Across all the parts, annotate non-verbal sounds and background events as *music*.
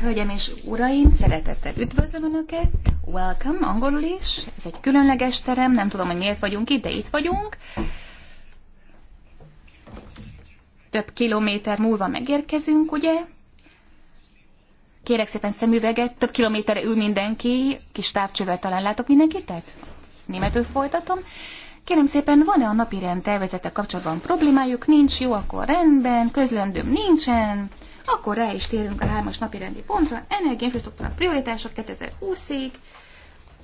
Hölgyeim és uraim, szeretettel üdvözlöm Önöket. Welcome, angolul is. Ez egy különleges terem, nem tudom, hogy miért vagyunk itt, de itt vagyunk. Több kilométer múlva megérkezünk, ugye? Kérek szépen szemüveget, több kilométerre ül mindenki, kis távcsővel talán látok mindenkit, Németül folytatom. Kérem szépen, van-e a napi rend tervezete kapcsolatban problémájuk? Nincs, jó, akkor rendben, közlendőm nincsen, akkor rá is térünk a hármas napi rendi pontra. Energiainfrastruktúra prioritások 2020-ig.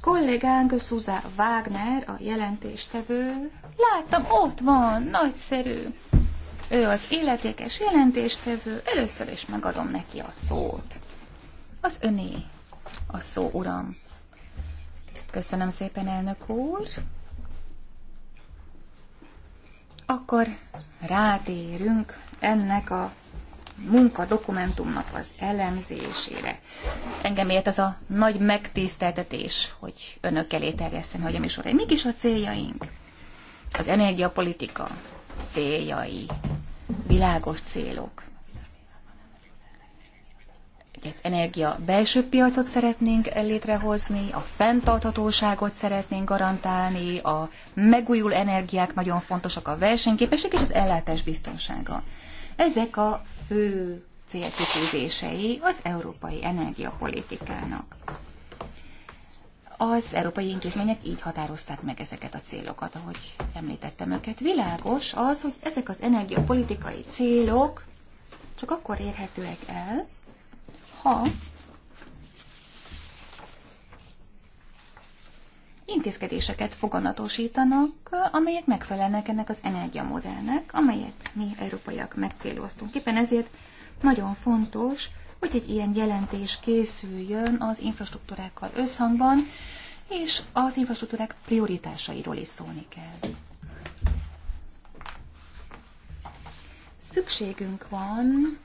Kollégánk Szuzá Wagner, a jelentéstevő. Láttam, ott van, nagyszerű. Ő az életékes jelentéstevő. Először is megadom neki a szót. Az öné a szó, uram. Köszönöm szépen, elnök úr. Akkor rátérünk ennek a munka dokumentumnak az elemzésére. Engem ért az a nagy megtiszteltetés, hogy önök elé terjesszem, hogy a uraim. Mik is a céljaink? Az energiapolitika céljai, világos célok. Egy energia belső piacot szeretnénk létrehozni, a fenntarthatóságot szeretnénk garantálni, a megújul energiák nagyon fontosak, a versenyképesség és az ellátás biztonsága. Ezek a fő célkitűzései az európai energiapolitikának. Az európai intézmények így határozták meg ezeket a célokat, ahogy említettem őket. Világos az, hogy ezek az energiapolitikai célok csak akkor érhetőek el, ha intézkedéseket foganatosítanak, amelyek megfelelnek ennek az energiamodellnek, amelyet mi európaiak megcéloztunk. Éppen ezért nagyon fontos, hogy egy ilyen jelentés készüljön az infrastruktúrákkal összhangban, és az infrastruktúrák prioritásairól is szólni kell. Szükségünk van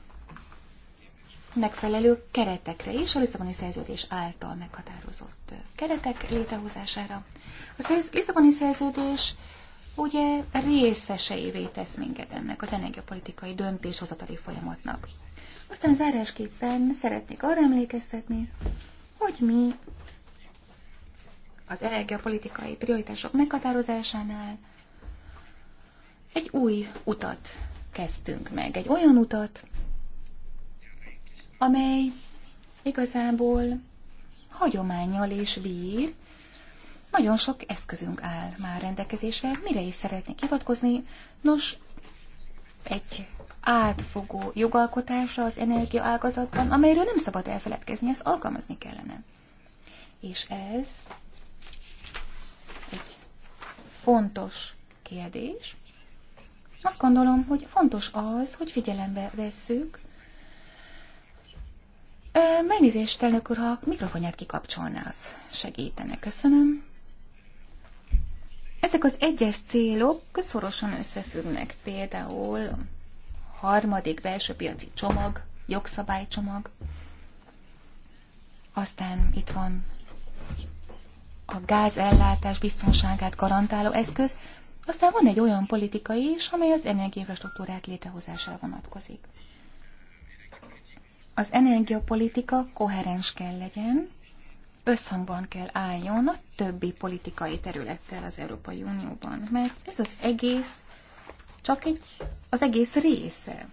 megfelelő keretekre is, a Lisszaboni szerződés által meghatározott keretek létrehozására. A Lisszaboni szerződés ugye részeseivé tesz minket ennek az energiapolitikai döntéshozatali folyamatnak. Aztán zárásképpen szeretnék arra emlékeztetni, hogy mi az energiapolitikai prioritások meghatározásánál egy új utat kezdtünk meg, egy olyan utat, amely igazából hagyományjal és bír, nagyon sok eszközünk áll már rendelkezésre, mire is szeretnék hivatkozni. Nos, egy átfogó jogalkotásra az energia ágazatban, amelyről nem szabad elfeledkezni, ezt alkalmazni kellene. És ez egy fontos kérdés. Azt gondolom, hogy fontos az, hogy figyelembe vesszük E, megnézést, elnök úr, ha a mikrofonját kikapcsolná, az segítene. Köszönöm. Ezek az egyes célok szorosan összefüggnek, például a harmadik belső piaci csomag, jogszabálycsomag, aztán itt van a gázellátás biztonságát garantáló eszköz, aztán van egy olyan politika is, amely az energiainfrastruktúrák létrehozására vonatkozik. Az energiapolitika koherens kell legyen, összhangban kell álljon a többi politikai területtel az Európai Unióban, mert ez az egész csak egy, az egész része.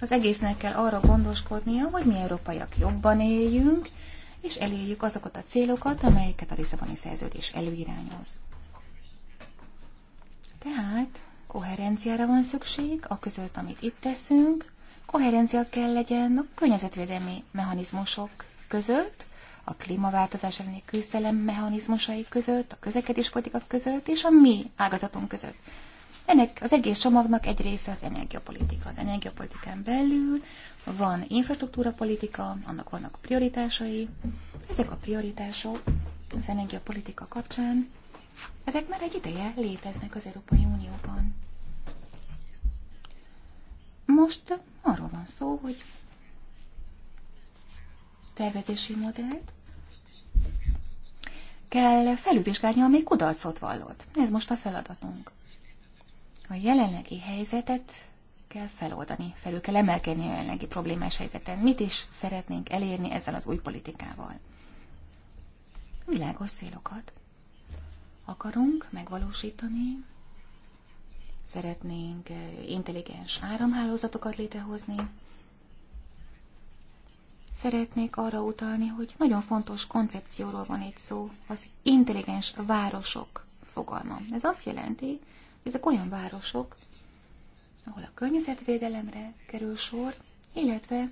Az egésznek kell arra gondoskodnia, hogy mi európaiak jobban éljünk, és elérjük azokat a célokat, amelyeket a Lisszaboni szerződés előirányoz. Tehát koherenciára van szükség, a között, amit itt teszünk, koherencia kell legyen a környezetvédelmi mechanizmusok között, a klímaváltozás elleni küzdelem mechanizmusai között, a politika között és a mi ágazatunk között. Ennek az egész csomagnak egy része az energiapolitika. Az energiapolitikán belül van infrastruktúra politika, annak vannak prioritásai. Ezek a prioritások az energiapolitika kapcsán, ezek már egy ideje léteznek az Európai Unióban. Most Arról van szó, hogy tervezési modellt kell felülvizsgálni, amely kudarcot vallott. Ez most a feladatunk. A jelenlegi helyzetet kell feloldani, felül kell emelkedni a jelenlegi problémás helyzeten. Mit is szeretnénk elérni ezzel az új politikával? Világos célokat akarunk megvalósítani, Szeretnénk eh, intelligens áramhálózatokat létrehozni. Szeretnék arra utalni, hogy nagyon fontos koncepcióról van itt szó, az intelligens városok fogalma. Ez azt jelenti, hogy ezek olyan városok, ahol a környezetvédelemre kerül sor, illetve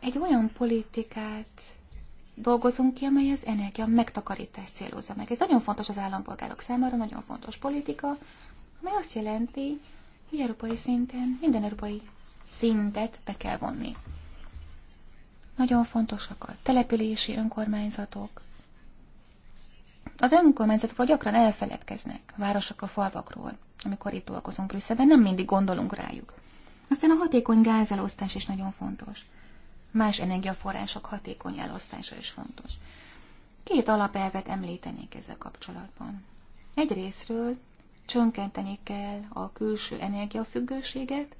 egy olyan politikát dolgozunk ki, amely az energia megtakarítást célozza meg. Ez nagyon fontos az állampolgárok számára, nagyon fontos politika, ami azt jelenti, hogy európai szinten minden európai szintet be kell vonni. Nagyon fontosak a települési önkormányzatok. Az önkormányzatokról gyakran elfeledkeznek, a falvakról, amikor itt dolgozunk Brüsszelben, nem mindig gondolunk rájuk. Aztán a hatékony gázelosztás is nagyon fontos. Más energiaforrások hatékony elosztása is fontos. Két alapelvet említenék ezzel kapcsolatban. Egyrésztről csökkenteni kell a külső energiafüggőséget,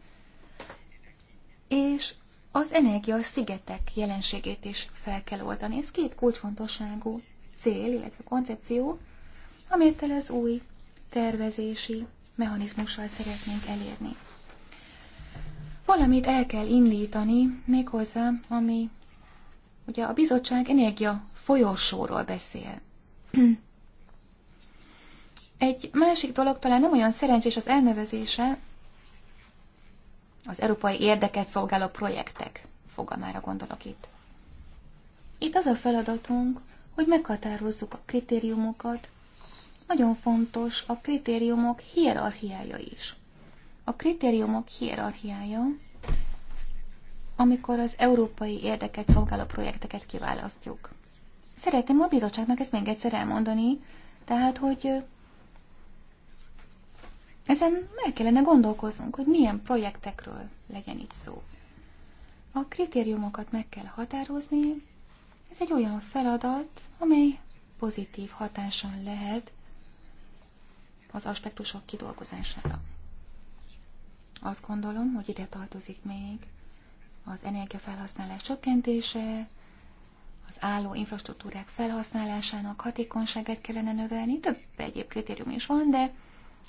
és az energia szigetek jelenségét is fel kell oldani. Ez két kulcsfontosságú cél, illetve koncepció, amit az új tervezési mechanizmussal szeretnénk elérni valamit el kell indítani, méghozzá, ami ugye a bizottság energia folyosóról beszél. *clears throat* Egy másik dolog talán nem olyan szerencsés az elnevezése, az európai érdeket szolgáló projektek fogalmára gondolok itt. Itt az a feladatunk, hogy meghatározzuk a kritériumokat. Nagyon fontos a kritériumok hierarchiája is. A kritériumok hierarchiája, amikor az európai érdeket szolgáló projekteket kiválasztjuk. Szeretném a bizottságnak ezt még egyszer elmondani, tehát, hogy ezen meg kellene gondolkoznunk, hogy milyen projektekről legyen itt szó. A kritériumokat meg kell határozni, ez egy olyan feladat, amely pozitív hatáson lehet az aspektusok kidolgozására. Azt gondolom, hogy ide tartozik még az energiafelhasználás csökkentése, az álló infrastruktúrák felhasználásának hatékonyságát kellene növelni, több egyéb kritérium is van, de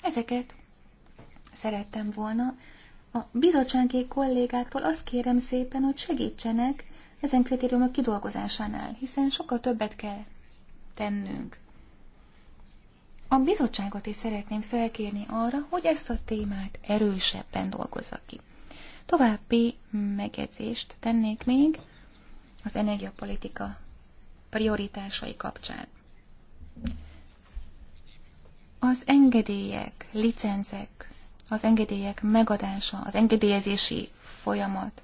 ezeket szerettem volna. A bizottsági kollégáktól azt kérem szépen, hogy segítsenek ezen kritériumok kidolgozásánál, hiszen sokkal többet kell tennünk. A bizottságot is szeretném felkérni arra, hogy ezt a témát erősebben dolgozza ki. További megjegyzést tennék még az energiapolitika prioritásai kapcsán. Az engedélyek, licencek, az engedélyek megadása, az engedélyezési folyamat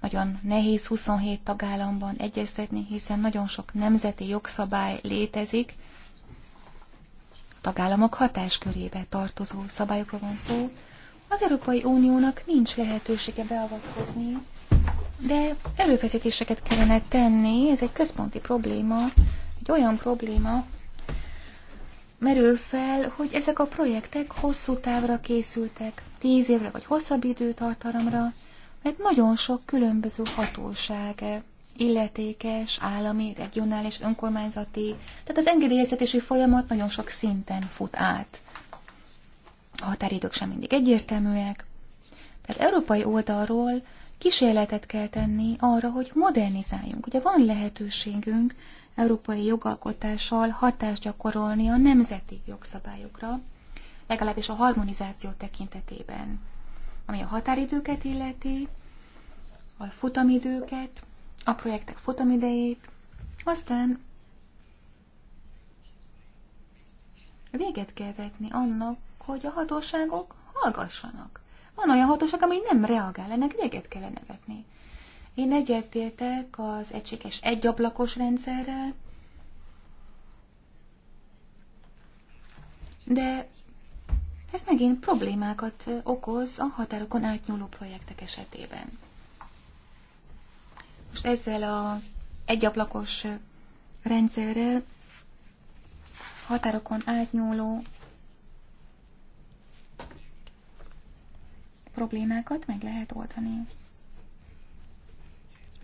nagyon nehéz 27 tagállamban egyeztetni, hiszen nagyon sok nemzeti jogszabály létezik, tagállamok hatáskörébe tartozó szabályokról van szó. Az Európai Uniónak nincs lehetősége beavatkozni, de erőfeszítéseket kellene tenni, ez egy központi probléma, egy olyan probléma, merül fel, hogy ezek a projektek hosszú távra készültek, tíz évre vagy hosszabb időtartamra, mert nagyon sok különböző hatóság illetékes, állami, regionális, önkormányzati. Tehát az engedélyezetési folyamat nagyon sok szinten fut át. A határidők sem mindig egyértelműek. Tehát európai oldalról kísérletet kell tenni arra, hogy modernizáljunk. Ugye van lehetőségünk európai jogalkotással hatást gyakorolni a nemzeti jogszabályokra, legalábbis a harmonizáció tekintetében, ami a határidőket illeti, a futamidőket, a projektek futamidejét, aztán véget kell vetni annak, hogy a hatóságok hallgassanak. Van olyan hatóság, ami nem reagál, ennek véget kellene vetni. Én egyetértek az egységes egyablakos rendszerrel, de ez megint problémákat okoz a határokon átnyúló projektek esetében. Most ezzel az egyablakos rendszerrel határokon átnyúló problémákat meg lehet oldani.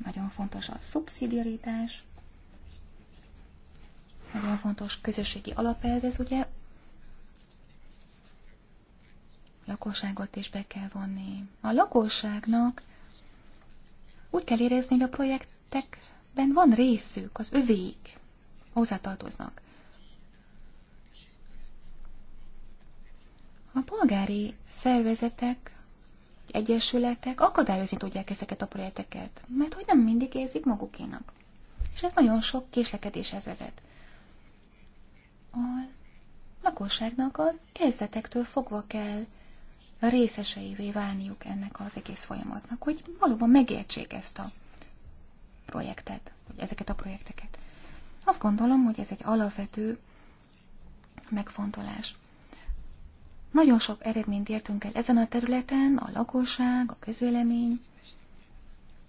Nagyon fontos a szubszidiaritás, nagyon fontos közösségi alapelv, ez ugye lakosságot is be kell vonni. A lakosságnak úgy kell érezni, hogy a projektekben van részük, az övéik, hozzátartoznak. A polgári szervezetek, egyesületek akadályozni tudják ezeket a projekteket, mert hogy nem mindig érzik magukénak. És ez nagyon sok késlekedéshez vezet. A lakosságnak a kezdetektől fogva kell részeseivé válniuk ennek az egész folyamatnak, hogy valóban megértsék ezt a projektet, vagy ezeket a projekteket. Azt gondolom, hogy ez egy alapvető megfontolás. Nagyon sok eredményt értünk el ezen a területen, a lakosság, a közvélemény.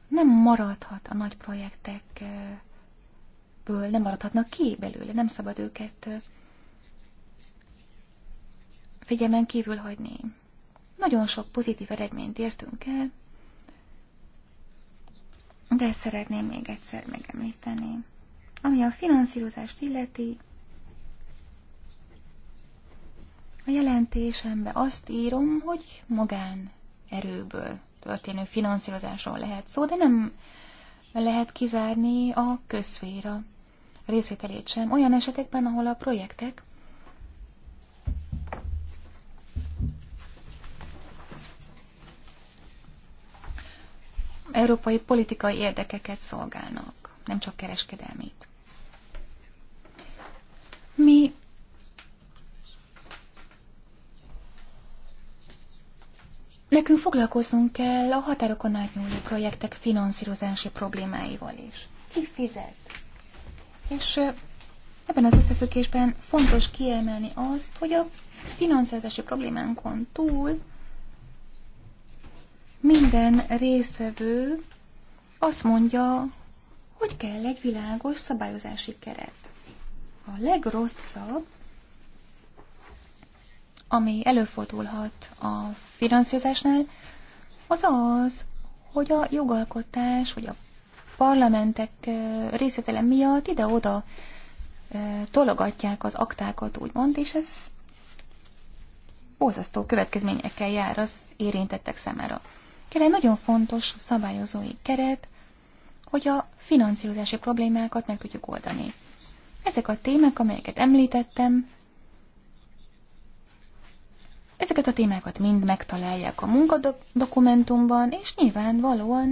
Nem maradhat a nagy projektekből, nem maradhatnak ki belőle, nem szabad őket figyelmen kívül hagyni. Nagyon sok pozitív eredményt értünk el, de szeretném még egyszer megemlíteni. Ami a finanszírozást illeti, a jelentésembe azt írom, hogy magán erőből történő finanszírozásról lehet szó, de nem lehet kizárni a közféra részvételét sem olyan esetekben, ahol a projektek európai politikai érdekeket szolgálnak, nem csak kereskedelmét. Mi Nekünk foglalkozunk kell a határokon átnyúló projektek finanszírozási problémáival is. Ki fizet? És ebben az összefüggésben fontos kiemelni azt, hogy a finanszírozási problémánkon túl minden résztvevő azt mondja, hogy kell egy világos szabályozási keret. A legrosszabb, ami előfordulhat a finanszírozásnál, az az, hogy a jogalkotás vagy a parlamentek részvétele miatt ide-oda tologatják az aktákat, úgymond, és ez borzasztó következményekkel jár az érintettek számára kell egy nagyon fontos szabályozói keret, hogy a finanszírozási problémákat meg tudjuk oldani. Ezek a témák, amelyeket említettem, ezeket a témákat mind megtalálják a munkadokumentumban, és nyilvánvalóan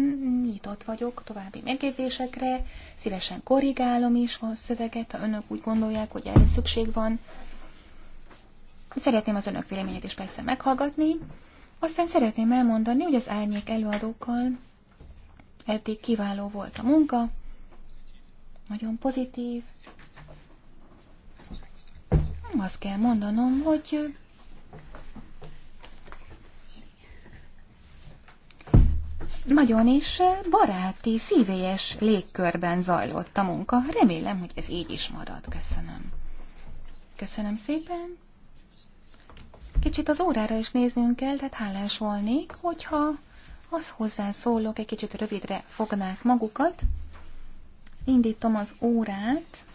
nyitott vagyok további megjegyzésekre, szívesen korrigálom is a szöveget, ha önök úgy gondolják, hogy erre szükség van. Szeretném az önök véleményét is persze meghallgatni, aztán szeretném elmondani, hogy az árnyék előadókkal eddig kiváló volt a munka, nagyon pozitív. Azt kell mondanom, hogy nagyon is baráti, szívélyes légkörben zajlott a munka. Remélem, hogy ez így is marad. Köszönöm. Köszönöm szépen. Kicsit az órára is néznünk kell, tehát hálás volnék, hogyha az hozzászólók egy kicsit rövidre fognák magukat. Indítom az órát.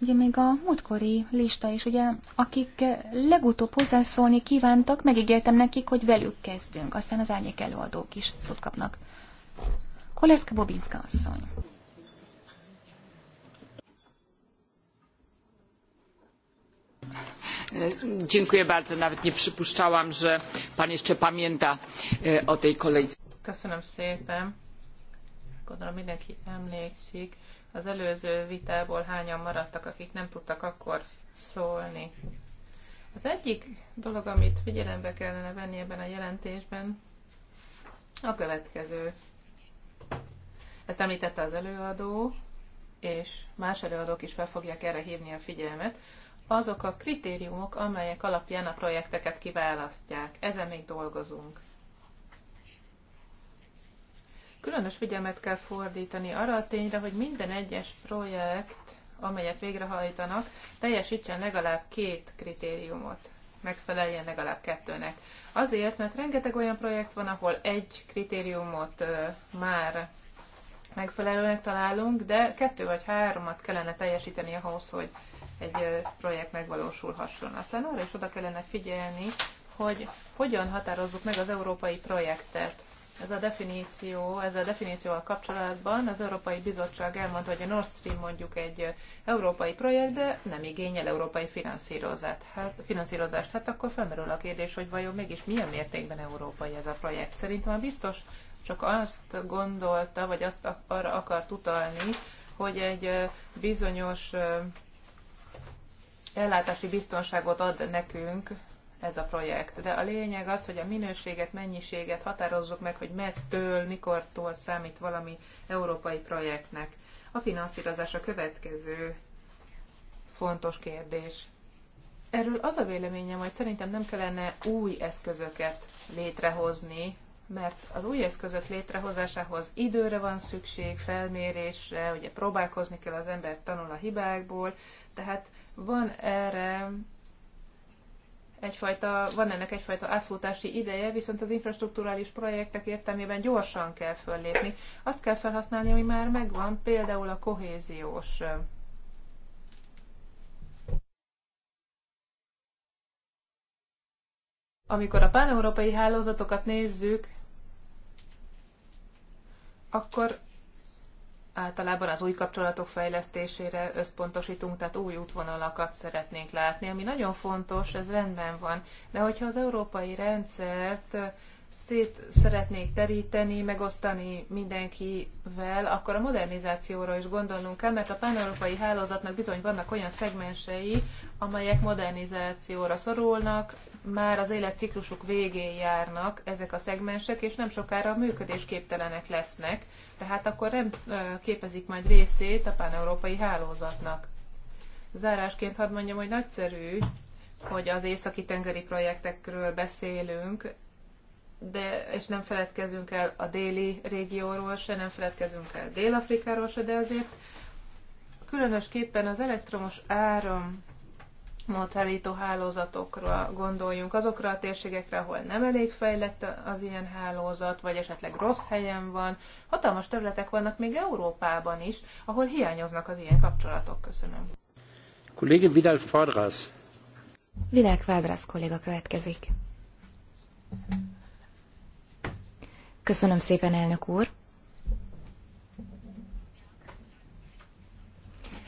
Ugye még a múltkori lista is, ugye, akik legutóbb hozzászólni kívántak, megígértem nekik, hogy velük kezdünk. Aztán az árnyék előadók is szót kapnak. Koleszka Bobinska asszony. Nawet nie przypuszczałam, że pan jeszcze pamięta e, o tej kolejce. Köszönöm szépen. Gondolom mindenki emlékszik. Az előző vitából hányan maradtak, akik nem tudtak akkor szólni. Az egyik dolog, amit figyelembe kellene venni ebben a jelentésben, a következő. Ezt említette az előadó, és más előadók is fel fogják erre hívni a figyelmet, azok a kritériumok, amelyek alapján a projekteket kiválasztják. Ezen még dolgozunk. Különös figyelmet kell fordítani arra a tényre, hogy minden egyes projekt, amelyet végrehajtanak, teljesítsen legalább két kritériumot megfeleljen legalább kettőnek. Azért, mert rengeteg olyan projekt van, ahol egy kritériumot már megfelelőnek találunk, de kettő vagy háromat kellene teljesíteni ahhoz, hogy egy projekt megvalósulhasson. Aztán arra is oda kellene figyelni, hogy hogyan határozzuk meg az európai projektet. Ez a definíció, ez a definícióval kapcsolatban az Európai Bizottság elmondta, hogy a Nord Stream mondjuk egy európai projekt, de nem igényel európai finanszírozást. Hát, finanszírozást. Hát akkor felmerül a kérdés, hogy vajon mégis milyen mértékben európai ez a projekt. Szerintem a biztos csak azt gondolta, vagy azt arra akart utalni, hogy egy bizonyos ellátási biztonságot ad nekünk ez a projekt. De a lényeg az, hogy a minőséget, mennyiséget határozzuk meg, hogy mettől, mikortól számít valami európai projektnek. A finanszírozás a következő fontos kérdés. Erről az a véleményem, hogy szerintem nem kellene új eszközöket létrehozni, mert az új eszközök létrehozásához időre van szükség, felmérésre, ugye próbálkozni kell az ember tanul a hibákból, tehát van erre egyfajta, van ennek egyfajta átfutási ideje, viszont az infrastruktúrális projektek értelmében gyorsan kell föllépni. Azt kell felhasználni, ami már megvan, például a kohéziós amikor a pan-európai hálózatokat nézzük, akkor általában az új kapcsolatok fejlesztésére összpontosítunk, tehát új útvonalakat szeretnénk látni, ami nagyon fontos, ez rendben van. De hogyha az európai rendszert szét szeretnék teríteni, megosztani mindenkivel, akkor a modernizációra is gondolnunk kell, mert a pán-európai hálózatnak bizony vannak olyan szegmensei, amelyek modernizációra szorulnak, már az életciklusuk végén járnak ezek a szegmensek, és nem sokára működésképtelenek lesznek tehát akkor nem képezik majd részét a páneurópai hálózatnak. Zárásként hadd mondjam, hogy nagyszerű, hogy az északi tengeri projektekről beszélünk, de, és nem feledkezünk el a déli régióról se, nem feledkezünk el Dél-Afrikáról se, de azért különösképpen az elektromos áram motorító hálózatokra gondoljunk, azokra a térségekre, ahol nem elég fejlett az ilyen hálózat, vagy esetleg rossz helyen van. Hatalmas területek vannak még Európában is, ahol hiányoznak az ilyen kapcsolatok. Köszönöm. Kollége Vidal Fadras. Vidal Fadras kolléga következik. Köszönöm szépen, elnök úr.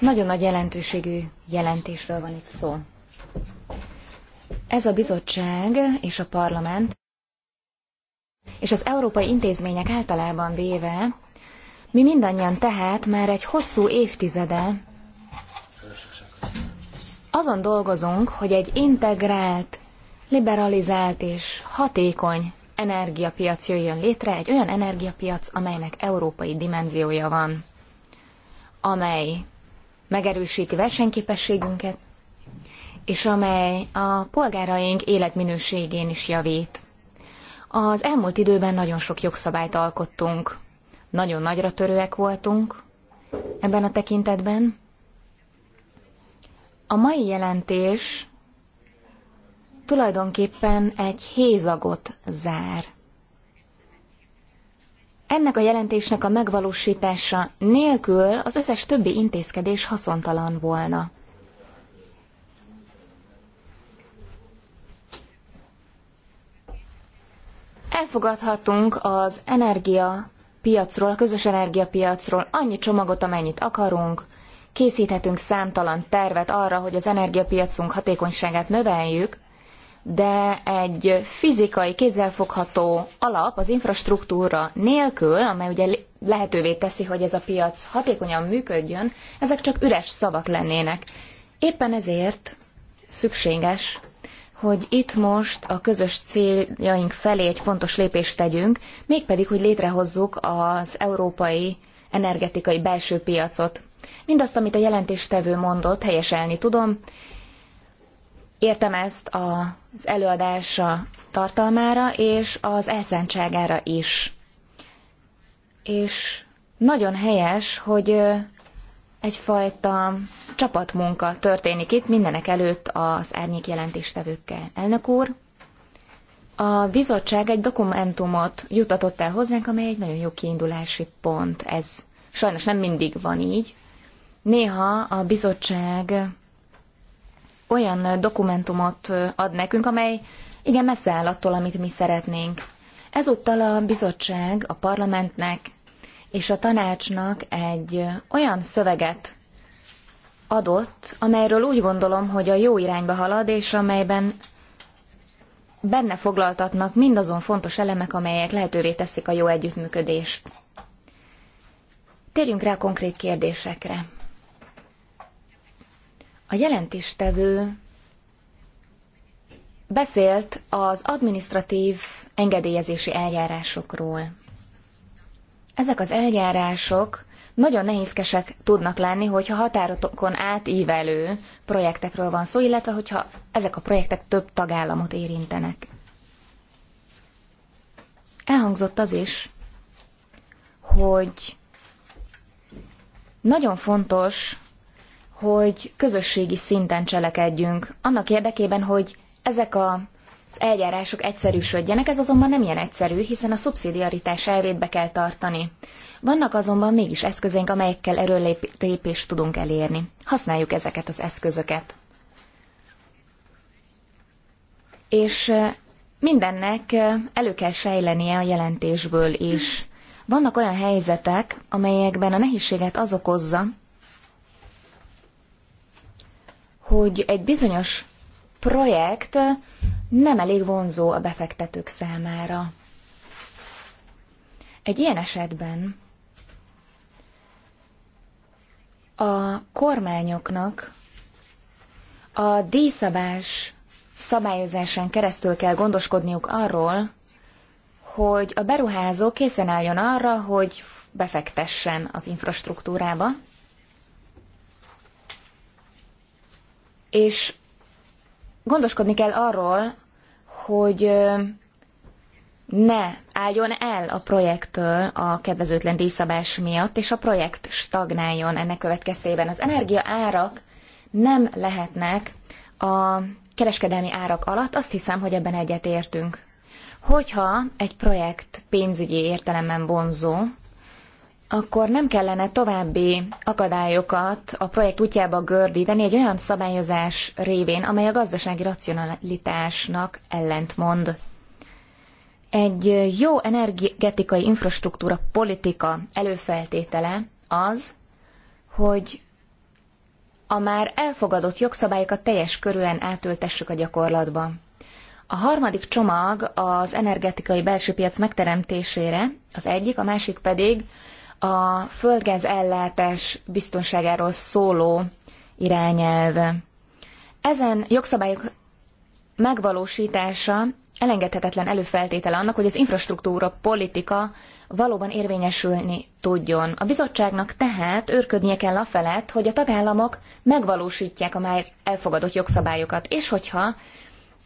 Nagyon nagy jelentőségű jelentésről van itt szó. Ez a bizottság és a parlament és az európai intézmények általában véve, mi mindannyian tehát már egy hosszú évtizede azon dolgozunk, hogy egy integrált, liberalizált és hatékony energiapiac jöjjön létre, egy olyan energiapiac, amelynek európai dimenziója van, amely megerősíti versenyképességünket, és amely a polgáraink életminőségén is javít. Az elmúlt időben nagyon sok jogszabályt alkottunk, nagyon nagyra törőek voltunk ebben a tekintetben. A mai jelentés tulajdonképpen egy hézagot zár. Ennek a jelentésnek a megvalósítása nélkül az összes többi intézkedés haszontalan volna. Elfogadhatunk az energia piacról, a közös energiapiacról annyi csomagot, amennyit akarunk, készíthetünk számtalan tervet arra, hogy az energiapiacunk hatékonyságát növeljük, de egy fizikai, kézzelfogható alap az infrastruktúra nélkül, amely ugye lehetővé teszi, hogy ez a piac hatékonyan működjön, ezek csak üres szavak lennének. Éppen ezért szükséges, hogy itt most a közös céljaink felé egy fontos lépést tegyünk, mégpedig, hogy létrehozzuk az európai energetikai belső piacot. Mindazt, amit a jelentéstevő mondott, helyeselni tudom, Értem ezt az előadása tartalmára és az elszántságára is. És nagyon helyes, hogy egyfajta csapatmunka történik itt mindenek előtt az árnyék jelentéstevőkkel. Elnök úr, a bizottság egy dokumentumot jutatott el hozzánk, amely egy nagyon jó kiindulási pont. Ez sajnos nem mindig van így. Néha a bizottság olyan dokumentumot ad nekünk, amely igen messze áll attól, amit mi szeretnénk. Ezúttal a bizottság a parlamentnek és a tanácsnak egy olyan szöveget adott, amelyről úgy gondolom, hogy a jó irányba halad, és amelyben benne foglaltatnak mindazon fontos elemek, amelyek lehetővé teszik a jó együttműködést. Térjünk rá konkrét kérdésekre. A jelentéstevő beszélt az administratív engedélyezési eljárásokról. Ezek az eljárások nagyon nehézkesek tudnak lenni, hogyha határokon átívelő projektekről van szó, illetve hogyha ezek a projektek több tagállamot érintenek. Elhangzott az is, hogy nagyon fontos hogy közösségi szinten cselekedjünk, annak érdekében, hogy ezek a az eljárások egyszerűsödjenek, ez azonban nem ilyen egyszerű, hiszen a szubszidiaritás elvét be kell tartani. Vannak azonban mégis eszközeink, amelyekkel erőlépést tudunk elérni. Használjuk ezeket az eszközöket. És mindennek elő kell sejlenie a jelentésből is. Vannak olyan helyzetek, amelyekben a nehézséget az okozza, hogy egy bizonyos projekt nem elég vonzó a befektetők számára. Egy ilyen esetben a kormányoknak a díjszabás szabályozásán keresztül kell gondoskodniuk arról, hogy a beruházó készen álljon arra, hogy befektessen az infrastruktúrába, és gondoskodni kell arról, hogy ne álljon el a projektől a kedvezőtlen díjszabás miatt, és a projekt stagnáljon ennek következtében. Az energia árak nem lehetnek a kereskedelmi árak alatt, azt hiszem, hogy ebben egyetértünk. Hogyha egy projekt pénzügyi értelemben vonzó, akkor nem kellene további akadályokat a projekt útjába gördíteni egy olyan szabályozás révén, amely a gazdasági racionalitásnak ellentmond. Egy jó energetikai infrastruktúra politika előfeltétele az, hogy a már elfogadott jogszabályokat teljes körűen átültessük a gyakorlatba. A harmadik csomag az energetikai belső piac megteremtésére, az egyik, a másik pedig a földgáz ellátás biztonságáról szóló irányelv. Ezen jogszabályok megvalósítása elengedhetetlen előfeltétele annak, hogy az infrastruktúra politika valóban érvényesülni tudjon. A bizottságnak tehát őrködnie kell afelett, hogy a tagállamok megvalósítják a már elfogadott jogszabályokat, és hogyha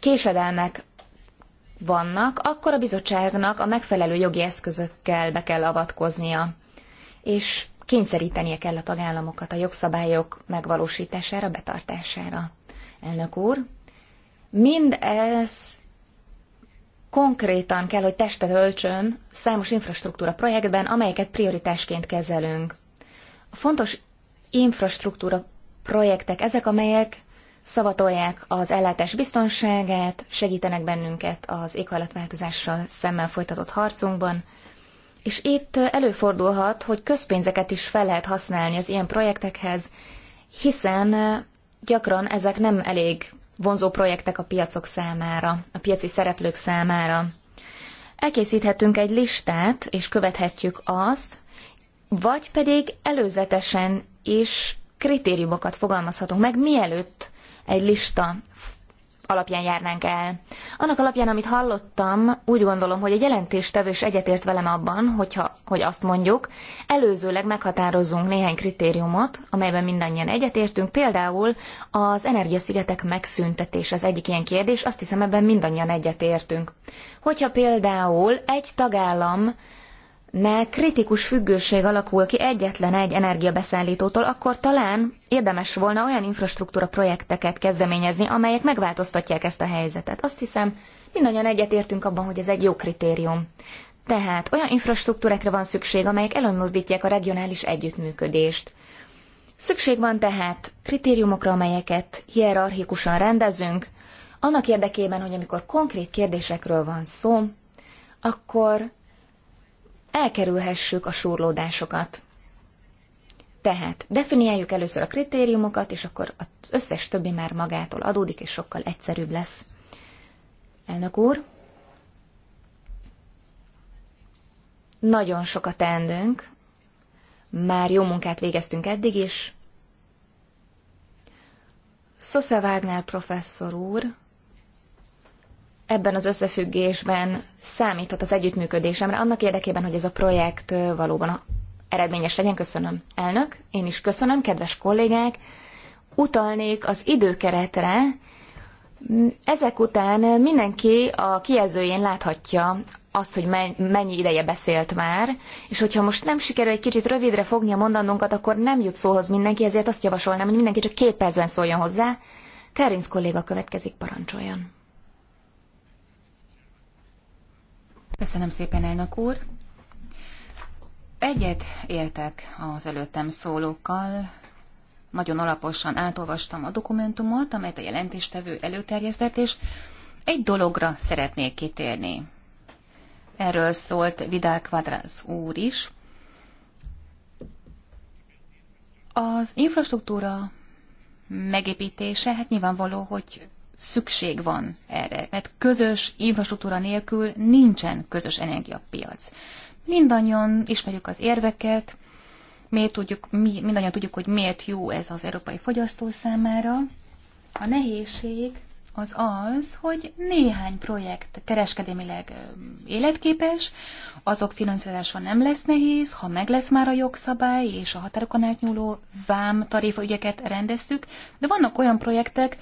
késedelmek vannak, akkor a bizottságnak a megfelelő jogi eszközökkel be kell avatkoznia és kényszerítenie kell a tagállamokat a jogszabályok megvalósítására, betartására. Elnök úr, mindez konkrétan kell, hogy testet öltsön számos infrastruktúra projektben, amelyeket prioritásként kezelünk. A fontos infrastruktúra projektek ezek, amelyek szavatolják az ellátás biztonságát, segítenek bennünket az éghajlatváltozással szemmel folytatott harcunkban, és itt előfordulhat, hogy közpénzeket is fel lehet használni az ilyen projektekhez, hiszen gyakran ezek nem elég vonzó projektek a piacok számára, a piaci szereplők számára. Elkészíthetünk egy listát, és követhetjük azt, vagy pedig előzetesen is kritériumokat fogalmazhatunk meg, mielőtt egy lista alapján járnánk el. Annak alapján, amit hallottam, úgy gondolom, hogy a jelentéstevő is egyetért velem abban, hogyha, hogy azt mondjuk, előzőleg meghatározzunk néhány kritériumot, amelyben mindannyian egyetértünk, például az energiaszigetek megszüntetés az egyik ilyen kérdés, azt hiszem ebben mindannyian egyetértünk. Hogyha például egy tagállam ne kritikus függőség alakul ki egyetlen egy energiabeszállítótól, akkor talán érdemes volna olyan infrastruktúra projekteket kezdeményezni, amelyek megváltoztatják ezt a helyzetet. Azt hiszem, mindannyian egyetértünk abban, hogy ez egy jó kritérium. Tehát olyan infrastruktúrákra van szükség, amelyek előmozdítják a regionális együttműködést. Szükség van tehát kritériumokra, amelyeket hierarchikusan rendezünk, annak érdekében, hogy amikor konkrét kérdésekről van szó, akkor elkerülhessük a súrlódásokat. Tehát definiáljuk először a kritériumokat, és akkor az összes többi már magától adódik, és sokkal egyszerűbb lesz. Elnök úr, nagyon sokat teendőnk, már jó munkát végeztünk eddig is. Szosze Wagner professzor úr ebben az összefüggésben számíthat az együttműködésemre, annak érdekében, hogy ez a projekt valóban eredményes legyen. Köszönöm, elnök. Én is köszönöm, kedves kollégák. Utalnék az időkeretre. Ezek után mindenki a kijelzőjén láthatja azt, hogy mennyi ideje beszélt már, és hogyha most nem sikerül egy kicsit rövidre fogni a mondanunkat, akkor nem jut szóhoz mindenki, ezért azt javasolnám, hogy mindenki csak két percben szóljon hozzá. Kárinc kolléga következik, parancsoljon. Köszönöm szépen, elnök úr. Egyet értek az előttem szólókkal. Nagyon alaposan átolvastam a dokumentumot, amelyet a jelentéstevő előterjesztett, és egy dologra szeretnék kitérni. Erről szólt Vidal Quadras úr is. Az infrastruktúra megépítése, hát nyilvánvaló, hogy szükség van erre, mert közös infrastruktúra nélkül nincsen közös energiapiac. Mindannyian ismerjük az érveket, miért tudjuk, mi, mindannyian tudjuk, hogy miért jó ez az európai fogyasztó számára. A nehézség az az, hogy néhány projekt kereskedémileg életképes, azok finanszírozása nem lesz nehéz, ha meg lesz már a jogszabály és a határokon átnyúló vám tarifa ügyeket rendeztük, de vannak olyan projektek,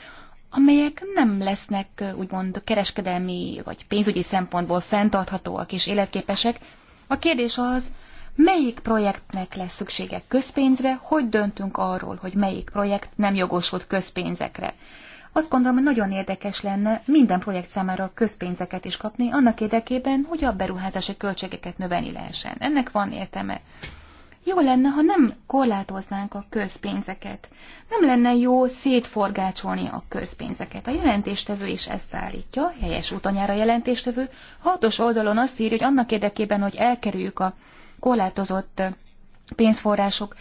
amelyek nem lesznek úgymond kereskedelmi vagy pénzügyi szempontból fenntarthatóak és életképesek. A kérdés az, melyik projektnek lesz szüksége közpénzre, hogy döntünk arról, hogy melyik projekt nem jogosult közpénzekre. Azt gondolom, hogy nagyon érdekes lenne minden projekt számára közpénzeket is kapni, annak érdekében, hogy a beruházási költségeket növelni lehessen. Ennek van értelme. Jó lenne, ha nem korlátoznánk a közpénzeket. Nem lenne jó szétforgácsolni a közpénzeket. A jelentéstevő is ezt állítja, helyes utanyára jelentéstevő. Hatos oldalon azt írja, hogy annak érdekében, hogy elkerüljük a korlátozott pénzforrások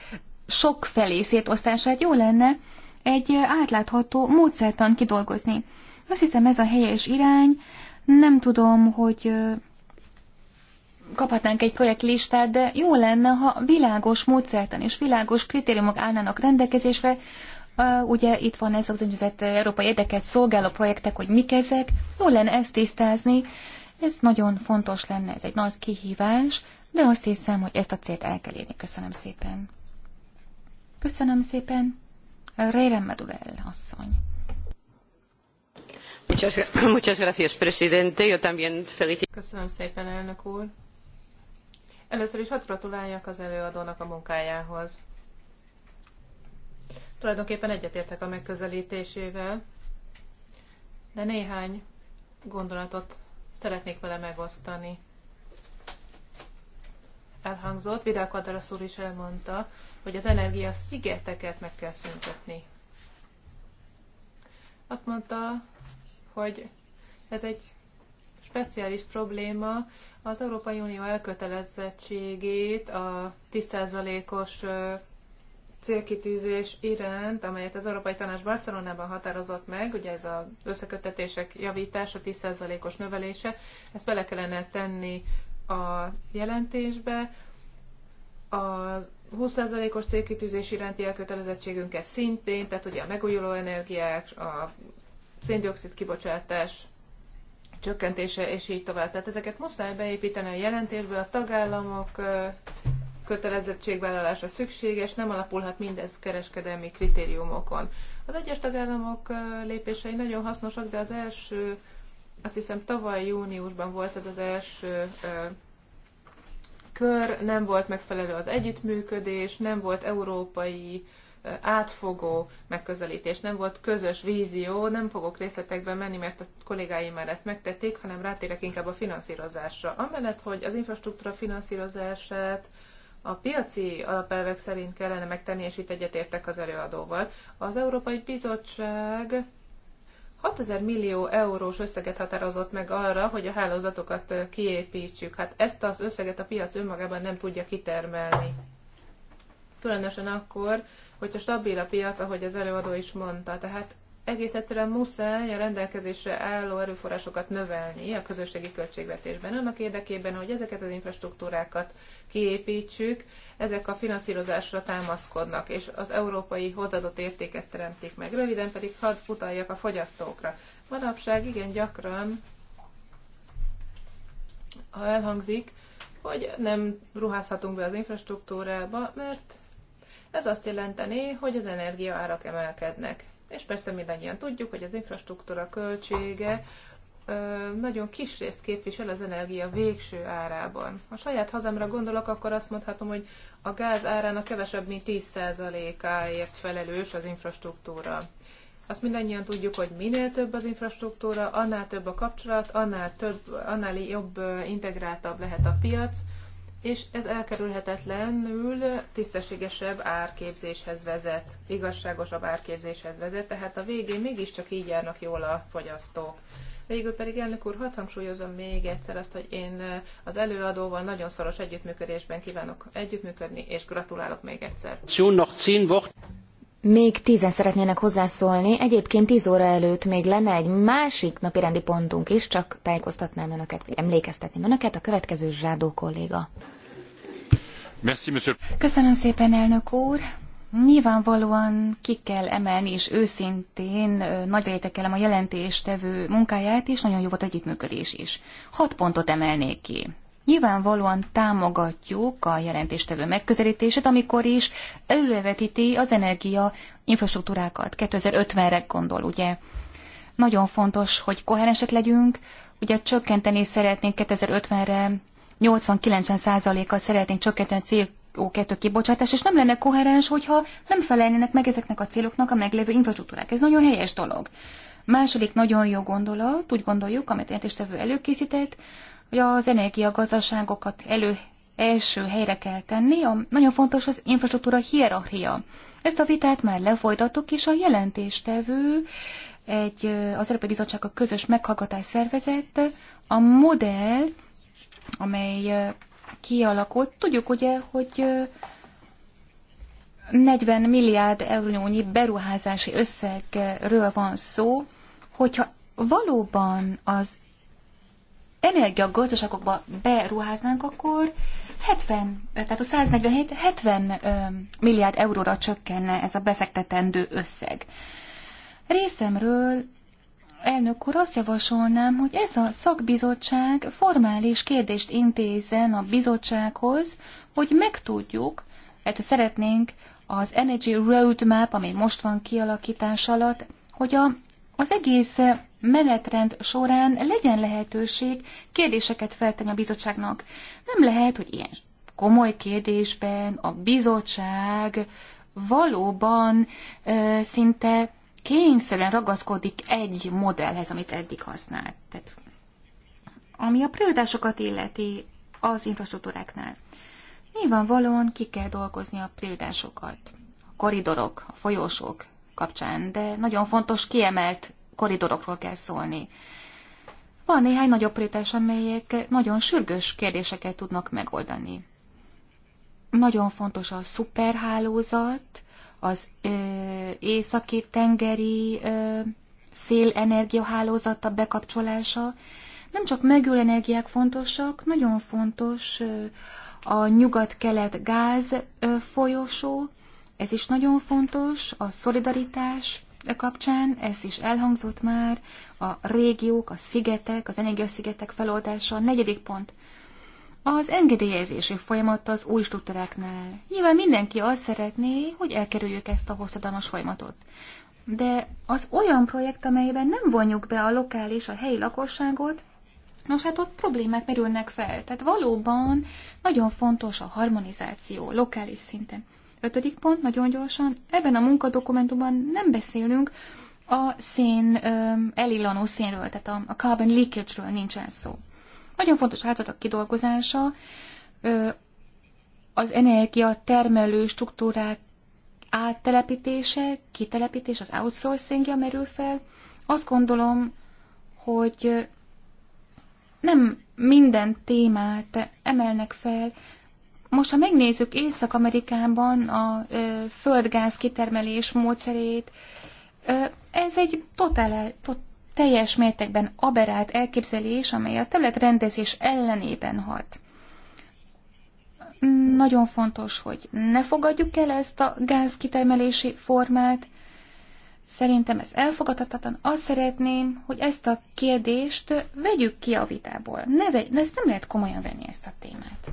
sok felé szétosztását, jó lenne egy átlátható módszertan kidolgozni. Azt hiszem ez a helyes irány, nem tudom, hogy kaphatnánk egy projektlistát, de jó lenne, ha világos módszertan és világos kritériumok állnának rendelkezésre. Ugye itt van ez az úgynevezett európai érdeket szolgáló projektek, hogy mik ezek. Jó lenne ezt tisztázni. Ez nagyon fontos lenne, ez egy nagy kihívás, de azt hiszem, hogy ezt a célt el kell érni. Köszönöm szépen. Köszönöm szépen. Réren Medurell asszony. *laughs* Köszönöm szépen, elnök úr. Először is hadd gratuláljak az előadónak a munkájához. Tulajdonképpen egyetértek a megközelítésével, de néhány gondolatot szeretnék vele megosztani. Elhangzott, Vidal Quadras úr is elmondta, hogy az energia szigeteket meg kell szüntetni. Azt mondta, hogy ez egy speciális probléma, az Európai Unió elkötelezettségét a 10%-os célkitűzés iránt, amelyet az Európai Tanács Barcelonában határozott meg, ugye ez az összekötetések javítása, 10%-os növelése, ezt bele kellene tenni a jelentésbe. A 20%-os célkitűzés iránti elkötelezettségünket szintén, tehát ugye a megújuló energiák, a széndiokszid kibocsátás csökkentése, és így tovább. Tehát ezeket muszáj beépíteni a jelentésbe, a tagállamok kötelezettségvállalása szükséges, nem alapulhat mindez kereskedelmi kritériumokon. Az egyes tagállamok lépései nagyon hasznosak, de az első, azt hiszem tavaly júniusban volt ez az első kör, nem volt megfelelő az együttműködés, nem volt európai átfogó megközelítés, nem volt közös vízió, nem fogok részletekbe menni, mert a kollégáim már ezt megtették, hanem rátérek inkább a finanszírozásra. Amellett, hogy az infrastruktúra finanszírozását a piaci alapelvek szerint kellene megtenni, és itt egyetértek az előadóval. Az Európai Bizottság 6000 millió eurós összeget határozott meg arra, hogy a hálózatokat kiépítsük. Hát ezt az összeget a piac önmagában nem tudja kitermelni különösen akkor, hogyha stabil a piac, ahogy az előadó is mondta. Tehát egész egyszerűen muszáj a rendelkezésre álló erőforrásokat növelni a közösségi költségvetésben, annak érdekében, hogy ezeket az infrastruktúrákat kiépítsük, ezek a finanszírozásra támaszkodnak, és az európai hozadott értéket teremtik meg. Röviden pedig hadd utaljak a fogyasztókra. Manapság igen gyakran, ha elhangzik, hogy nem ruházhatunk be az infrastruktúrába, mert ez azt jelenteni, hogy az energiaárak emelkednek. És persze mindannyian tudjuk, hogy az infrastruktúra költsége nagyon kis részt képvisel az energia végső árában. Ha saját hazámra gondolok, akkor azt mondhatom, hogy a gáz árának kevesebb, mint 10%-áért felelős az infrastruktúra. Azt mindannyian tudjuk, hogy minél több az infrastruktúra, annál több a kapcsolat, annál, több, annál jobb integráltabb lehet a piac, és ez elkerülhetetlenül tisztességesebb árképzéshez vezet, igazságosabb árképzéshez vezet, tehát a végén mégiscsak így járnak jól a fogyasztók. Végül pedig elnök úr, hadd hangsúlyozom még egyszer azt, hogy én az előadóval nagyon szoros együttműködésben kívánok együttműködni, és gratulálok még egyszer. Még tízen szeretnének hozzászólni, egyébként tíz óra előtt még lenne egy másik napi rendi pontunk is, csak tájékoztatnám önöket, vagy emlékeztetném önöket, a következő zsádó kolléga. Merci, monsieur. Köszönöm szépen, elnök úr! Nyilvánvalóan ki kell emelni, és őszintén nagy értékelem a jelentéstevő munkáját, és nagyon jó volt együttműködés is. Hat pontot emelnék ki. Nyilvánvalóan támogatjuk a jelentéstevő megközelítését, amikor is előrevetíti az energia infrastruktúrákat. 2050-re gondol, ugye? Nagyon fontos, hogy koherensek legyünk, ugye csökkenteni szeretnénk 2050-re 80-90 százalékkal szeretnénk csökkenteni a cél CO2 kibocsátás, és nem lenne koherens, hogyha nem felelnének meg ezeknek a céloknak a meglévő infrastruktúrák. Ez nagyon helyes dolog. Második nagyon jó gondolat, úgy gondoljuk, amit jelentéstevő előkészített, az energiagazdaságokat elő első helyre kell tenni, a, nagyon fontos az infrastruktúra hierarchia. Ezt a vitát már lefolytattuk, és a jelentéstevő egy, az Európai Bizottság a közös meghallgatás szervezett, a modell, amely kialakult, tudjuk ugye, hogy 40 milliárd eurónyi beruházási összegről van szó, hogyha valóban az energiagazdaságokba beruháznánk, akkor 70, tehát a 147, 70 milliárd euróra csökkenne ez a befektetendő összeg. Részemről elnök úr, azt javasolnám, hogy ez a szakbizottság formális kérdést intézzen a bizottsághoz, hogy megtudjuk, mert hát szeretnénk az Energy Roadmap, ami most van kialakítás alatt, hogy a, az egész menetrend során legyen lehetőség kérdéseket feltenni a bizottságnak. Nem lehet, hogy ilyen komoly kérdésben a bizottság valóban ö, szinte kényszerűen ragaszkodik egy modellhez, amit eddig használt. Tehát, ami a prioritásokat illeti az infrastruktúráknál. Nyilvánvalóan ki kell dolgozni a prioritásokat. A koridorok, a folyósok kapcsán, de nagyon fontos kiemelt koridorokról kell szólni. Van néhány nagyobb prioritás, amelyek nagyon sürgős kérdéseket tudnak megoldani. Nagyon fontos a szuperhálózat, az ö, északi tengeri ö, szélenergia hálózata bekapcsolása. Nem csak megül energiák fontosak, nagyon fontos ö, a nyugat-kelet gáz ö, folyosó, ez is nagyon fontos, a szolidaritás, kapcsán, ez is elhangzott már, a régiók, a szigetek, az energiaszigetek feloldása, a negyedik pont. Az engedélyezési folyamat az új struktúráknál. Nyilván mindenki azt szeretné, hogy elkerüljük ezt a hosszadalmas folyamatot. De az olyan projekt, amelyben nem vonjuk be a lokális, a helyi lakosságot, Nos, hát ott problémák merülnek fel. Tehát valóban nagyon fontos a harmonizáció lokális szinten. Ötödik pont, nagyon gyorsan, ebben a munkadokumentumban nem beszélünk a szén, elillanó szénről, tehát a, a carbon leakage-ről nincsen szó. Nagyon fontos hálózatok kidolgozása, az energia termelő struktúrák áttelepítése, kitelepítés, az outsourcing merül fel. Azt gondolom, hogy nem minden témát emelnek fel, most, ha megnézzük Észak-Amerikában a ö, földgáz kitermelés módszerét, ö, ez egy totál, tot, teljes mértékben aberált elképzelés, amely a területrendezés ellenében hat. Nagyon fontos, hogy ne fogadjuk el ezt a gáz kitermelési formát. Szerintem ez elfogadhatatlan. Azt szeretném, hogy ezt a kérdést vegyük ki a vitából. Ne vegy, ezt nem lehet komolyan venni ezt a témát.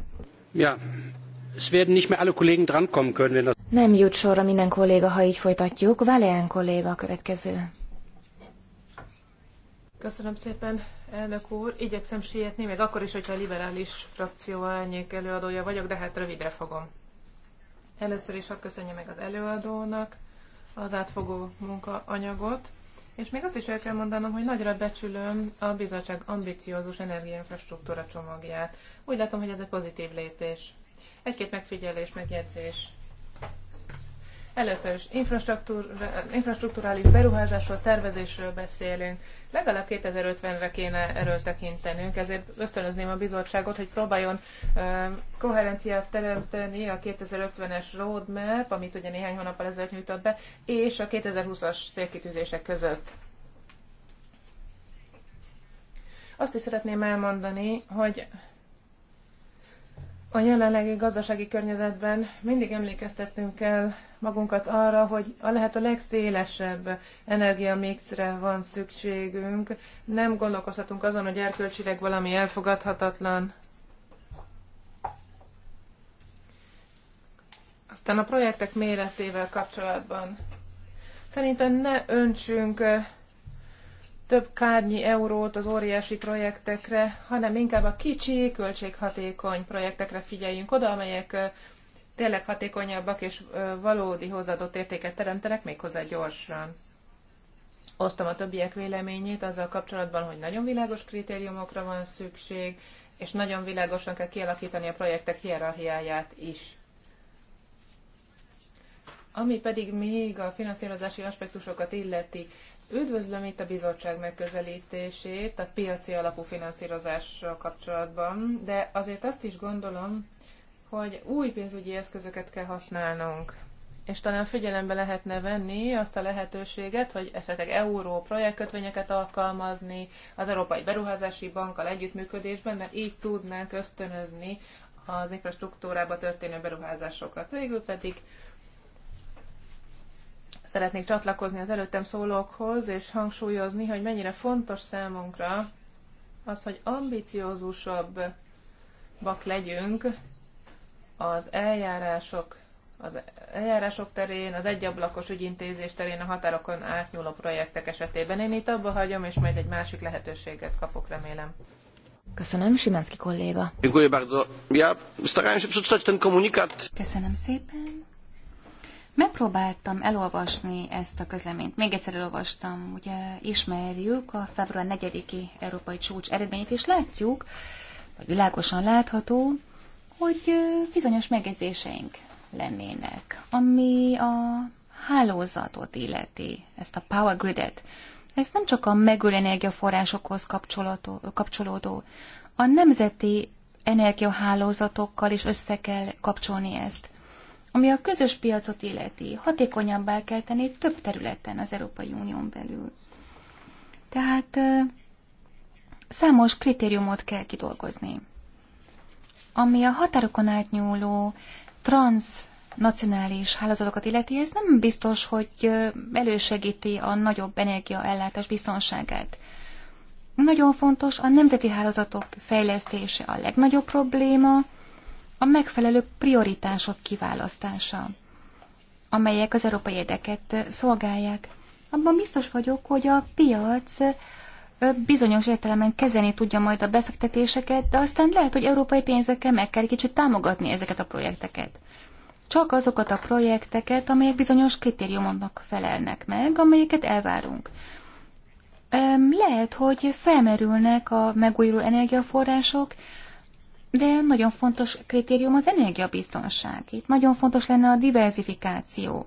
Nem jut sorra minden kolléga, ha így folytatjuk. Valéán kolléga a következő. Köszönöm szépen, elnök úr. Igyekszem sietni, még akkor is, hogyha a liberális frakció árnyék előadója vagyok, de hát rövidre fogom. Először is hadd köszönjem meg az előadónak az átfogó munkaanyagot, és még azt is el kell mondanom, hogy nagyra becsülöm a bizottság ambiciózus energiainfrastruktúra csomagját. Úgy látom, hogy ez egy pozitív lépés. Egy-két megfigyelés, megjegyzés. Először is infrastruktúrális beruházásról, tervezésről beszélünk. Legalább 2050-re kéne erről tekintenünk, ezért ösztönözném a bizottságot, hogy próbáljon koherenciát teremteni a 2050-es roadmap, amit ugye néhány hónappal ezelőtt nyújtott be, és a 2020-as célkitűzések között. Azt is szeretném elmondani, hogy a jelenlegi gazdasági környezetben mindig emlékeztetnünk kell magunkat arra, hogy a lehet a legszélesebb energiamixre van szükségünk. Nem gondolkozhatunk azon, hogy erkölcsileg valami elfogadhatatlan. Aztán a projektek méretével kapcsolatban. Szerintem ne öntsünk több kárnyi eurót az óriási projektekre, hanem inkább a kicsi, költséghatékony projektekre figyeljünk oda, amelyek tényleg hatékonyabbak és valódi hozzáadott értéket teremtenek méghozzá gyorsan. Osztom a többiek véleményét azzal kapcsolatban, hogy nagyon világos kritériumokra van szükség, és nagyon világosan kell kialakítani a projektek hierarchiáját is. Ami pedig még a finanszírozási aspektusokat illeti, Üdvözlöm itt a bizottság megközelítését a piaci alapú finanszírozással kapcsolatban, de azért azt is gondolom, hogy új pénzügyi eszközöket kell használnunk. És talán figyelembe lehetne venni azt a lehetőséget, hogy esetleg euró projektkötvényeket alkalmazni az Európai Beruházási Bankkal együttműködésben, mert így tudnánk ösztönözni az infrastruktúrába történő beruházásokat. Végül pedig szeretnék csatlakozni az előttem szólókhoz, és hangsúlyozni, hogy mennyire fontos számunkra az, hogy ambiciózusabbak legyünk az eljárások az eljárások terén, az egyablakos ügyintézés terén, a határokon átnyúló projektek esetében. Én itt abba hagyom, és majd egy másik lehetőséget kapok, remélem. Köszönöm, Simanski kolléga. Dziękuję bardzo. Köszönöm szépen. Megpróbáltam elolvasni ezt a közleményt. Még egyszer elolvastam. Ugye ismerjük a február 4-i európai csúcs eredményét, és látjuk, vagy világosan látható, hogy bizonyos megjegyzéseink lennének, ami a hálózatot illeti, ezt a power gridet. Ez nem csak a megújuló energiaforrásokhoz kapcsolódó, a nemzeti energiahálózatokkal is össze kell kapcsolni ezt. Ami a közös piacot illeti, hatékonyabbá kell tenni több területen az Európai Unión belül. Tehát számos kritériumot kell kidolgozni, ami a határokon átnyúló transnacionális hálózatokat illeti, ez nem biztos, hogy elősegíti a nagyobb energiaellátás biztonságát. Nagyon fontos a nemzeti hálózatok fejlesztése a legnagyobb probléma, a megfelelő prioritások kiválasztása, amelyek az európai érdeket szolgálják. Abban biztos vagyok, hogy a piac bizonyos értelemben kezelni tudja majd a befektetéseket, de aztán lehet, hogy európai pénzekkel meg kell kicsit támogatni ezeket a projekteket. Csak azokat a projekteket, amelyek bizonyos kritériumoknak felelnek meg, amelyeket elvárunk. Lehet, hogy felmerülnek a megújuló energiaforrások, de nagyon fontos kritérium az energiabiztonság. Itt nagyon fontos lenne a diversifikáció.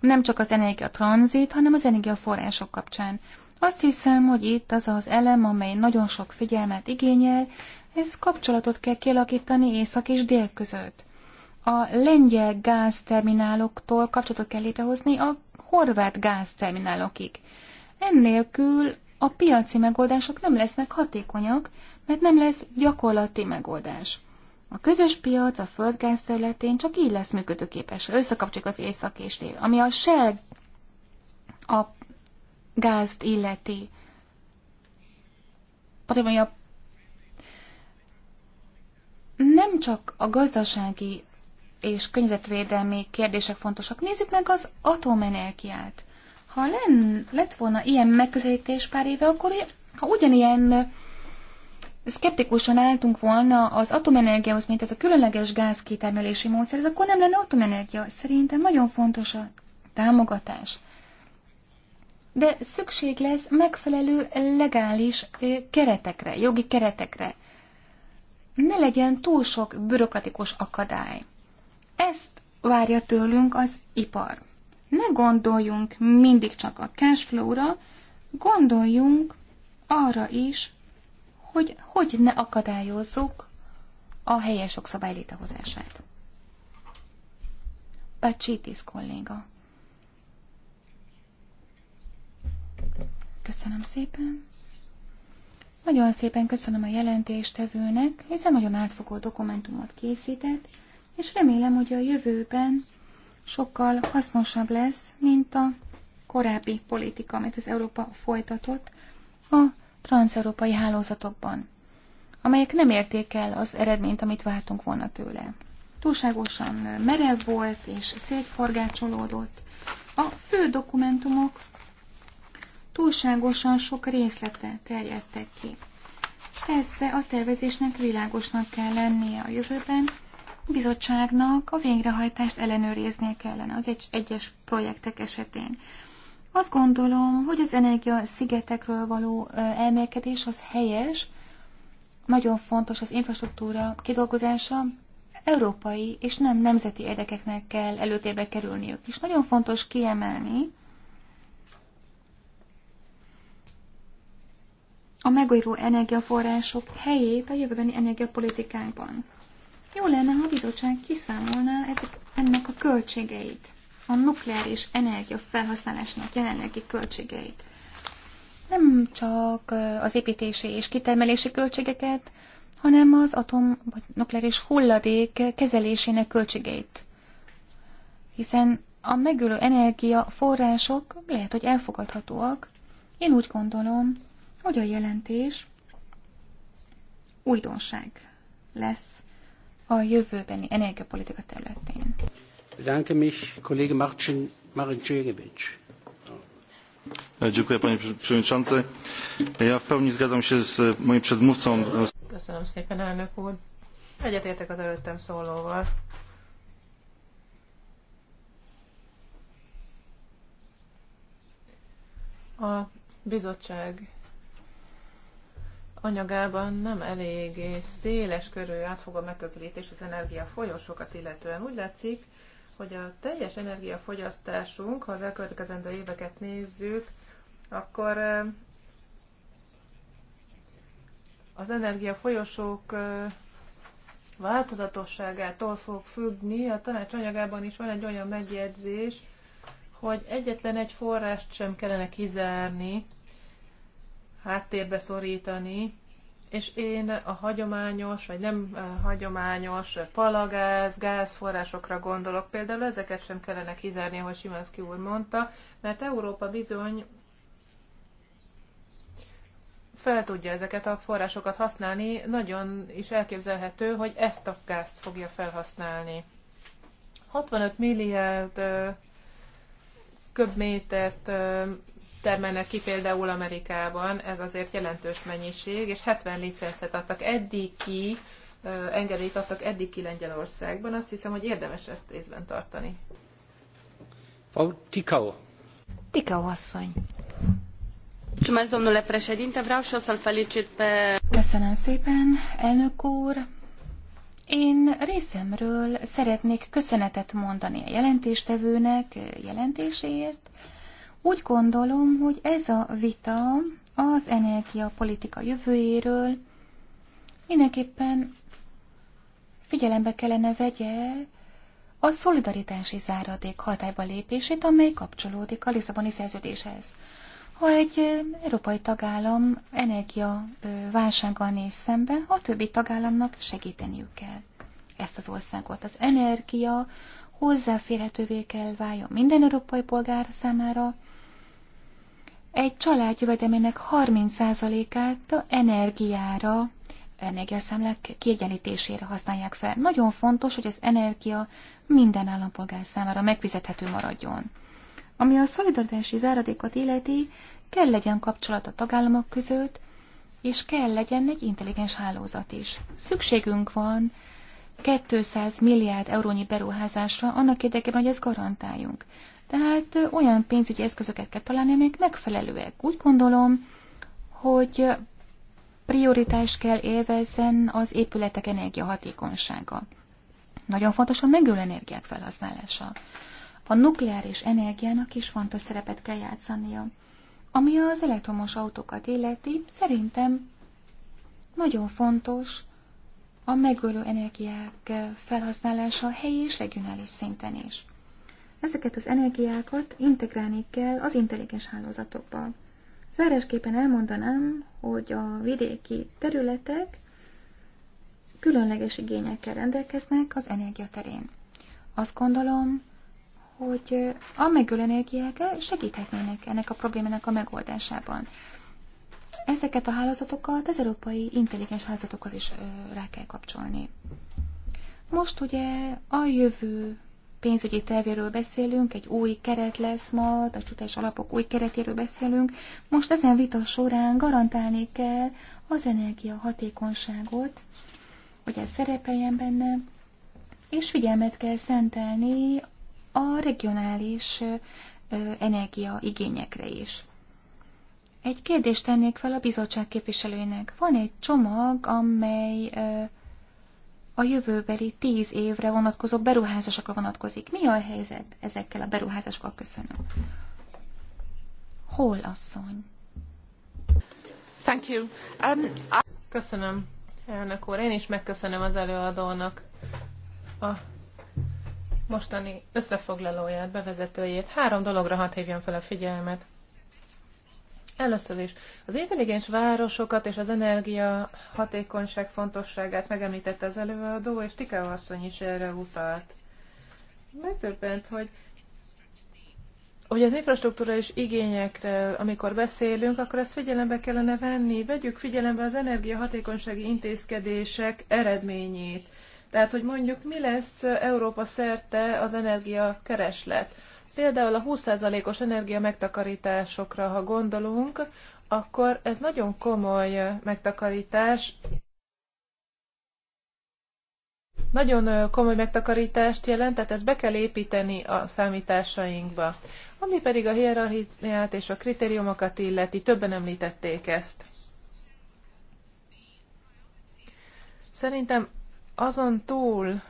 Nem csak az energia tranzit, hanem az energiaforrások kapcsán. Azt hiszem, hogy itt az az elem, amely nagyon sok figyelmet igényel, ez kapcsolatot kell kialakítani észak és dél között. A lengyel gáztermináloktól kapcsolatot kell létrehozni a horvát gázterminálokig. Ennélkül a piaci megoldások nem lesznek hatékonyak, mert nem lesz gyakorlati megoldás. A közös piac a földgáz területén csak így lesz működőképes, ha összekapcsoljuk az észak és dél, ami a sel a gázt illeti. nem csak a gazdasági és környezetvédelmi kérdések fontosak. Nézzük meg az atomenergiát. Ha len, lett volna ilyen megközelítés pár éve, akkor ha ugyanilyen szkeptikusan álltunk volna az atomenergiához, mint ez a különleges gázkitermelési módszer, ez akkor nem lenne atomenergia. Szerintem nagyon fontos a támogatás. De szükség lesz megfelelő legális keretekre, jogi keretekre. Ne legyen túl sok bürokratikus akadály. Ezt várja tőlünk az ipar. Ne gondoljunk mindig csak a cashflow-ra, gondoljunk arra is, hogy hogy ne akadályozzuk a helyes jogszabály létrehozását. Bacsitis kolléga. Köszönöm szépen. Nagyon szépen köszönöm a jelentéstevőnek, hiszen nagyon átfogó dokumentumot készített, és remélem, hogy a jövőben sokkal hasznosabb lesz, mint a korábbi politika, amit az Európa folytatott a transzeurópai hálózatokban, amelyek nem érték el az eredményt, amit vártunk volna tőle. Túlságosan merev volt és szétforgácsolódott. A fő dokumentumok túlságosan sok részletre terjedtek ki. Persze a tervezésnek világosnak kell lennie a jövőben, a bizottságnak a végrehajtást ellenőriznie kellene az egy egyes projektek esetén. Azt gondolom, hogy az energia szigetekről való elmélkedés az helyes, nagyon fontos az infrastruktúra kidolgozása, európai és nem nemzeti érdekeknek kell előtérbe kerülniük. És nagyon fontos kiemelni a megújuló energiaforrások helyét a jövőbeni energiapolitikánkban. Jó lenne, ha a bizottság kiszámolná ezek, ennek a költségeit a nukleáris energia felhasználásnak jelenlegi költségeit. Nem csak az építési és kitermelési költségeket, hanem az atom vagy nukleáris hulladék kezelésének költségeit. Hiszen a megülő források lehet, hogy elfogadhatóak. Én úgy gondolom, hogy a jelentés újdonság lesz a jövőbeni energiapolitika területén. Bedanke mich, Kollege Marcin, e, Dziękuję panie przewodniczący. Ja w pełni zgadzam się z moim przedmówcą. Köszönöm szépen, elnök úr. Egyetértek az előttem szólóval. A bizottság anyagában nem elég széles körű átfogó megközelítés az energia folyosokat illetően. Úgy látszik, hogy a teljes energiafogyasztásunk, ha az elkövetkezendő éveket nézzük, akkor az energiafolyosók változatosságától fog függni. A tanács anyagában is van egy olyan megjegyzés, hogy egyetlen egy forrást sem kellene kizárni, háttérbe szorítani, és én a hagyományos, vagy nem eh, hagyományos palagáz, gázforrásokra gondolok. Például ezeket sem kellene kizárni, ahogy Simanszki úr mondta, mert Európa bizony fel tudja ezeket a forrásokat használni, nagyon is elképzelhető, hogy ezt a gázt fogja felhasználni. 65 milliárd eh, köbmétert eh, termelnek ki például Amerikában, ez azért jelentős mennyiség, és 70 licenszet adtak eddig ki, engedélyt adtak eddig ki Lengyelországban, azt hiszem, hogy érdemes ezt észben tartani. Frau Tikau. Tikau asszony. Mulțumesc, domnule președinte, vreau și să-l felicit pe... Köszönöm szépen, elnök úr. Én részemről szeretnék köszönetet mondani a jelentéstevőnek jelentéséért, úgy gondolom, hogy ez a vita az energiapolitika jövőjéről mindenképpen figyelembe kellene vegye a szolidaritási záradék hatályba lépését, amely kapcsolódik a Lisszaboni szerződéshez. Ha egy európai tagállam energia válsággal néz szembe, a többi tagállamnak segíteniük kell ezt az országot. Az energia hozzáférhetővé kell váljon minden európai polgár számára. Egy család jövedelmének 30%-át energiára, energiaszámlák kiegyenlítésére használják fel. Nagyon fontos, hogy az energia minden állampolgár számára megfizethető maradjon. Ami a szolidaritási záradékot illeti, kell legyen kapcsolat a tagállamok között, és kell legyen egy intelligens hálózat is. Szükségünk van 200 milliárd eurónyi beruházásra annak érdekében, hogy ezt garantáljunk. Tehát olyan pénzügyi eszközöket kell találni, amelyek megfelelőek. Úgy gondolom, hogy prioritás kell élvezzen az épületek energiahatékonysága. Nagyon fontos a megülő energiák felhasználása. A nukleáris energiának is fontos szerepet kell játszania. Ami az elektromos autókat illeti, szerintem nagyon fontos, a megölő energiák felhasználása helyi és regionális szinten is. Ezeket az energiákat integrálni kell az intelligens hálózatokba. Zárásképpen elmondanám, hogy a vidéki területek különleges igényekkel rendelkeznek az energia terén. Azt gondolom, hogy a megölő energiák segíthetnének ennek a problémának a megoldásában. Ezeket a hálózatokat az európai intelligens hálózatokhoz is rá kell kapcsolni. Most ugye a jövő pénzügyi tervéről beszélünk, egy új keret lesz ma, a csutás alapok új keretéről beszélünk. Most ezen vita során garantálni kell az energia hatékonyságot, hogy ez szerepeljen benne, és figyelmet kell szentelni a regionális energiaigényekre is. Egy kérdést tennék fel a bizottság képviselőinek. Van egy csomag, amely a jövőbeli tíz évre vonatkozó beruházásokra vonatkozik. Mi a helyzet ezekkel a beruházásokkal? Köszönöm. Hol asszony? Thank you. Um, I... Köszönöm, elnök úr. Én is megköszönöm az előadónak a mostani összefoglalóját, bevezetőjét. Három dologra hadd hívjam fel a figyelmet. Először is az intelligens városokat és az energia hatékonyság fontosságát megemlítette az előadó, és Tika asszony is erre utalt. Megtöbbent, hogy hogy az infrastruktúra és igényekre, amikor beszélünk, akkor ezt figyelembe kellene venni. Vegyük figyelembe az energiahatékonysági intézkedések eredményét. Tehát, hogy mondjuk mi lesz Európa szerte az energiakereslet. Például a 20%-os energia megtakarításokra, ha gondolunk, akkor ez nagyon komoly megtakarítás. Nagyon komoly megtakarítást jelent, tehát ezt be kell építeni a számításainkba. Ami pedig a hierarchiát és a kritériumokat illeti, többen említették ezt. Szerintem azon túl,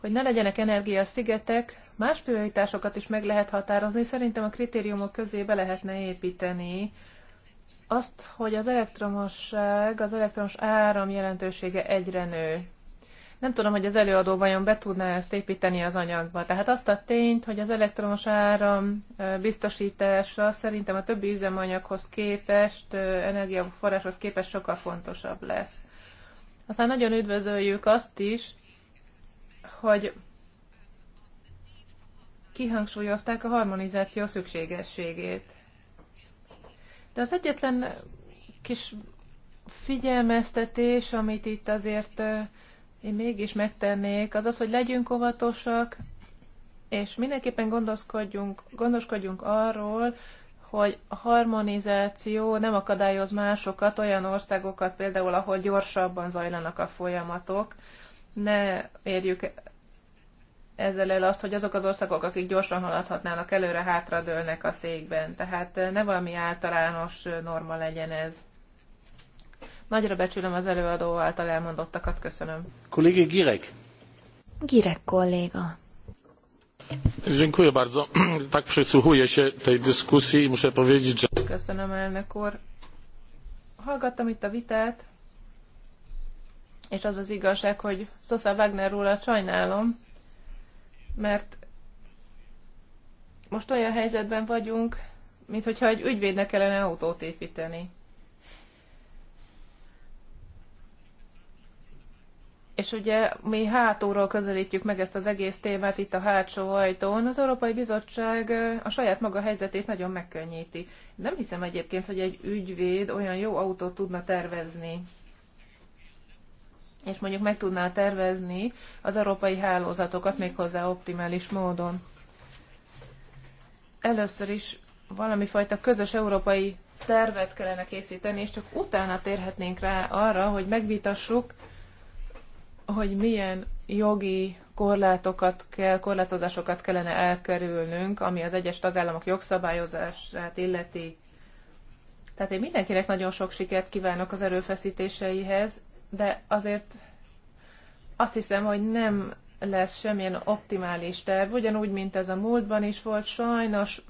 hogy ne legyenek energiaszigetek, más prioritásokat is meg lehet határozni. Szerintem a kritériumok közé be lehetne építeni azt, hogy az elektromosság, az elektromos áram jelentősége egyre nő. Nem tudom, hogy az előadó vajon be tudná ezt építeni az anyagba. Tehát azt a tényt, hogy az elektromos áram biztosítása szerintem a többi üzemanyaghoz képest, energiaforráshoz képest sokkal fontosabb lesz. Aztán nagyon üdvözöljük azt is, hogy kihangsúlyozták a harmonizáció szükségességét. De az egyetlen kis figyelmeztetés, amit itt azért én mégis megtennék, az az, hogy legyünk óvatosak, és mindenképpen gondoskodjunk, gondoskodjunk arról, hogy a harmonizáció nem akadályoz másokat, olyan országokat például, ahol gyorsabban zajlanak a folyamatok, ne érjük ezzel el azt, hogy azok az országok, akik gyorsan haladhatnának előre, hátradőlnek a székben. Tehát eh, ne valami általános eh, norma legyen ez. Nagyra becsülöm az előadó által elmondottakat, köszönöm. Kollégi Girek. Girek kolléga. Dziękuję bardzo. *clears throat* Tak przysłuchuję się tej dyskusji i muszę powiedzieć, że... Köszönöm, elnök úr. Hallgattam itt a vitát, és az az igazság, hogy Sosa Wagner úrat sajnálom, mert most olyan helyzetben vagyunk, mint hogyha egy ügyvédnek kellene autót építeni. És ugye mi hátulról közelítjük meg ezt az egész témát itt a hátsó ajtón. Az Európai Bizottság a saját maga helyzetét nagyon megkönnyíti. Nem hiszem egyébként, hogy egy ügyvéd olyan jó autót tudna tervezni, és mondjuk meg tudná tervezni az európai hálózatokat méghozzá optimális módon. Először is valami fajta közös európai tervet kellene készíteni, és csak utána térhetnénk rá arra, hogy megvitassuk, hogy milyen jogi korlátokat kell, korlátozásokat kellene elkerülnünk, ami az egyes tagállamok jogszabályozását illeti. Tehát én mindenkinek nagyon sok sikert kívánok az erőfeszítéseihez, de azért azt hiszem, hogy nem lesz semmilyen optimális terv, ugyanúgy, mint ez a múltban is volt, sajnos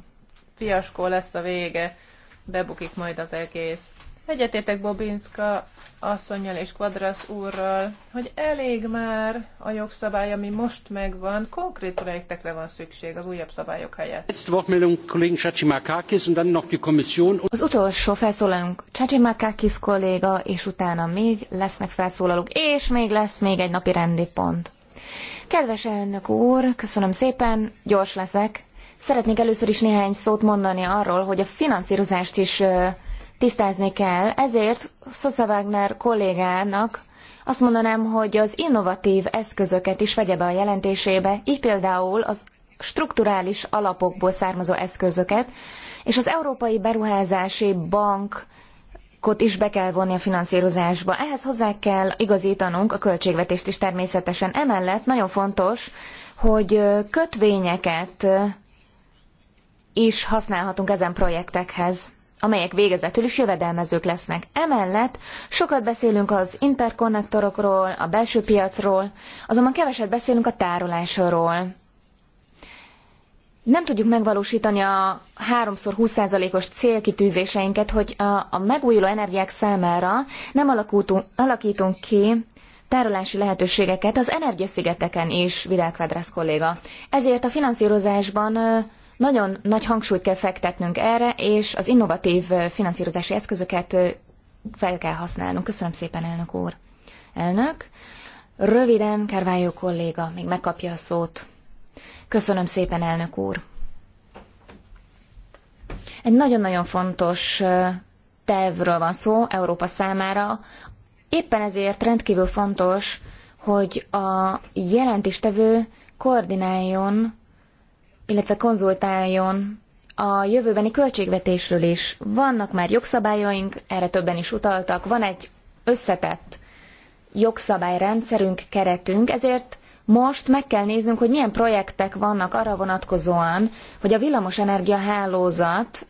fiaskó lesz a vége, bebukik majd az egész. Egyetértek Bobinska asszonyjal és Quadras úrral, hogy elég már a jogszabály, ami most megvan, konkrét projektekre van szükség az újabb szabályok helyett. Az utolsó felszólalunk Csacimakakis kolléga, és utána még lesznek felszólalók, és még lesz még egy napi rendi pont. Kedves elnök úr, köszönöm szépen, gyors leszek. Szeretnék először is néhány szót mondani arról, hogy a finanszírozást is tisztázni kell. Ezért Szosza Wagner kollégának azt mondanám, hogy az innovatív eszközöket is vegye be a jelentésébe, így például az strukturális alapokból származó eszközöket, és az Európai Beruházási Bankot is be kell vonni a finanszírozásba. Ehhez hozzá kell igazítanunk a költségvetést is természetesen. Emellett nagyon fontos, hogy kötvényeket is használhatunk ezen projektekhez amelyek végezetül is jövedelmezők lesznek. Emellett sokat beszélünk az interkonnektorokról, a belső piacról, azonban keveset beszélünk a tárolásról. Nem tudjuk megvalósítani a 3x20%-os célkitűzéseinket, hogy a, megújuló energiák számára nem alakítunk ki tárolási lehetőségeket az energiaszigeteken is, Vidal Quadrász kolléga. Ezért a finanszírozásban nagyon nagy hangsúlyt kell fektetnünk erre, és az innovatív finanszírozási eszközöket fel kell használnunk. Köszönöm szépen, elnök úr. Elnök, röviden Kárvályó kolléga még megkapja a szót. Köszönöm szépen, elnök úr. Egy nagyon-nagyon fontos tervről van szó Európa számára. Éppen ezért rendkívül fontos, hogy a jelentéstevő koordináljon illetve konzultáljon a jövőbeni költségvetésről is. Vannak már jogszabályaink, erre többen is utaltak, van egy összetett jogszabályrendszerünk, keretünk, ezért most meg kell néznünk, hogy milyen projektek vannak arra vonatkozóan, hogy a villamosenergia hálózat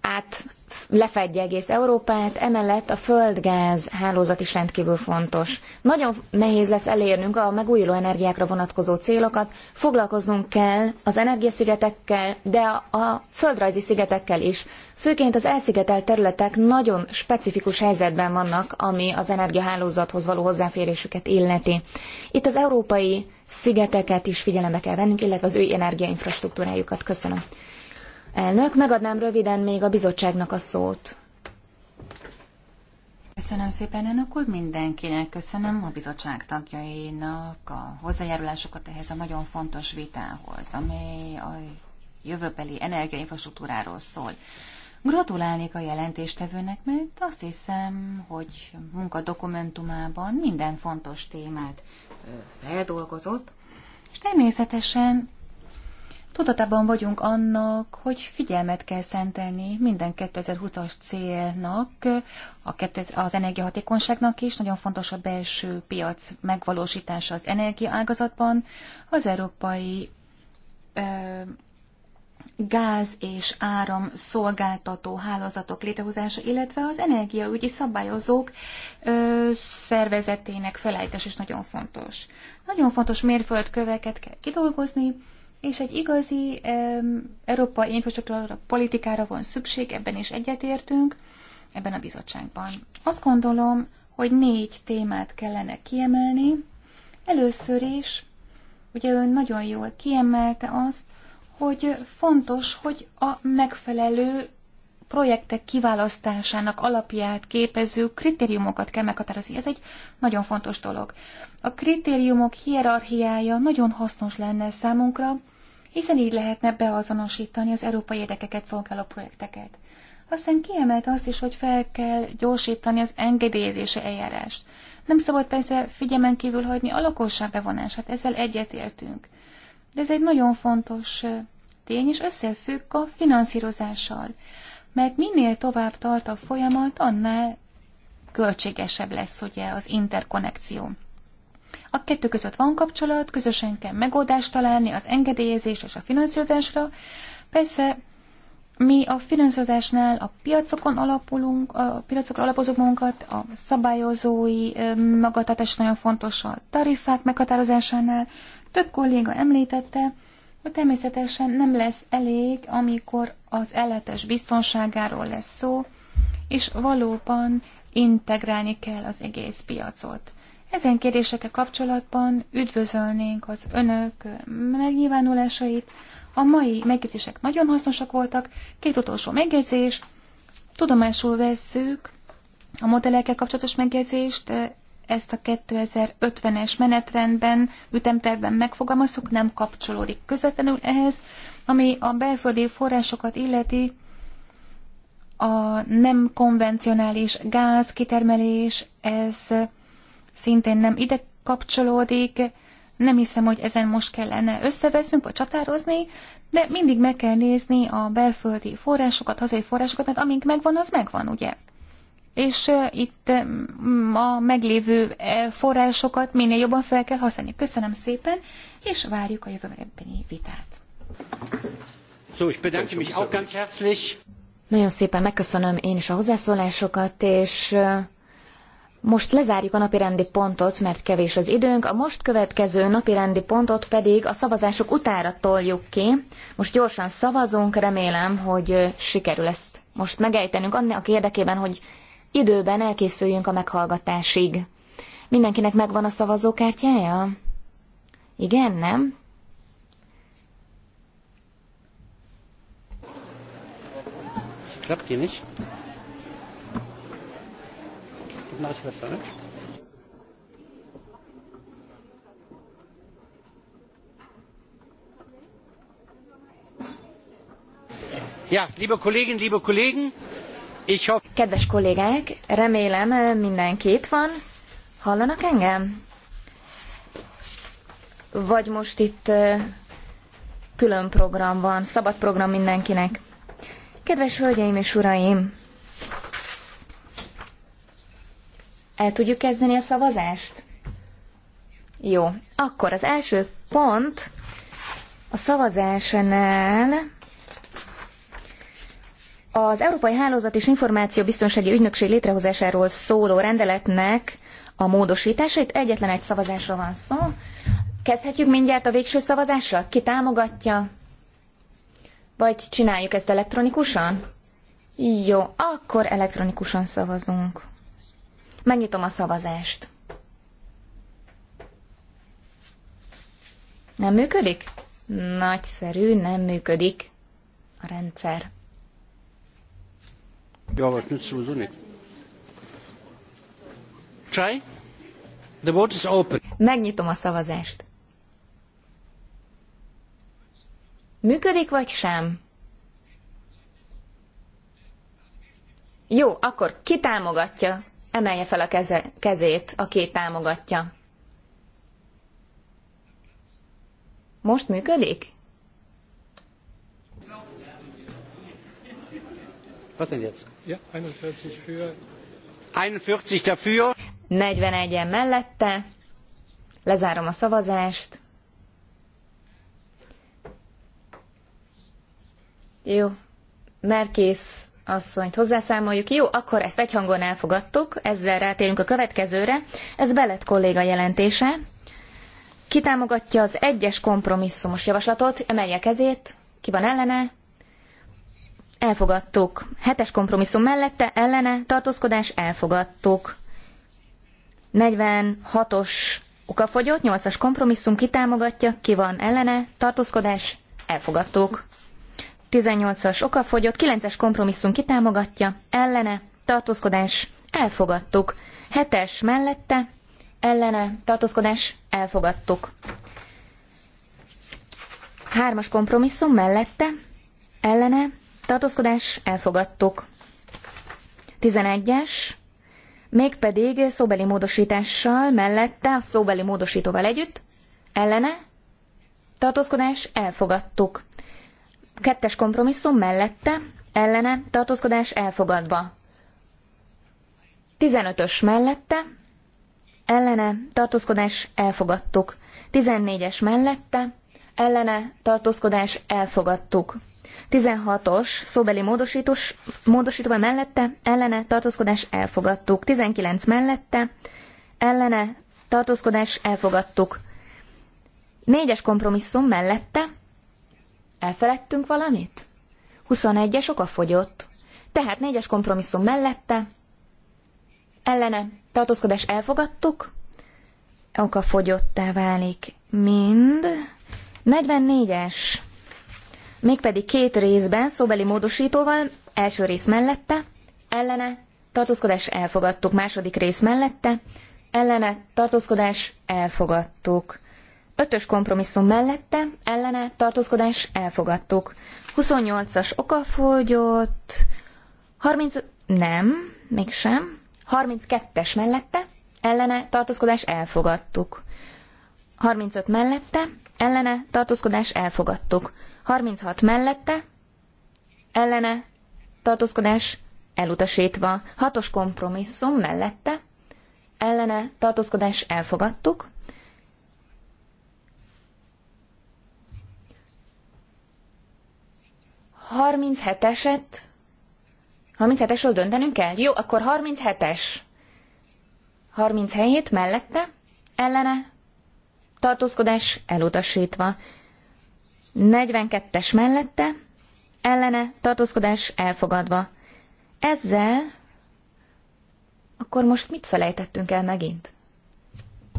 át lefedje egész Európát, emellett a földgáz hálózat is rendkívül fontos. Nagyon nehéz lesz elérnünk a megújuló energiákra vonatkozó célokat, foglalkoznunk kell az energiaszigetekkel, de a földrajzi szigetekkel is. Főként az elszigetelt területek nagyon specifikus helyzetben vannak, ami az energiahálózathoz való hozzáférésüket illeti. Itt az európai szigeteket is figyelembe kell vennünk, illetve az ő energiainfrastruktúrájukat. Köszönöm. Elnök, megadnám röviden még a bizottságnak a szót. Köszönöm szépen, elnök úr, mindenkinek köszönöm a bizottság tagjainak a hozzájárulásokat ehhez a nagyon fontos vitához, amely a jövőbeli energiainfrastruktúráról szól. Gratulálnék a jelentéstevőnek, mert azt hiszem, hogy munka dokumentumában minden fontos témát feldolgozott, és természetesen Tudatában vagyunk annak, hogy figyelmet kell szentelni minden 2020-as célnak, a 2000, az energiahatékonyságnak is, nagyon fontos a belső piac megvalósítása az energiaágazatban, az európai ö, gáz és áram szolgáltató hálózatok létrehozása, illetve az energiaügyi szabályozók ö, szervezetének felállítása is nagyon fontos. Nagyon fontos mérföldköveket kell kidolgozni, és egy igazi um, európai infrastruktúra politikára van szükség, ebben is egyetértünk, ebben a bizottságban. Azt gondolom, hogy négy témát kellene kiemelni. Először is, ugye ön nagyon jól kiemelte azt, hogy fontos, hogy a megfelelő projektek kiválasztásának alapját képező kritériumokat kell meghatározni. Ez egy nagyon fontos dolog. A kritériumok hierarchiája nagyon hasznos lenne számunkra, hiszen így lehetne beazonosítani az európai érdekeket szolgáló projekteket. Aztán kiemelt azt is, hogy fel kell gyorsítani az engedélyezési eljárást. Nem szabad persze figyelmen kívül hagyni a lakosság bevonását, ezzel egyetértünk. De ez egy nagyon fontos tény, és összefügg a finanszírozással. Mert minél tovább tart a folyamat, annál költségesebb lesz ugye az interkonnekció. A kettő között van kapcsolat, közösen kell megoldást találni az engedélyezés és a finanszírozásra. Persze mi a finanszírozásnál a piacokon alapulunk, a piacokra alapozunk magunkat, a szabályozói magatartás nagyon fontos a tarifák meghatározásánál. Több kolléga említette, hogy természetesen nem lesz elég, amikor az elletes biztonságáról lesz szó, és valóban integrálni kell az egész piacot. Ezen kérdésekkel kapcsolatban üdvözölnénk az önök megnyilvánulásait. A mai megjegyzések nagyon hasznosak voltak. Két utolsó megjegyzés. Tudomásul vesszük a modellekkel kapcsolatos megjegyzést, ezt a 2050-es menetrendben, ütemterben megfogalmazok, nem kapcsolódik közvetlenül ehhez, ami a belföldi forrásokat illeti, a nem konvencionális gázkitermelés, ez szintén nem ide kapcsolódik, nem hiszem, hogy ezen most kellene összeveszünk vagy csatározni, de mindig meg kell nézni a belföldi forrásokat, hazai forrásokat, mert amink megvan, az megvan, ugye? És itt a meglévő e, forrásokat minél jobban fel kell használni. Köszönöm szépen, és várjuk a jövőbeni vitát. So, ich bedanke mich auch ganz herzlich. Nagyon szépen megköszönöm én is a hozzászólásokat, és most lezárjuk a napirendi pontot, mert kevés az időnk. A most következő napirendi pontot pedig a szavazások utára toljuk ki. Most gyorsan szavazunk, remélem, hogy sikerül ezt most megejtenünk annak érdekében, hogy időben elkészüljünk a meghallgatásig. Mindenkinek megvan a szavazókártyája? Igen, nem? Köszönöm. Ja, liebe liebe Kollegen, ich hoffe... Kedves kollégák, remélem eh, mindenki itt van. Hallanak engem? Vagy most itt eh, külön program van, szabad program mindenkinek. Kedves hölgyeim és uraim, El tudjuk kezdeni a szavazást? Jó. Akkor az első pont a szavazásnál az Európai Hálózat és információ biztonsági Ügynökség létrehozásáról szóló rendeletnek a módosításait. Egyetlen egy szavazásra van szó. Kezdhetjük mindjárt a végső szavazással? Ki támogatja? Vagy csináljuk ezt elektronikusan? Jó, akkor elektronikusan szavazunk. Megnyitom a szavazást. Nem működik? Nagyszerű, nem működik a rendszer. Jó, vagy nincs szózunik. Try. The vote is open. Megnyitom a szavazást. Működik vagy sem? Jó, akkor ki támogatja emelje fel a keze, kezét, aki támogatja. Most működik? Was denn jetzt? Ja, 41 für. 41 dafür. 41-en mellette. Lezárom a szavazást. Jó. Merkész asszonyt hozzászámoljuk. Jó, akkor ezt egyhangon elfogadtuk, ezzel rátérünk a következőre. Ez Belet kolléga jelentése. Ki támogatja az egyes kompromisszumos javaslatot, emelje kezét, ki van ellene, elfogadtuk. Hetes kompromisszum mellette, ellene, tartózkodás, elfogadtuk. 46-os okafogyott, 8-as kompromisszum kitámogatja, ki van ellene, tartózkodás, elfogadtuk. 18-as okafogyott, 9-es kompromisszum kitámogatja, ellene, tartózkodás, elfogadtuk. 7-es mellette, ellene, tartózkodás, elfogadtuk. 3-as kompromisszum mellette, ellene, tartózkodás, elfogadtuk. 11-es, mégpedig szóbeli módosítással mellette, a szóbeli módosítóval együtt, ellene, tartózkodás, elfogadtuk. Kettes kompromisszum mellette, ellene, tartózkodás elfogadva. 15-ös mellette, ellene, tartózkodás elfogadtuk. 14-es mellette, ellene, tartózkodás elfogadtuk. 16-os szóbeli módosítós, módosítóval mellette, ellene, tartózkodás elfogadtuk. 19 mellette, ellene, tartózkodás elfogadtuk. 4-es kompromisszum mellette, Elfeledtünk valamit? 21-es oka fogyott. Tehát négyes kompromisszum mellette. Ellene tartózkodás elfogadtuk. Oka fogyottá válik mind. 44-es. Mégpedig két részben szóbeli módosítóval, első rész mellette, ellene tartózkodás elfogadtuk, második rész mellette, ellene tartózkodás elfogadtuk. Ötös kompromisszum mellette, ellene, tartózkodás, elfogadtuk. 28-as okafogyott, 30... nem, mégsem. 32-es mellette, ellene, tartózkodás, elfogadtuk. 35 mellette, ellene, tartózkodás, elfogadtuk. 36 mellette, ellene, tartózkodás, elutasítva. 6-os kompromisszum mellette, ellene, tartózkodás, elfogadtuk. 37-eset? 37-esről döntenünk kell? Jó, akkor 37-es. 37 mellette? Ellene? Tartózkodás elutasítva. 42-es mellette? Ellene? Tartózkodás elfogadva. Ezzel... Akkor most mit felejtettünk el megint?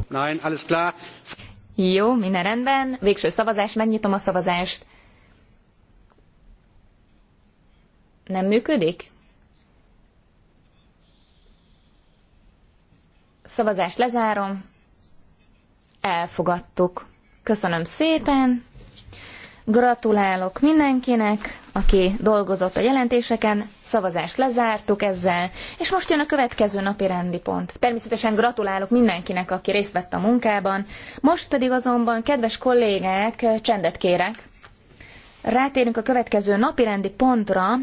Nein, alles klar. Jó, minden rendben. Végső szavazás, megnyitom a szavazást. Nem működik? Szavazást lezárom. Elfogadtuk. Köszönöm szépen. Gratulálok mindenkinek, aki dolgozott a jelentéseken, szavazást lezártuk ezzel, és most jön a következő napi rendi pont. Természetesen gratulálok mindenkinek, aki részt vett a munkában, most pedig azonban, kedves kollégák, csendet kérek. Rátérünk a következő napi rendi pontra,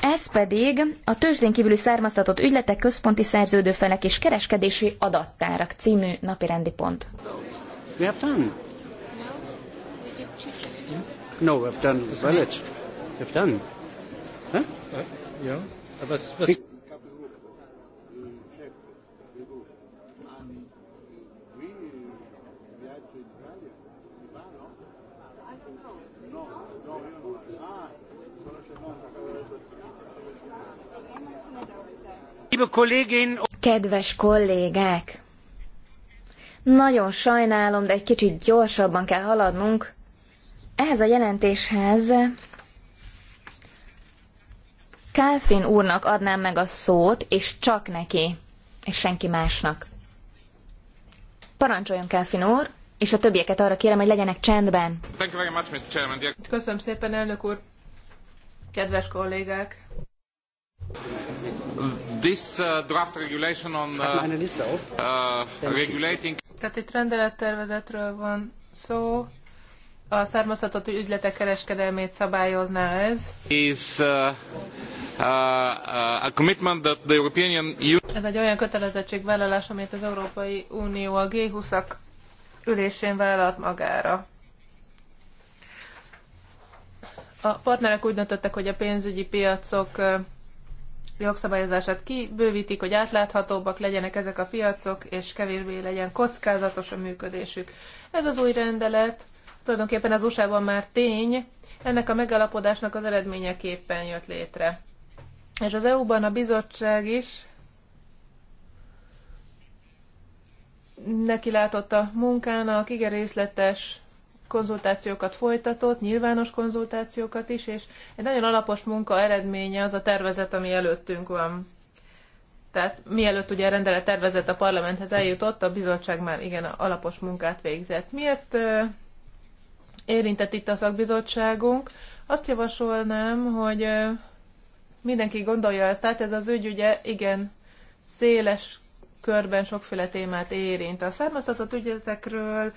ez pedig a tőzsdén kívüli származtatott ügyletek központi szerződőfelek és kereskedési adattárak című napirendi pont. We have done. No, we have done the village. We have done. Huh? Uh, yeah. Uh, was, was... No, no, no. Ah, Kedves kollégák! Nagyon sajnálom, de egy kicsit gyorsabban kell haladnunk. Ehhez a jelentéshez Kálfin úrnak adnám meg a szót, és csak neki, és senki másnak. Parancsoljon, Kálfin úr, és a többieket arra kérem, hogy legyenek csendben. Köszönöm szépen, elnök úr! Kedves kollégák! This uh, draft regulation on uh, hát uh, regulating... Tehát itt rendelettervezetről van szó, a származhatott ügyletek kereskedelmét szabályozná ez. Is, uh, uh, a commitment that the European Union... Ez egy olyan kötelezettségvállalás, amit az Európai Unió a G20-ak ülésén vállalt magára. A partnerek úgy döntöttek, hogy a pénzügyi piacok jogszabályozását kibővítik, hogy átláthatóbbak legyenek ezek a piacok, és kevésbé legyen kockázatos a működésük. Ez az új rendelet tulajdonképpen az USA-ban már tény, ennek a megalapodásnak az eredményeképpen jött létre. És az EU-ban a bizottság is neki látott a munkának, igen részletes konzultációkat folytatott, nyilvános konzultációkat is, és egy nagyon alapos munka eredménye az a tervezet, ami előttünk van. Tehát mielőtt ugye a rendelet tervezet a parlamenthez eljutott, a bizottság már igen alapos munkát végzett. Miért érintett itt a szakbizottságunk? Azt javasolnám, hogy mindenki gondolja ezt, tehát ez az ügy ugye igen széles körben sokféle témát érint. A származtatott ügyetekről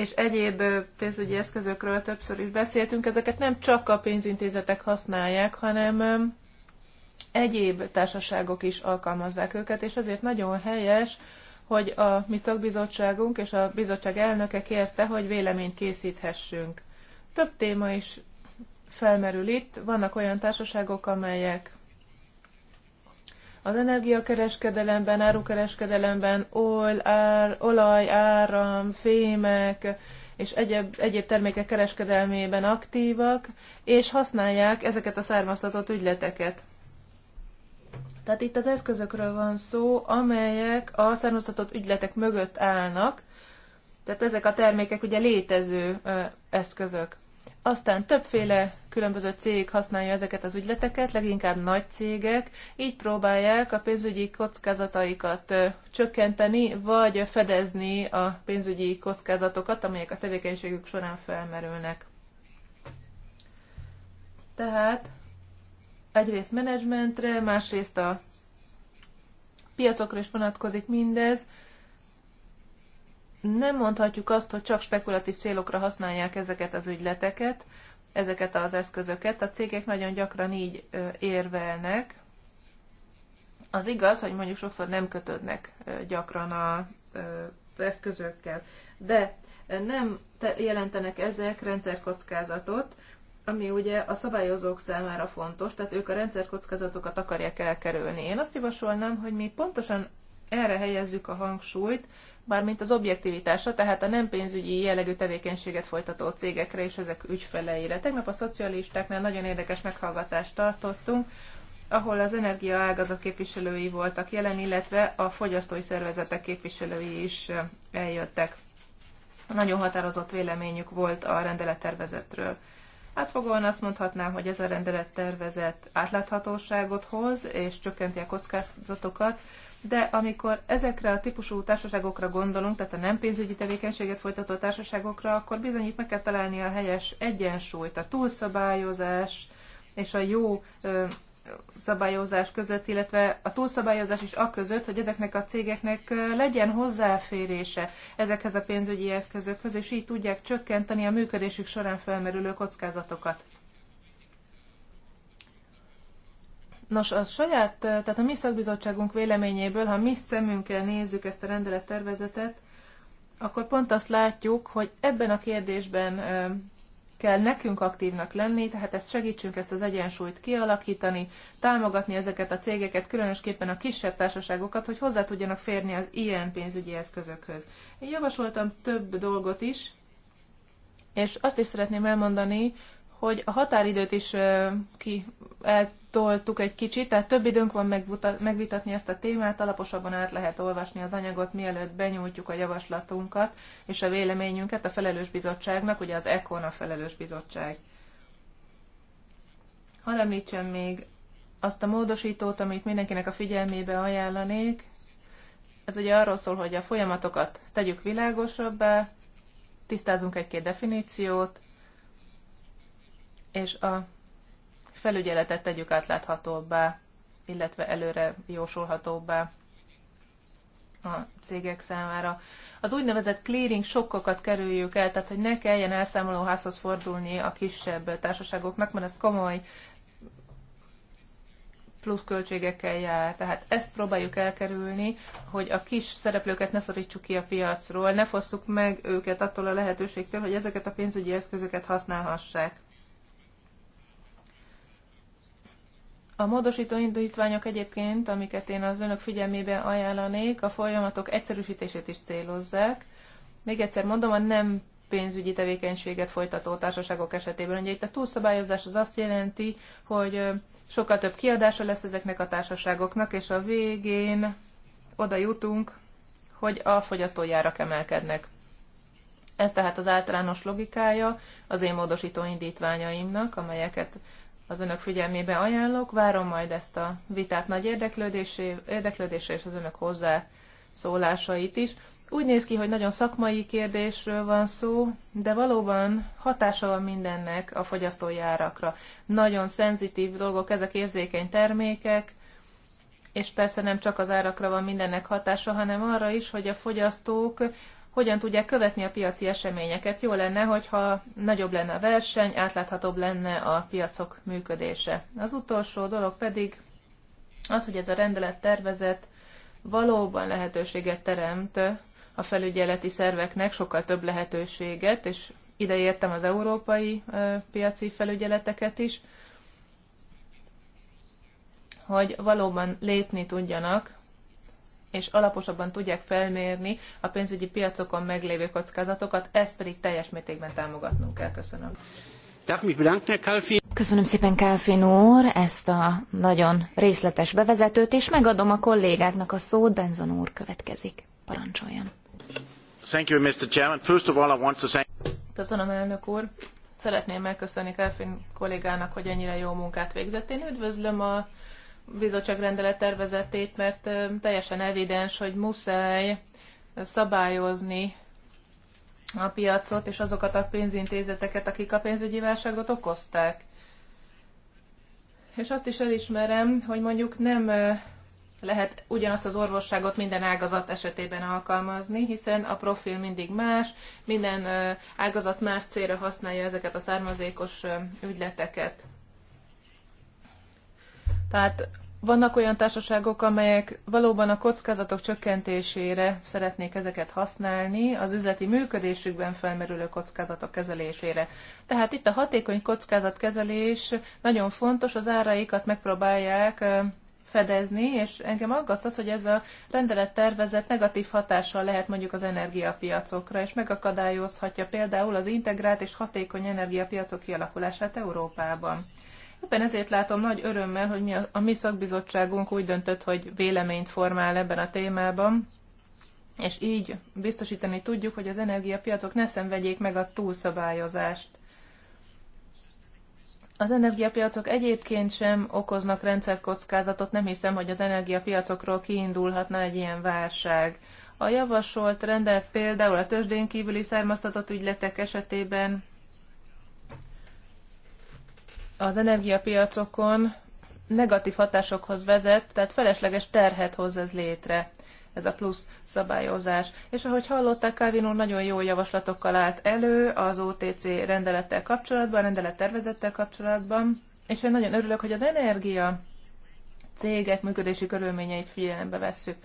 és egyéb pénzügyi eszközökről többször is beszéltünk, ezeket nem csak a pénzintézetek használják, hanem egyéb társaságok is alkalmazzák őket, és ezért nagyon helyes, hogy a mi szakbizottságunk és a bizottság elnöke kérte, hogy véleményt készíthessünk. Több téma is felmerül itt. Vannak olyan társaságok, amelyek az energiakereskedelemben, árukereskedelemben ol, ár, olaj, áram, fémek és egyéb, egyéb termékek kereskedelmében aktívak, és használják ezeket a származtatott ügyleteket. Tehát itt az eszközökről van szó, amelyek a származtatott ügyletek mögött állnak, tehát ezek a termékek ugye létező eszközök. Aztán többféle különböző cég használja ezeket az ügyleteket, leginkább nagy cégek, így próbálják a pénzügyi kockázataikat csökkenteni, vagy fedezni a pénzügyi kockázatokat, amelyek a tevékenységük során felmerülnek. Tehát egyrészt menedzsmentre, másrészt a piacokra is vonatkozik mindez, nem mondhatjuk azt, hogy csak spekulatív célokra használják ezeket az ügyleteket, ezeket az eszközöket. A cégek nagyon gyakran így érvelnek. Az igaz, hogy mondjuk sokszor nem kötődnek gyakran az eszközökkel, de nem jelentenek ezek rendszerkockázatot, ami ugye a szabályozók számára fontos, tehát ők a rendszerkockázatokat akarják elkerülni. Én azt javasolnám, hogy mi pontosan erre helyezzük a hangsúlyt, mármint az objektivitásra, tehát a nem pénzügyi jellegű tevékenységet folytató cégekre és ezek ügyfeleire. Tegnap a szocialistáknál nagyon érdekes meghallgatást tartottunk, ahol az energiaágazat képviselői voltak jelen, illetve a fogyasztói szervezetek képviselői is eljöttek. Nagyon határozott véleményük volt a rendelettervezetről. Átfogóan azt mondhatnám, hogy ez a rendelettervezet átláthatóságot hoz, és csökkenti a kockázatokat, de amikor ezekre a típusú társaságokra gondolunk, tehát a nem pénzügyi tevékenységet folytató társaságokra, akkor bizony itt meg kell találni a helyes egyensúlyt, a túlszabályozás és a jó ö, szabályozás között, illetve a túlszabályozás is a között, hogy ezeknek a cégeknek legyen hozzáférése ezekhez a pénzügyi eszközökhöz, és így tudják csökkenteni a működésük során felmerülő kockázatokat. Nos, a saját, tehát a mi szakbizottságunk véleményéből, ha mi szemünkkel nézzük ezt a rendelettervezetet, akkor pont azt látjuk, hogy ebben a kérdésben kell nekünk aktívnak lenni, tehát ezt segítsünk ezt az egyensúlyt kialakítani, támogatni ezeket a cégeket, különösképpen a kisebb társaságokat, hogy hozzá tudjanak férni az ilyen pénzügyi eszközökhöz. Én javasoltam több dolgot is, és azt is szeretném elmondani, hogy a határidőt is ki eltoltuk egy kicsit, tehát több időnk van megvitatni ezt a témát, alaposabban át lehet olvasni az anyagot, mielőtt benyújtjuk a javaslatunkat és a véleményünket a felelős bizottságnak, ugye az ECON a felelős bizottság. Hadd említsem még azt a módosítót, amit mindenkinek a figyelmébe ajánlanék. Ez ugye arról szól, hogy a folyamatokat tegyük világosabbá, tisztázunk egy-két definíciót, és a felügyeletet tegyük átláthatóbbá, illetve előre jósolhatóbbá a cégek számára. Az úgynevezett clearing sokkokat kerüljük el, tehát hogy ne kelljen elszámolóházhoz fordulni a kisebb társaságoknak, mert ez komoly pluszköltségekkel jár. Tehát ezt próbáljuk elkerülni, hogy a kis szereplőket ne szorítsuk ki a piacról, ne fosszuk meg őket attól a lehetőségtől, hogy ezeket a pénzügyi eszközöket használhassák. A módosító indítványok egyébként, amiket én az önök figyelmébe ajánlanék, a folyamatok egyszerűsítését is célozzák. Még egyszer mondom, a nem pénzügyi tevékenységet folytató társaságok esetében. Ugye itt a túlszabályozás az azt jelenti, hogy sokkal több kiadása lesz ezeknek a társaságoknak, és a végén oda jutunk, hogy a fogyasztójárak emelkednek. Ez tehát az általános logikája az én módosító indítványaimnak, amelyeket az önök figyelmébe ajánlok. Várom majd ezt a vitát nagy érdeklődésre és az önök hozzá szólásait is. Úgy néz ki, hogy nagyon szakmai kérdésről van szó, de valóban hatása van mindennek a fogyasztói árakra. Nagyon szenzitív dolgok, ezek érzékeny termékek, és persze nem csak az árakra van mindennek hatása, hanem arra is, hogy a fogyasztók hogyan tudják követni a piaci eseményeket. Jó lenne, hogyha nagyobb lenne a verseny, átláthatóbb lenne a piacok működése. Az utolsó dolog pedig az, hogy ez a rendelet tervezet valóban lehetőséget teremt a felügyeleti szerveknek, sokkal több lehetőséget, és ide értem az európai piaci felügyeleteket is, hogy valóban lépni tudjanak és alaposabban tudják felmérni a pénzügyi piacokon meglévő kockázatokat, ezt pedig teljes mértékben támogatnunk kell. Köszönöm. Köszönöm szépen Kálfin úr ezt a nagyon részletes bevezetőt, és megadom a kollégáknak a szót, Benzon úr következik. Parancsoljon. Köszönöm, elnök úr. Szeretném megköszönni Kálfin kollégának, hogy ennyire jó munkát végzett. Én üdvözlöm a bizottságrendelet tervezetét, mert teljesen evidens, hogy muszáj szabályozni a piacot és azokat a pénzintézeteket, akik a pénzügyi válságot okozták. És azt is elismerem, hogy mondjuk nem lehet ugyanazt az orvosságot minden ágazat esetében alkalmazni, hiszen a profil mindig más, minden ágazat más célra használja ezeket a származékos ügyleteket. Tehát vannak olyan társaságok, amelyek valóban a kockázatok csökkentésére szeretnék ezeket használni, az üzleti működésükben felmerülő kockázatok kezelésére. Tehát itt a hatékony kockázatkezelés nagyon fontos, az áraikat megpróbálják fedezni, és engem aggaszt az, hogy ez a rendelettervezet negatív hatással lehet mondjuk az energiapiacokra, és megakadályozhatja például az integrált és hatékony energiapiacok kialakulását Európában. Ebben ezért látom nagy örömmel, hogy mi a, a mi szakbizottságunk úgy döntött, hogy véleményt formál ebben a témában, és így biztosítani tudjuk, hogy az energiapiacok ne szenvedjék meg a túlszabályozást. Az energiapiacok egyébként sem okoznak rendszerkockázatot, nem hiszem, hogy az energiapiacokról kiindulhatna egy ilyen válság. A javasolt rendelet például a tőzsdén kívüli származtatott ügyletek esetében az energiapiacokon negatív hatásokhoz vezet, tehát felesleges terhet hoz ez létre ez a plusz szabályozás. És ahogy hallották, Calvin úr nagyon jó javaslatokkal állt elő az OTC rendelettel kapcsolatban, rendelettervezettel kapcsolatban, és én nagyon örülök, hogy az energia cégek működési körülményeit figyelembe vesszük.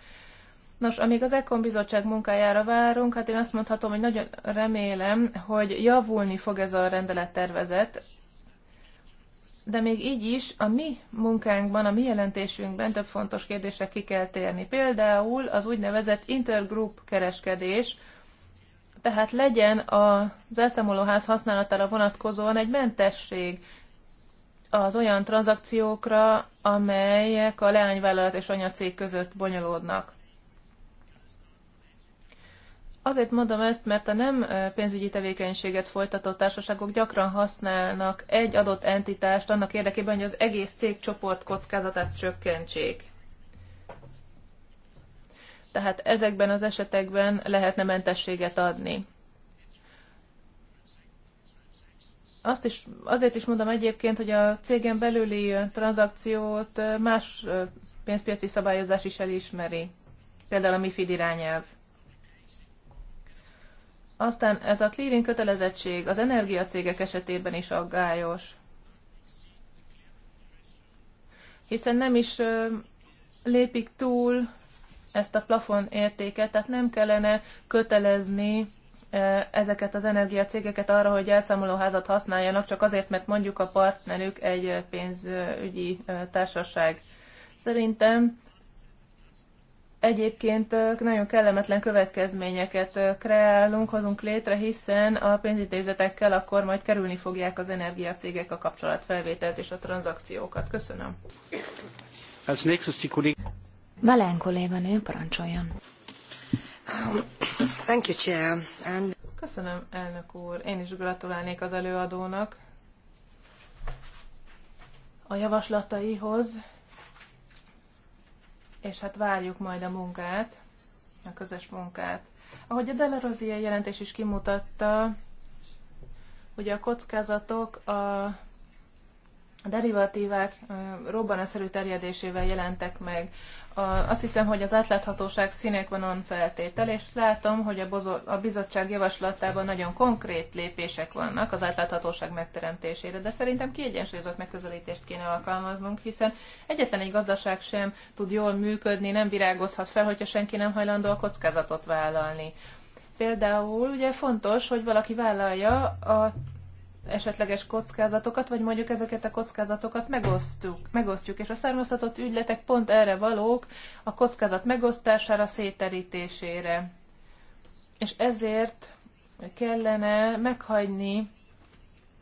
Nos, amíg az Ekon bizottság munkájára várunk, hát én azt mondhatom, hogy nagyon remélem, hogy javulni fog ez a rendelettervezet, de még így is a mi munkánkban, a mi jelentésünkben több fontos kérdésre ki kell térni. Például az úgynevezett intergroup kereskedés, tehát legyen az elszámolóház használatára vonatkozóan egy mentesség az olyan tranzakciókra, amelyek a leányvállalat és anyacég között bonyolódnak. Azért mondom ezt, mert a nem pénzügyi tevékenységet folytató társaságok gyakran használnak egy adott entitást annak érdekében, hogy az egész cégcsoport kockázatát csökkentsék. Tehát ezekben az esetekben lehetne mentességet adni. Azt is, azért is mondom egyébként, hogy a cégen belüli tranzakciót más pénzpiaci szabályozás is elismeri, például a MIFID irányelv. Aztán ez a clearing kötelezettség az energiacégek esetében is aggályos, hiszen nem is lépik túl ezt a plafon értéket, tehát nem kellene kötelezni ezeket az energiacégeket arra, hogy elszámolóházat használjanak, csak azért, mert mondjuk a partnerük egy pénzügyi társaság. Szerintem egyébként nagyon kellemetlen következményeket kreálunk, hozunk létre, hiszen a pénzintézetekkel akkor majd kerülni fogják az energiacégek a kapcsolatfelvételt és a tranzakciókat. Köszönöm. Als nächstes die Kollegen. Valen kolléganő, parancsoljon. Thank you, Chair. And... Köszönöm, elnök úr. Én is gratulálnék az előadónak a javaslataihoz és hát várjuk majd a munkát, a közös munkát. Ahogy a Delarozia jelentés is kimutatta, ugye a kockázatok a derivatívák robbanásszerű terjedésével jelentek meg azt hiszem, hogy az átláthatóság színékvonon feltétel, és látom, hogy a, bozo, a bizottság javaslatában nagyon konkrét lépések vannak az átláthatóság megteremtésére, de szerintem kiegyensúlyozott megközelítést kéne alkalmaznunk, hiszen egyetlen egy gazdaság sem tud jól működni, nem virágozhat fel, hogyha senki nem hajlandó a kockázatot vállalni. Például ugye fontos, hogy valaki vállalja a esetleges kockázatokat, vagy mondjuk ezeket a kockázatokat megosztjuk, megosztjuk. És a származhatott ügyletek pont erre valók, a kockázat megosztására, széterítésére. És ezért kellene meghagyni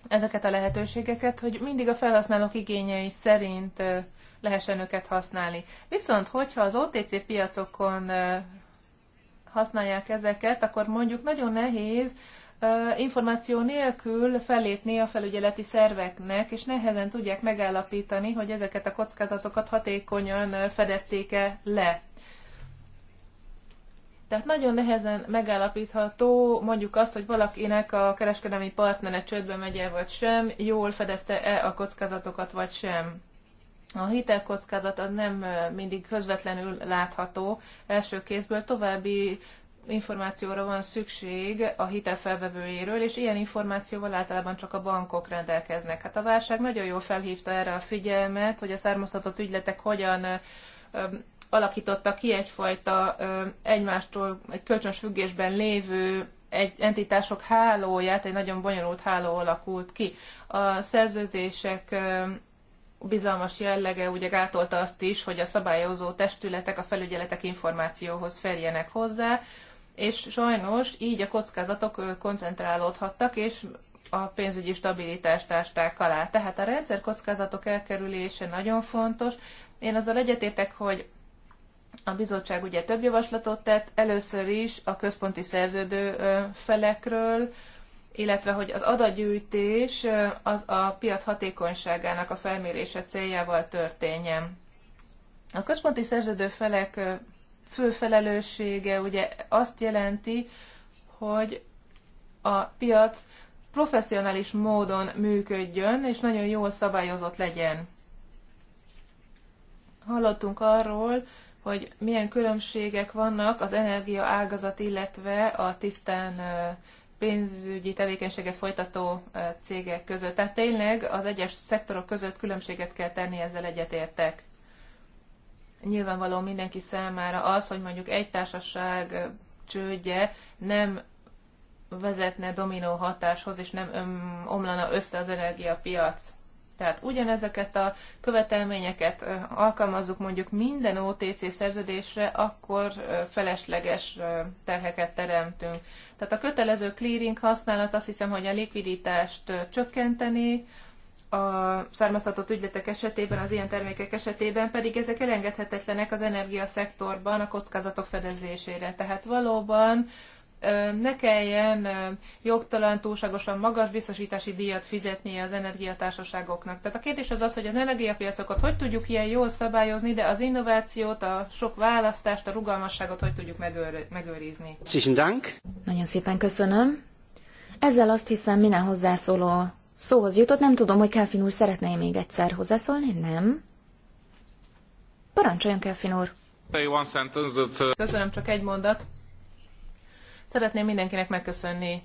ezeket a lehetőségeket, hogy mindig a felhasználók igényei szerint lehessen őket használni. Viszont, hogyha az OTC piacokon használják ezeket, akkor mondjuk nagyon nehéz információ nélkül fellépni a felügyeleti szerveknek, és nehezen tudják megállapítani, hogy ezeket a kockázatokat hatékonyan fedezték-e le. Tehát nagyon nehezen megállapítható mondjuk azt, hogy valakinek a kereskedelmi partnere csődbe megy el vagy sem, jól fedezte-e a kockázatokat vagy sem. A hitelkockázat az nem mindig közvetlenül látható első kézből, további információra van szükség a hitelfelvevőjéről, és ilyen információval általában csak a bankok rendelkeznek. Hát a válság nagyon jól felhívta erre a figyelmet, hogy a származtatott ügyletek hogyan alakította ki egyfajta egymástól egy kölcsönös függésben lévő egy entitások hálóját, egy nagyon bonyolult háló alakult ki. A szerződések bizalmas jellege ugye gátolta azt is, hogy a szabályozó testületek, a felügyeletek információhoz férjenek hozzá, és sajnos így a kockázatok koncentrálódhattak, és a pénzügyi stabilitást ásták alá. Tehát a rendszer kockázatok elkerülése nagyon fontos. Én azzal egyetétek, hogy a bizottság ugye több javaslatot tett, először is a központi szerződő felekről, illetve hogy az adagyűjtés az a piac hatékonyságának a felmérése céljával történjen. A központi szerződő felek fő felelőssége ugye azt jelenti, hogy a piac professzionális módon működjön, és nagyon jól szabályozott legyen. Hallottunk arról, hogy milyen különbségek vannak az energia ágazat, illetve a tisztán pénzügyi tevékenységet folytató cégek között. Tehát tényleg az egyes szektorok között különbséget kell tenni, ezzel egyetértek nyilvánvaló mindenki számára az, hogy mondjuk egy társaság csődje nem vezetne dominó hatáshoz, és nem omlana össze az energiapiac. Tehát ugyanezeket a követelményeket alkalmazzuk mondjuk minden OTC szerződésre, akkor felesleges terheket teremtünk. Tehát a kötelező clearing használat azt hiszem, hogy a likviditást csökkenteni, a származtatott ügyletek esetében, az ilyen termékek esetében pedig ezek elengedhetetlenek az energiaszektorban a kockázatok fedezésére. Tehát valóban ne kelljen jogtalan, túlságosan magas biztosítási díjat fizetnie az energiatársaságoknak. Tehát a kérdés az az, hogy az energiapiacokat hogy tudjuk ilyen jól szabályozni, de az innovációt, a sok választást, a rugalmasságot hogy tudjuk megőr- megőrizni. Nagyon szépen köszönöm. Ezzel azt hiszem minden hozzászóló szóhoz jutott, nem tudom, hogy Kelfin úr szeretne -e még egyszer hozzászólni, nem? Parancsoljon, Kelfin úr! Uh, Köszönöm, csak egy mondat. Szeretném mindenkinek megköszönni,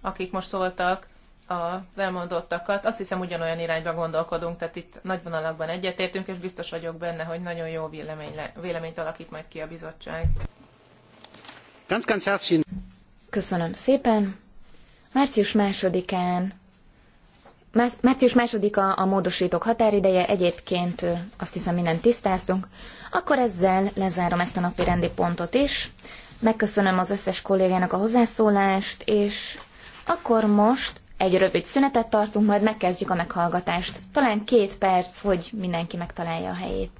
akik most szóltak, az elmondottakat. Azt hiszem, ugyanolyan irányba gondolkodunk, tehát itt nagy vonalakban egyetértünk, és biztos vagyok benne, hogy nagyon jó vélemény, véleményt alakít majd ki a bizottság. Köszönöm szépen. Március másodikán Március másodika a módosítók határideje, egyébként azt hiszem mindent tisztáztunk. Akkor ezzel lezárom ezt a napi rendi pontot is. Megköszönöm az összes kollégának a hozzászólást, és akkor most egy rövid szünetet tartunk, majd megkezdjük a meghallgatást. Talán két perc, hogy mindenki megtalálja a helyét.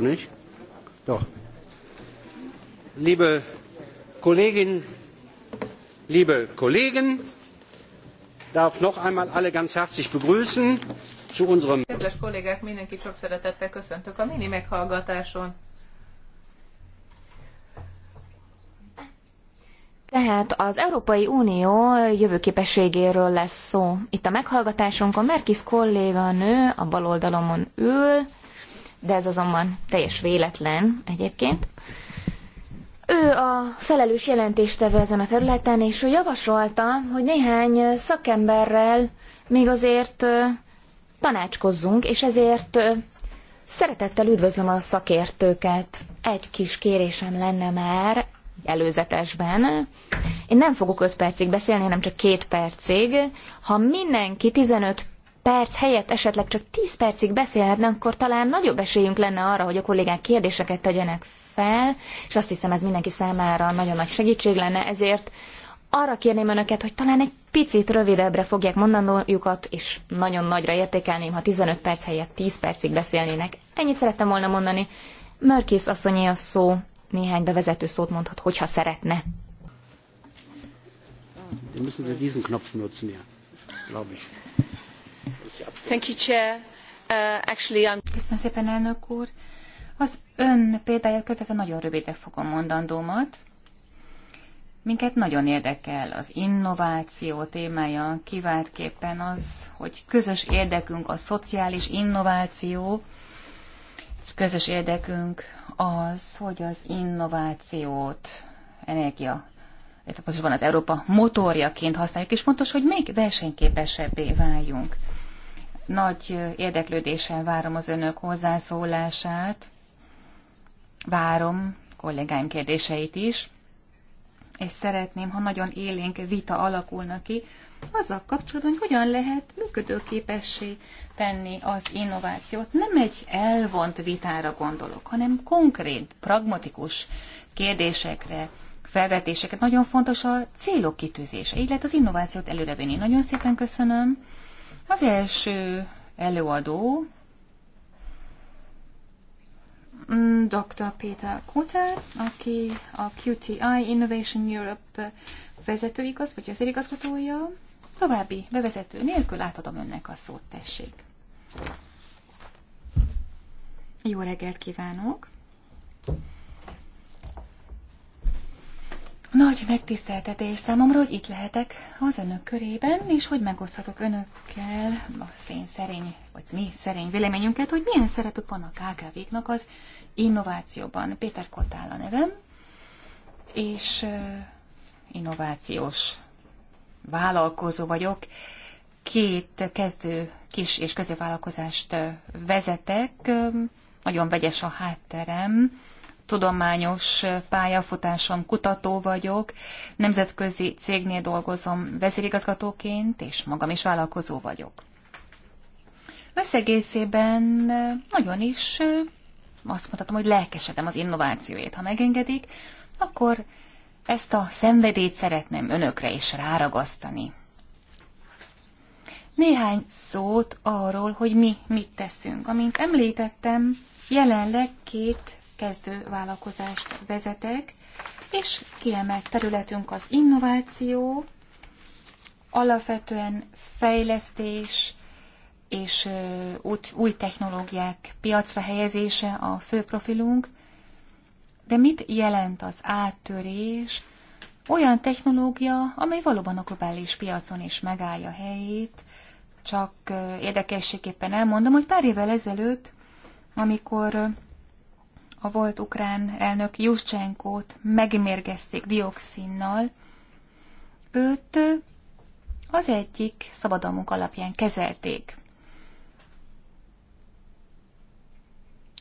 mikro Doch. Liebe Kolleginnen, liebe Kollegen, darf noch einmal alle ganz herzlich begrüßen zu unserem. Kedves kollégák, mindenkit sok szeretettel köszöntök a mini meghallgatáson. Tehát az Európai Unió jövőképességéről lesz szó. Itt a meghallgatásunkon Merkis kolléganő a bal oldalomon ül, de ez azonban teljes véletlen egyébként. Ő a felelős jelentéstevő ezen a területen, és ő javasolta, hogy néhány szakemberrel még azért tanácskozzunk, és ezért szeretettel üdvözlöm a szakértőket. Egy kis kérésem lenne már előzetesben. Én nem fogok 5 percig beszélni, hanem csak 2 percig. Ha mindenki 15 perc helyett esetleg csak 10 percig beszélhetne, akkor talán nagyobb esélyünk lenne arra, hogy a kollégák kérdéseket tegyenek fel, és azt hiszem ez mindenki számára nagyon nagy segítség lenne, ezért arra kérném önöket, hogy talán egy picit rövidebbre fogják mondanójukat, és nagyon nagyra értékelném, ha 15 perc helyett 10 percig beszélnének. Ennyit szerettem volna mondani. Mörkész asszonyé a szó, néhány bevezető szót mondhat, hogyha szeretne. Wir müssen so diesen Knopf nutzen, ja, glaube ich. Uh, Köszönöm szépen, elnök úr. Az ön példáját követve nagyon rövidre fogom mondandómat. Minket nagyon érdekel az innováció témája, kiváltképpen az, hogy közös érdekünk a szociális innováció, és közös érdekünk az, hogy az innovációt energia pontosabban az Európa motorjaként használjuk, és fontos, hogy még versenyképesebbé váljunk. Nagy érdeklődéssel várom az önök hozzászólását, várom kollégáim kérdéseit is, és szeretném, ha nagyon élénk vita alakulna ki, azzal kapcsolatban, hogy hogyan lehet működőképessé tenni az innovációt. Nem egy elvont vitára gondolok, hanem konkrét, pragmatikus kérdésekre, felvetéseket. Nagyon fontos a célok kitűzése, így lehet az innovációt előrevinni. Nagyon szépen köszönöm. Az első előadó mm, Dr. Peter Kutter, aki a QTI Innovation Europe vezetőigaz, vagy vezérigazgatója. További bevezető nélkül átadom önnek a szót, tessék. Jó reggelt kívánok! Nagy megtiszteltetés számomra, hogy itt lehetek az önök körében, és hogy megoszthatok önökkel a szén szerény, vagy mi szerény véleményünket, hogy milyen szerepük van a KKV-knak az innovációban. Péter Kotál a nevem, és innovációs vállalkozó vagyok. Két kezdő kis és középvállalkozást vezetek, nagyon vegyes a hátterem, tudományos pályafutásom kutató vagyok, nemzetközi cégnél dolgozom vezérigazgatóként, és magam is vállalkozó vagyok. Összegészében nagyon is azt mondhatom, hogy lelkesedem az innovációért. Ha megengedik, akkor ezt a szenvedélyt szeretném önökre is ráragasztani. Néhány szót arról, hogy mi mit teszünk. Amint említettem, jelenleg két kezdő vállalkozást vezetek, és kiemelt területünk az innováció, alapvetően fejlesztés és új technológiák piacra helyezése a fő profilunk. De mit jelent az áttörés? Olyan technológia, amely valóban a globális piacon is megállja helyét, csak érdekességképpen elmondom, hogy pár évvel ezelőtt, amikor a volt ukrán elnök Juszcsenkót megmérgezték dioxinnal. Őt az egyik szabadalmunk alapján kezelték.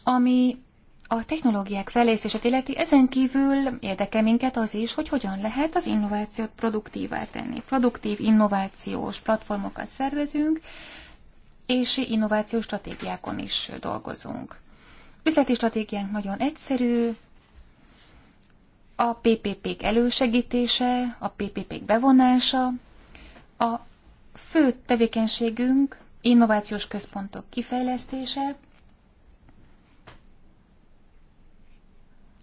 Ami a technológiák fejlesztését illeti, ezen kívül érdeke minket az is, hogy hogyan lehet az innovációt produktívá tenni. Produktív innovációs platformokat szervezünk, és innovációs stratégiákon is dolgozunk. Üzleti stratégiánk nagyon egyszerű, a PPP-k elősegítése, a PPP-k bevonása, a fő tevékenységünk innovációs központok kifejlesztése,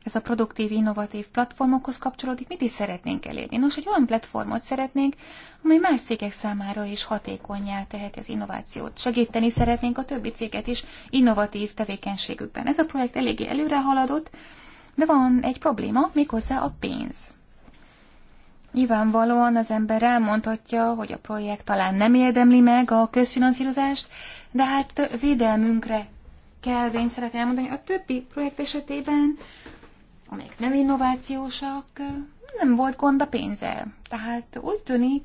ez a produktív, innovatív platformokhoz kapcsolódik, mit is szeretnénk elérni? Nos, egy olyan platformot szeretnénk, amely más cégek számára is hatékonyá teheti az innovációt. Segíteni szeretnénk a többi céget is innovatív tevékenységükben. Ez a projekt eléggé előre haladott, de van egy probléma, méghozzá a pénz. Nyilvánvalóan az ember elmondhatja, hogy a projekt talán nem érdemli meg a közfinanszírozást, de hát védelmünkre kell, én szeretném elmondani, a többi projekt esetében amelyek nem innovációsak, nem volt gond a pénzzel. Tehát úgy tűnik,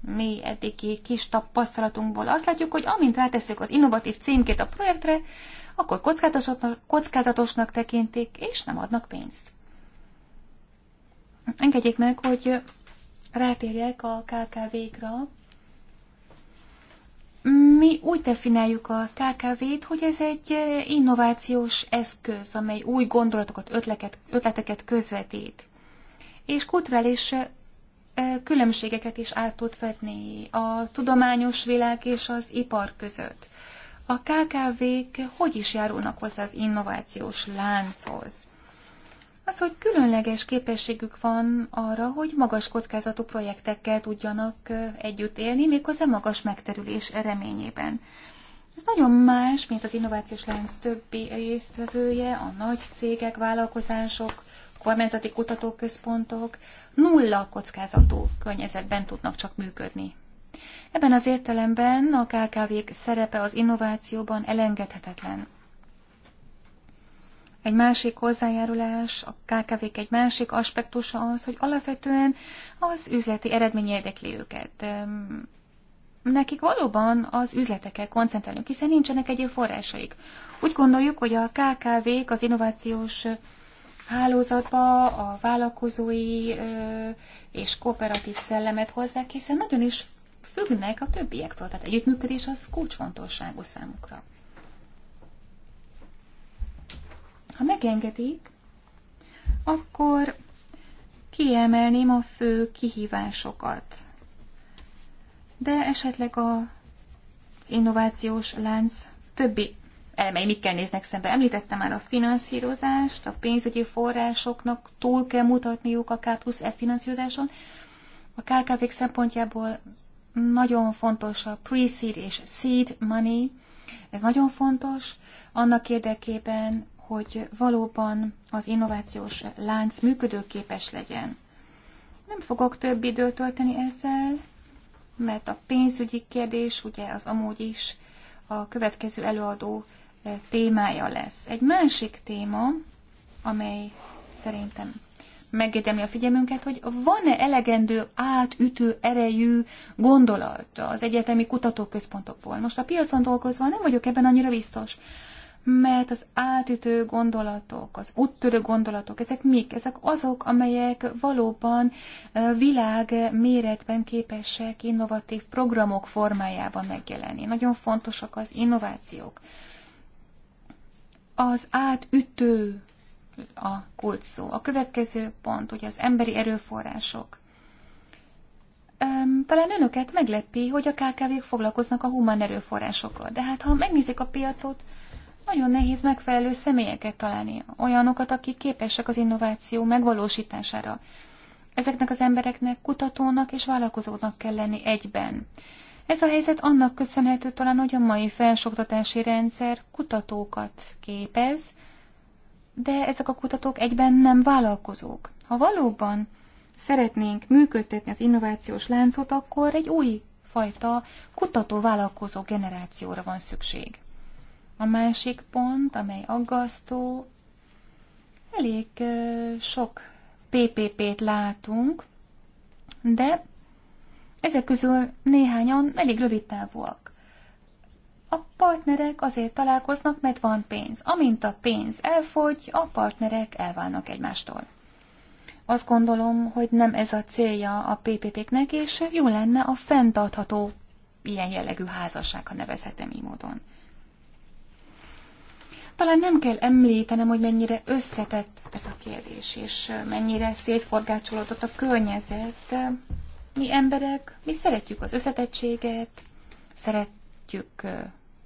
mi eddigi kis tapasztalatunkból azt látjuk, hogy amint rátesszük az innovatív címkét a projektre, akkor kockázatosnak, kockázatosnak tekintik, és nem adnak pénzt. Engedjék meg, hogy rátérjek a KKV-kra, mi úgy definiáljuk a KKV-t, hogy ez egy eh, innovációs eszköz, amely új gondolatokat, ötleket, ötleteket közvetít, és kulturális eh, eh, különbségeket is át tud vetni a tudományos világ és az ipar között. A KKV-k hogy is járulnak hozzá az innovációs lánchoz? az, hogy különleges képességük van arra, hogy magas kockázatú projektekkel tudjanak együtt élni, méghozzá magas megterülés reményében. Ez nagyon más, mint az innovációs lánc többi résztvevője, a nagy cégek, vállalkozások, kormányzati kutatóközpontok nulla kockázatú környezetben tudnak csak működni. Ebben az értelemben a KKV-k szerepe az innovációban elengedhetetlen. Egy másik hozzájárulás, a kkv egy másik aspektusa az, hogy alapvetően az üzleti eredmény érdekli őket. Nekik valóban az üzletekkel koncentrálunk, hiszen nincsenek egyéb forrásaik. Úgy gondoljuk, hogy a KKV-k az innovációs hálózatba a vállalkozói és kooperatív szellemet hozzák, hiszen nagyon is függnek a többiektől, tehát együttműködés az kulcsfontosságú számukra. Ha megengedik, akkor kiemelném a fő kihívásokat, de esetleg a, az innovációs lánc többi elmei mikkel néznek szembe. Említettem már a finanszírozást, a pénzügyi forrásoknak túl kell mutatniuk a K plusz F finanszírozáson. A kkv szempontjából nagyon fontos a pre-seed és seed money, ez nagyon fontos annak érdekében, hogy valóban az innovációs lánc működőképes legyen. Nem fogok több időt tölteni ezzel, mert a pénzügyi kérdés ugye az amúgy is a következő előadó eh, témája lesz. Egy másik téma, amely szerintem megérdemli a figyelmünket, hogy van-e elegendő átütő erejű gondolat az egyetemi kutatóközpontokból. Most a piacon dolgozva nem vagyok ebben annyira biztos mert az átütő gondolatok, az úttörő gondolatok, ezek mik? Ezek azok, amelyek valóban világ méretben képesek innovatív programok formájában megjelenni. Nagyon fontosak az innovációk. Az átütő a kult szó. A következő pont, ugye az emberi erőforrások. Talán önöket meglepi, hogy a KKV-k foglalkoznak a humán erőforrásokkal, de hát ha megnézik a piacot, nagyon nehéz megfelelő személyeket találni, olyanokat, akik képesek az innováció megvalósítására. Ezeknek az embereknek kutatónak és vállalkozónak kell lenni egyben. Ez a helyzet annak köszönhető talán, hogy a mai felsoktatási rendszer kutatókat képez, de ezek a kutatók egyben nem vállalkozók. Ha valóban szeretnénk működtetni az innovációs láncot, akkor egy új fajta kutató-vállalkozó generációra van szükség. A másik pont, amely aggasztó, elég sok PPP-t látunk, de ezek közül néhányan elég rövid távúak. A partnerek azért találkoznak, mert van pénz. Amint a pénz elfogy, a partnerek elválnak egymástól. Azt gondolom, hogy nem ez a célja a PPP-knek, és jó lenne a fenntartható ilyen jellegű házasság, ha nevezhetem így módon. Talán nem kell említenem, hogy mennyire összetett ez a kérdés, és mennyire szétforgácsolódott a környezet. Mi emberek, mi szeretjük az összetettséget, szeretjük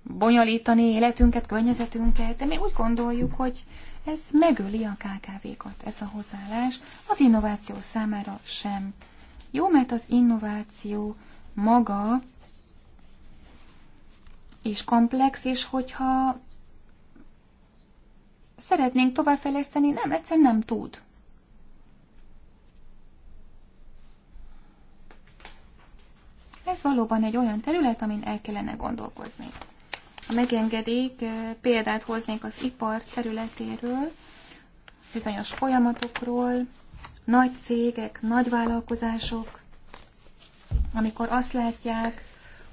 bonyolítani életünket, környezetünket, de mi úgy gondoljuk, hogy ez megöli a KKV-kat, ez a hozzáállás, az innováció számára sem. Jó, mert az innováció maga és komplex, és hogyha szeretnénk továbbfejleszteni, nem, egyszerűen nem tud. Ez valóban egy olyan terület, amin el kellene gondolkozni. Ha megengedik, példát hoznék az ipar területéről, bizonyos folyamatokról, nagy cégek, nagy vállalkozások, amikor azt látják,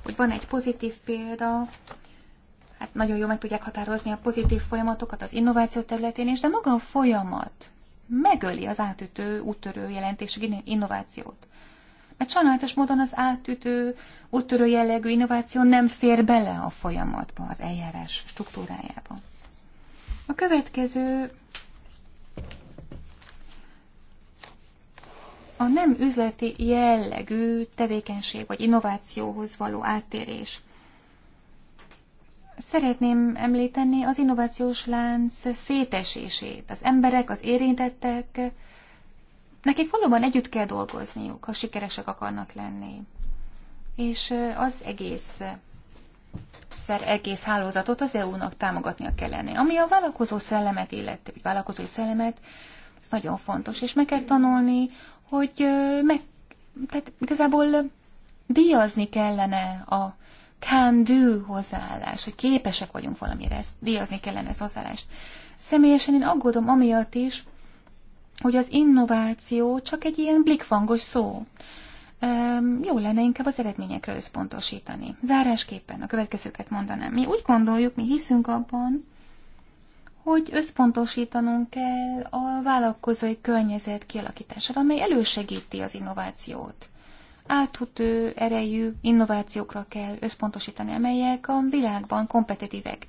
hogy van egy pozitív példa, hát nagyon jól meg tudják határozni a pozitív folyamatokat az innováció területén is, de maga a folyamat megöli az átütő, úttörő jelentésű innovációt. Mert sajnálatos módon az átütő, úttörő jellegű innováció nem fér bele a folyamatba, az eljárás struktúrájába. A következő a nem üzleti jellegű tevékenység vagy innovációhoz való áttérés. Szeretném említeni az innovációs lánc szétesését. Az emberek, az érintettek, nekik valóban együtt kell dolgozniuk, ha sikeresek akarnak lenni. És az egész szer egész hálózatot az EU-nak támogatnia kellene. Ami a vállalkozó szellemet illeti, vagy vállalkozói szellemet, ez nagyon fontos, és meg kell tanulni, hogy meg, tehát igazából díjazni kellene a can do hozzáállás, hogy képesek vagyunk valamire, ezt díjazni kellene ez hozzáállás. Személyesen én aggódom amiatt is, hogy az innováció csak egy ilyen blikfangos szó. Üm, jó lenne inkább az eredményekre összpontosítani. Zárásképpen a következőket mondanám. Mi úgy gondoljuk, mi hiszünk abban, hogy összpontosítanunk kell a vállalkozói környezet kialakítására, amely elősegíti az innovációt átütő erejű innovációkra kell összpontosítani, amelyek a világban kompetitívek.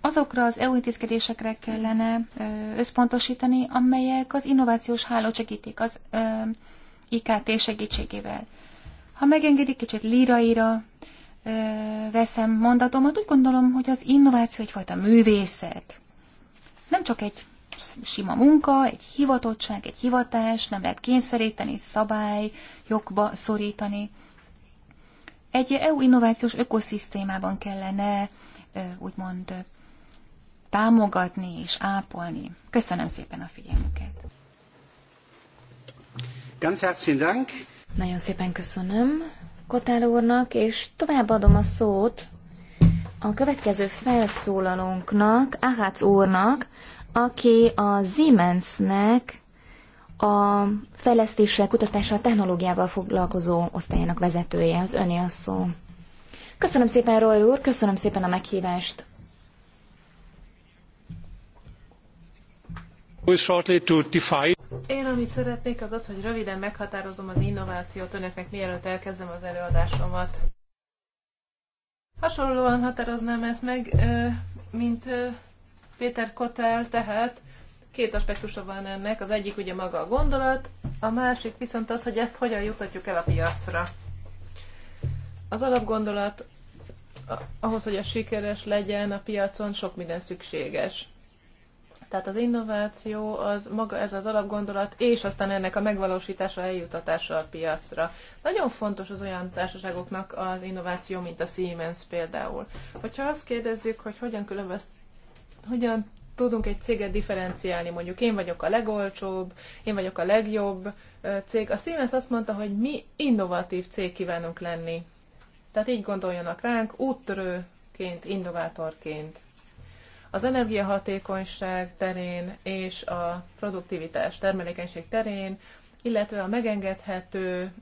Azokra az EU intézkedésekre kellene összpontosítani, amelyek az innovációs hálót segítik az IKT segítségével. Ha megengedik, kicsit líraira veszem mondatomat, úgy gondolom, hogy az innováció egyfajta művészet. Nem csak egy sima munka, egy hivatottság, egy hivatás, nem lehet kényszeríteni, szabály, jogba szorítani. Egy EU innovációs ökoszisztémában kellene úgymond támogatni és ápolni. Köszönöm szépen a figyelmüket. Ganz herzlichen Dank. Nagyon szépen köszönöm Kotál úrnak, és továbbadom a szót a következő felszólalónknak, Ahác úrnak, aki a Siemensnek a fejlesztéssel, kutatással, technológiával foglalkozó osztályának vezetője, az öné a szó. Köszönöm szépen, Roy úr, köszönöm szépen a meghívást. Én amit szeretnék, az az, hogy röviden meghatározom az innovációt önöknek, mielőtt elkezdem az előadásomat. Hasonlóan határoznám ezt meg, mint Péter Kotel, tehát két aspektusa van ennek, az egyik ugye maga a gondolat, a másik viszont az, hogy ezt hogyan jutatjuk el a piacra. Az alapgondolat ahhoz, hogy a sikeres legyen a piacon, sok minden szükséges. Tehát az innováció, az maga ez az alapgondolat, és aztán ennek a megvalósítása, eljutatása a piacra. Nagyon fontos az olyan társaságoknak az innováció, mint a Siemens például. Hogyha azt kérdezzük, hogy hogyan hogyan tudunk egy céget differenciálni, mondjuk én vagyok a legolcsóbb, én vagyok a legjobb cég. A Siemens azt mondta, hogy mi innovatív cég kívánunk lenni. Tehát így gondoljanak ránk, úttörőként, innovátorként. Az energiahatékonyság terén és a produktivitás termelékenység terén, illetve a megengedhető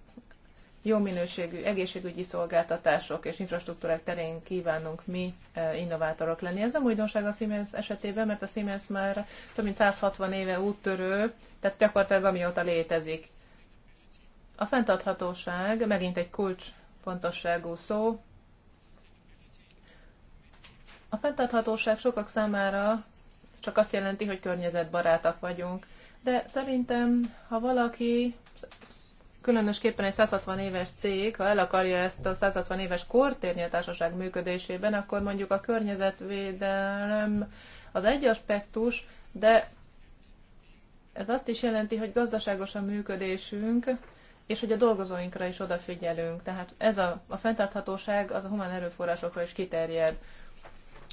jó minőségű egészségügyi szolgáltatások és infrastruktúrák terén kívánunk mi e, innovátorok lenni. Ez nem újdonság a Siemens esetében, mert a Siemens már több mint 160 éve úttörő, tehát gyakorlatilag amióta létezik. A fenntarthatóság megint egy kulcs fontosságú szó. A fenntarthatóság sokak számára csak azt jelenti, hogy környezetbarátak vagyunk. De szerintem, ha valaki Különösképpen egy 160 éves cég, ha el akarja ezt a 160 éves kort a társaság működésében, akkor mondjuk a környezetvédelem az egy aspektus, de ez azt is jelenti, hogy gazdaságos a működésünk, és hogy a dolgozóinkra is odafigyelünk. Tehát ez a, a fenntarthatóság az a humán erőforrásokra is kiterjed.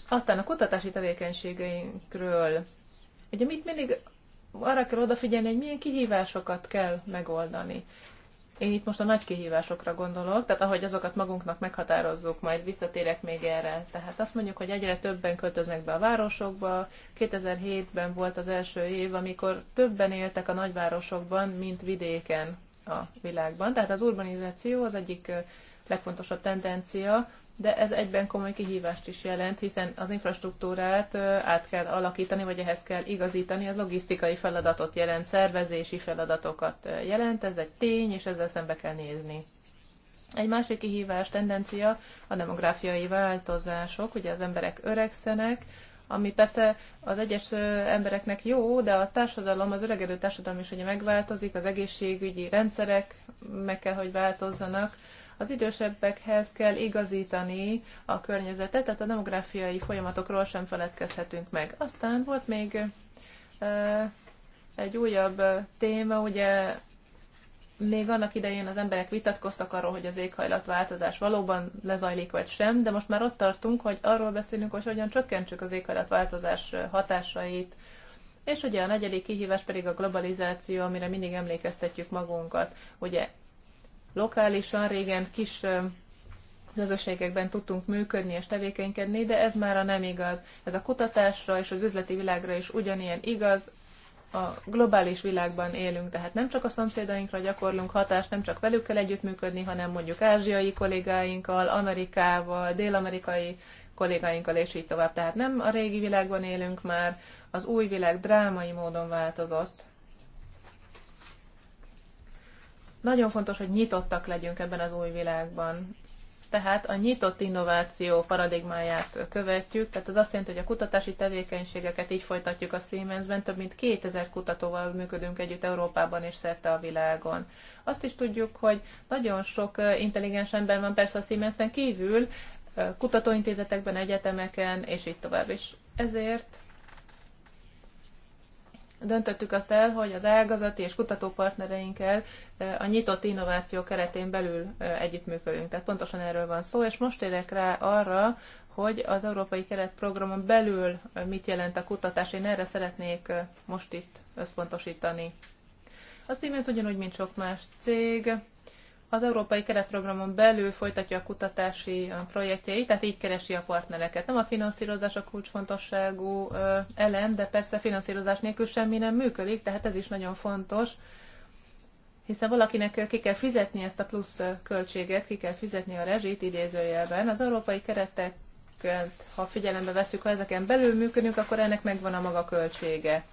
Aztán a kutatási tevékenységeinkről. Ugye mit mindig arra kell odafigyelni, hogy milyen kihívásokat kell megoldani. Én itt most a nagy kihívásokra gondolok, tehát ahogy azokat magunknak meghatározzuk, majd visszatérek még erre. Tehát azt mondjuk, hogy egyre többen költöznek be a városokba. 2007-ben volt az első év, amikor többen éltek a nagyvárosokban, mint vidéken a világban. Tehát az urbanizáció az egyik legfontosabb tendencia, de ez egyben komoly kihívást is jelent, hiszen az infrastruktúrát át kell alakítani, vagy ehhez kell igazítani, az logisztikai feladatot jelent, szervezési feladatokat jelent, ez egy tény, és ezzel szembe kell nézni. Egy másik kihívás, tendencia a demográfiai változások, ugye az emberek öregszenek, ami persze az egyes embereknek jó, de a társadalom, az öregedő társadalom is ugye megváltozik, az egészségügyi rendszerek meg kell, hogy változzanak, az idősebbekhez kell igazítani a környezetet, tehát a demográfiai folyamatokról sem feledkezhetünk meg. Aztán volt még egy újabb téma, ugye még annak idején az emberek vitatkoztak arról, hogy az éghajlatváltozás valóban lezajlik vagy sem, de most már ott tartunk, hogy arról beszélünk, hogy hogyan csökkentsük az éghajlatváltozás hatásait. És ugye a negyedik kihívás pedig a globalizáció, amire mindig emlékeztetjük magunkat. Ugye Lokálisan régen kis közösségekben tudtunk működni és tevékenykedni, de ez már a nem igaz. Ez a kutatásra és az üzleti világra is ugyanilyen igaz, a globális világban élünk, tehát nem csak a szomszédainkra gyakorlunk hatást, nem csak velük kell együttműködni, hanem mondjuk ázsiai kollégáinkkal, Amerikával, dél-amerikai kollégáinkkal, és így tovább. Tehát nem a régi világban élünk már, az új világ drámai módon változott. Nagyon fontos, hogy nyitottak legyünk ebben az új világban. Tehát a nyitott innováció paradigmáját követjük, tehát az azt jelenti, hogy a kutatási tevékenységeket így folytatjuk a Siemensben, több mint 2000 kutatóval működünk együtt Európában és szerte a világon. Azt is tudjuk, hogy nagyon sok intelligens ember van persze a Siemensen kívül, kutatóintézetekben, egyetemeken, és így tovább is. Ezért döntöttük azt el, hogy az ágazati és kutatópartnereinkkel a nyitott innováció keretén belül együttműködünk. Tehát pontosan erről van szó, és most élek rá arra, hogy az Európai Keretprogramon belül mit jelent a kutatás. Én erre szeretnék most itt összpontosítani. A Siemens ugyanúgy, mint sok más cég, az Európai Keretprogramon belül folytatja a kutatási projektjeit, tehát így keresi a partnereket. Nem a finanszírozás a kulcsfontosságú elem, de persze finanszírozás nélkül semmi nem működik, tehát ez is nagyon fontos, hiszen valakinek ki kell fizetni ezt a plusz költséget, ki kell fizetni a rezsit idézőjelben. Az európai kereteket, ha figyelembe veszük, ha ezeken belül működünk, akkor ennek megvan a maga költsége.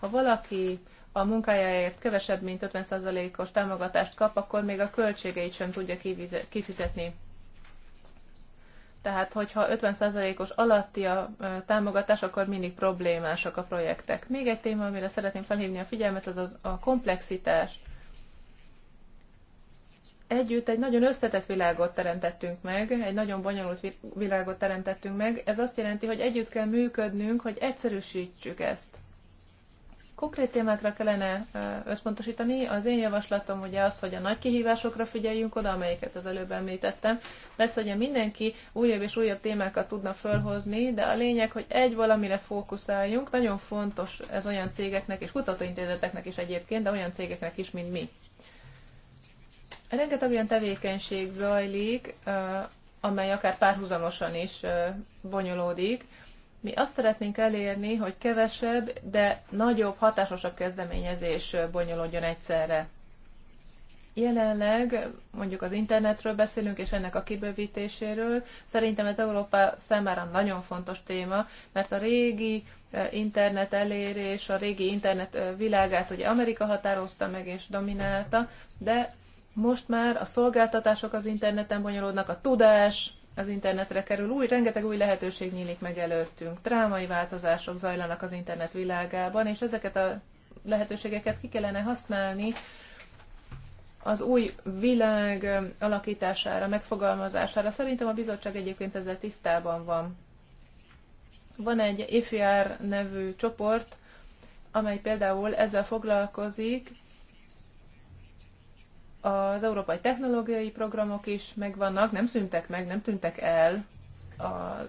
Ha valaki a munkájáért kevesebb, mint 50%-os támogatást kap, akkor még a költségeit sem tudja kifizetni. Tehát, hogyha 50%-os alatti a támogatás, akkor mindig problémásak a projektek. Még egy téma, amire szeretném felhívni a figyelmet, az, az a komplexitás. Együtt egy nagyon összetett világot teremtettünk meg, egy nagyon bonyolult világot teremtettünk meg. Ez azt jelenti, hogy együtt kell működnünk, hogy egyszerűsítsük ezt Konkrét témákra kellene összpontosítani. Az én javaslatom ugye az, hogy a nagy kihívásokra figyeljünk oda, amelyeket az előbb említettem. Persze hogy mindenki újabb és újabb témákat tudna fölhozni, de a lényeg, hogy egy valamire fókuszáljunk. Nagyon fontos ez olyan cégeknek és kutatóintézeteknek is egyébként, de olyan cégeknek is, mint mi. Rengeteg olyan tevékenység zajlik, amely akár párhuzamosan is bonyolódik, mi azt szeretnénk elérni, hogy kevesebb, de nagyobb, hatásosabb kezdeményezés bonyolódjon egyszerre. Jelenleg mondjuk az internetről beszélünk, és ennek a kibővítéséről. Szerintem ez Európa számára nagyon fontos téma, mert a régi e, internet elérés, a régi internet e, világát ugye Amerika határozta meg és dominálta, de most már a szolgáltatások az interneten bonyolódnak, a tudás, az internetre kerül, új, rengeteg új lehetőség nyílik meg előttünk. Drámai változások zajlanak az internet világában, és ezeket a lehetőségeket ki kellene használni az új világ alakítására, megfogalmazására. Szerintem a bizottság egyébként ezzel tisztában van. Van egy IFR nevű csoport, amely például ezzel foglalkozik, az európai technológiai programok is megvannak, nem szűntek meg, nem tűntek el a,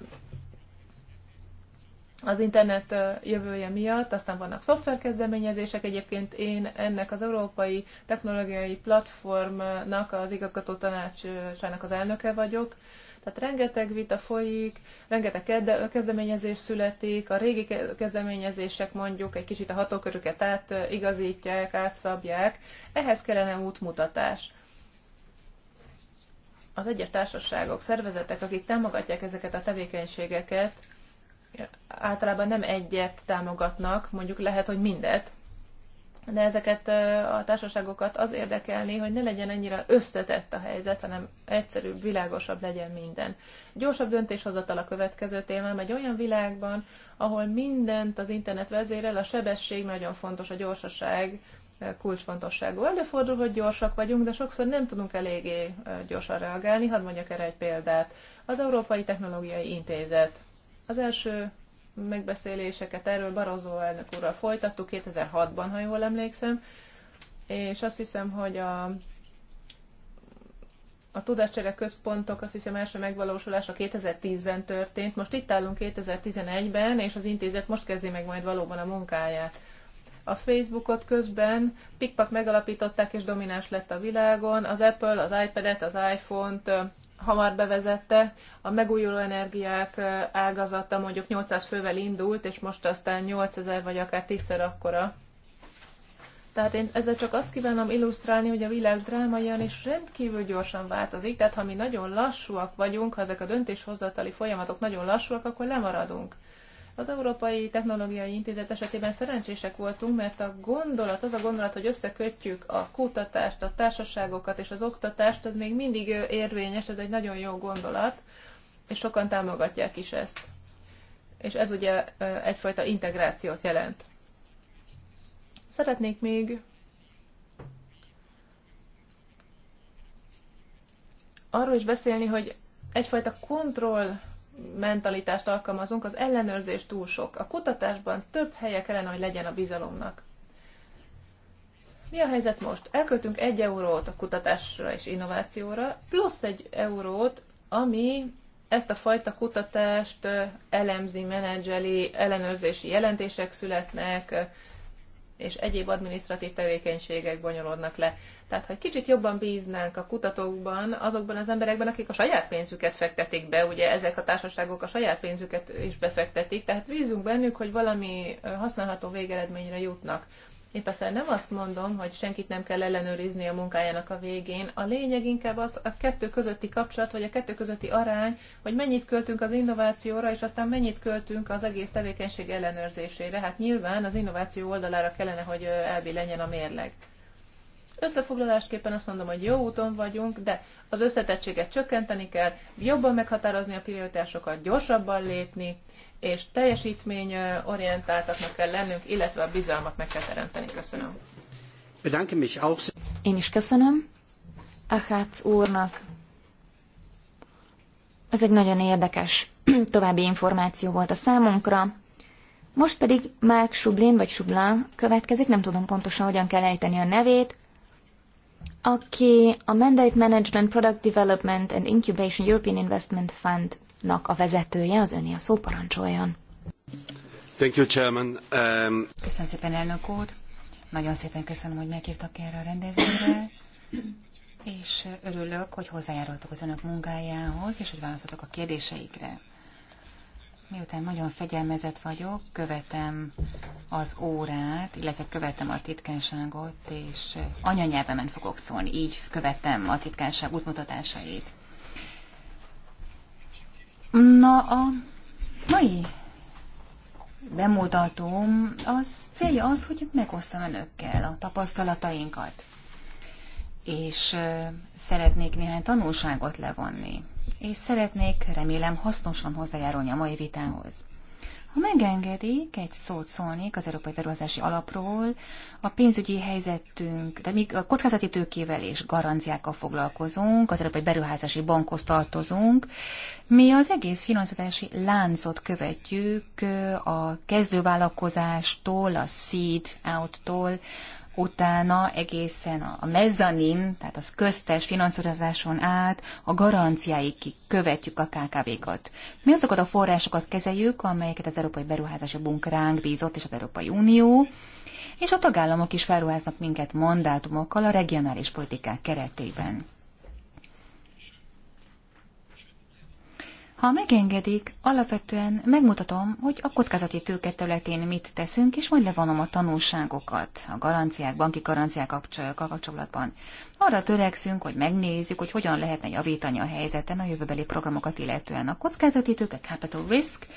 az internet jövője miatt, aztán vannak szoftverkezdeményezések. Egyébként én ennek az Európai Technológiai Platformnak az igazgató tanácsának az elnöke vagyok, tehát rengeteg vita folyik, rengeteg kezdeményezés születik, a régi kezdeményezések mondjuk egy kicsit a hatóköröket átigazítják, átszabják. Ehhez kellene útmutatás az egyes társaságok, szervezetek, akik támogatják ezeket a tevékenységeket, általában nem egyet támogatnak, mondjuk lehet, hogy mindet, de ezeket a társaságokat az érdekelni, hogy ne legyen ennyire összetett a helyzet, hanem egyszerűbb, világosabb legyen minden. Gyorsabb döntéshozatal a következő témám, egy olyan világban, ahol mindent az internet vezérel, a sebesség nagyon fontos, a gyorsaság kulcsfontosságú. Előfordul, hogy gyorsak vagyunk, de sokszor nem tudunk eléggé gyorsan reagálni. Hadd mondjak erre egy példát. Az Európai Technológiai Intézet az első megbeszéléseket erről Barozó elnök úrral folytattuk 2006-ban, ha jól emlékszem, és azt hiszem, hogy a, a tudáscsere központok azt hiszem első megvalósulása 2010-ben történt. Most itt állunk 2011-ben, és az intézet most kezdi meg majd valóban a munkáját. A Facebookot közben pikpak megalapították, és domináns lett a világon. Az Apple, az iPad-et, az iPhone-t hamar bevezette. A megújuló energiák ágazata mondjuk 800 fővel indult, és most aztán 8000 vagy akár 10 akkora. Tehát én ezzel csak azt kívánom illusztrálni, hogy a világ drámaian és rendkívül gyorsan változik, tehát ha mi nagyon lassúak vagyunk, ha ezek a döntéshozatali folyamatok nagyon lassúak, akkor lemaradunk. Az Európai Technológiai Intézet esetében szerencsések voltunk, mert a gondolat, az a gondolat, hogy összekötjük a kutatást, a társaságokat és az oktatást, az még mindig érvényes, ez egy nagyon jó gondolat, és sokan támogatják is ezt. És ez ugye egyfajta integrációt jelent. Szeretnék még arról is beszélni, hogy egyfajta kontroll mentalitást alkalmazunk, az ellenőrzés túl sok. A kutatásban több helye kellene, hogy legyen a bizalomnak. Mi a helyzet most? Elköltünk egy eurót a kutatásra és innovációra, plusz egy eurót, ami ezt a fajta kutatást elemzi, menedzseli, ellenőrzési jelentések születnek, és egyéb adminisztratív tevékenységek bonyolódnak le. Tehát, ha egy kicsit jobban bíznánk a kutatókban, azokban az emberekben, akik a saját pénzüket fektetik be, ugye ezek a társaságok a saját pénzüket is befektetik, tehát bízunk bennük, hogy valami használható végeredményre jutnak. Én persze nem azt mondom, hogy senkit nem kell ellenőrizni a munkájának a végén. A lényeg inkább az a kettő közötti kapcsolat, vagy a kettő közötti arány, hogy mennyit költünk az innovációra, és aztán mennyit költünk az egész tevékenység ellenőrzésére. Hát nyilván az innováció oldalára kellene, hogy legyen a mérleg. Összefoglalásképpen azt mondom, hogy jó úton vagyunk, de az összetettséget csökkenteni kell, jobban meghatározni a prioritásokat, gyorsabban lépni, és teljesítmény orientáltaknak kell lennünk, illetve a bizalmat meg kell teremteni. Köszönöm. Én is köszönöm Achác úrnak. Ez egy nagyon érdekes *clears throat* további információ volt a számunkra. Most pedig Mark Sublin vagy Subla következik, nem tudom pontosan, hogyan kell ejteni a nevét, aki a Mandate Management, Product Development and Incubation European Investment Fund a vezetője, az öné a szó parancsoljon. Thank you, Chairman. Um... Köszönöm szépen, elnök úr. Nagyon szépen köszönöm, hogy meghívtak erre a rendezvényre, és örülök, hogy hozzájárultak az önök munkájához, és hogy válaszoltok a kérdéseikre. Miután nagyon fegyelmezett vagyok, követem az órát, illetve követem a titkárságot, és anyanyelvemen fogok szólni, így követem a titkárság útmutatásait. Na, a mai bemutatóm az célja az, hogy megosztam önökkel a tapasztalatainkat, és szeretnék néhány tanulságot levonni, és szeretnék, remélem, hasznosan hozzájárulni a mai vitához. Ha megengedik, egy szót szólnék az Európai Beruházási Alapról, a pénzügyi helyzetünk, de még a kockázati tőkével és garanciákkal foglalkozunk, az Európai Beruházási Bankhoz tartozunk. Mi az egész finanszírozási láncot követjük a kezdővállalkozástól, a seed out-tól utána egészen a mezzanin, tehát az köztes finanszírozáson át a garanciáig követjük a KKV-kat. Mi azokat a forrásokat kezeljük, amelyeket az Európai Beruházási Bunk ránk bízott, és az Európai Unió, és a tagállamok is felruháznak minket mandátumokkal a regionális politikák keretében. Ha megengedik, alapvetően megmutatom, hogy a kockázati tőke területén mit teszünk, és majd levonom a tanulságokat a garanciák, banki garanciák kapcsolatban. Arra törekszünk, hogy megnézzük, hogy hogyan lehetne javítani a helyzeten a jövőbeli programokat illetően. A kockázati tőke capital risk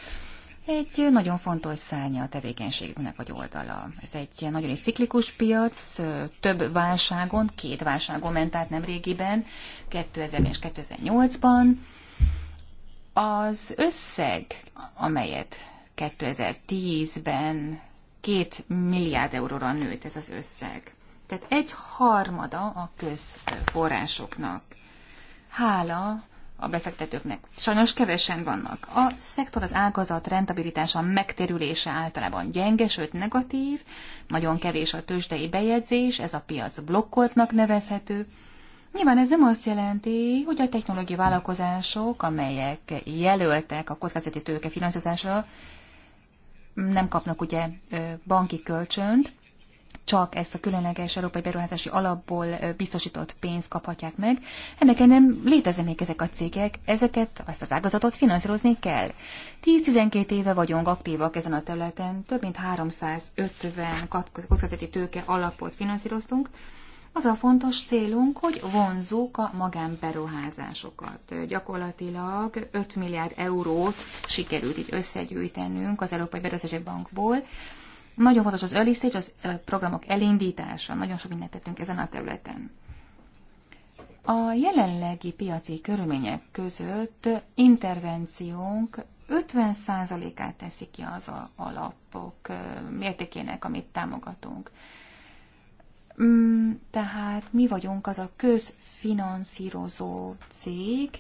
egy nagyon fontos szárnya a tevékenységünknek vagy oldala. Ez egy nagyon is ciklikus piac, több válságon, két válságon ment át nem régiben, 2000 és 2008-ban az összeg, amelyet 2010-ben két milliárd euróra nőtt ez az összeg. Tehát egy harmada a közforrásoknak. Hála a befektetőknek. Sajnos kevesen vannak. A szektor, az ágazat rentabilitása megterülése általában gyenge, sőt negatív, nagyon kevés a tőzsdei bejegyzés, ez a piac blokkoltnak nevezhető, Nyilván ez nem azt jelenti, hogy a technológiai vállalkozások, amelyek jelöltek a kockázati tőke finanszírozásra, nem kapnak ugye banki kölcsönt, csak ezt a különleges európai beruházási alapból biztosított pénzt kaphatják meg. Ennek nem léteznék ezek a cégek, ezeket, ezt az ágazatot finanszírozni kell. 10-12 éve vagyunk aktívak ezen a területen, több mint 350 kockázati tőke alapot finanszíroztunk, az a fontos célunk, hogy vonzzuk a magánberuházásokat. Gyakorlatilag 5 milliárd eurót sikerült így összegyűjtenünk az Európai Beruházási Bankból. Nagyon fontos az early stage, az programok elindítása, nagyon sok mindent tettünk ezen a területen. A jelenlegi piaci körülmények között intervenciónk 50%-át teszi ki az a alapok mértékének, amit támogatunk. Mm, tehát mi vagyunk az a közfinanszírozó cég,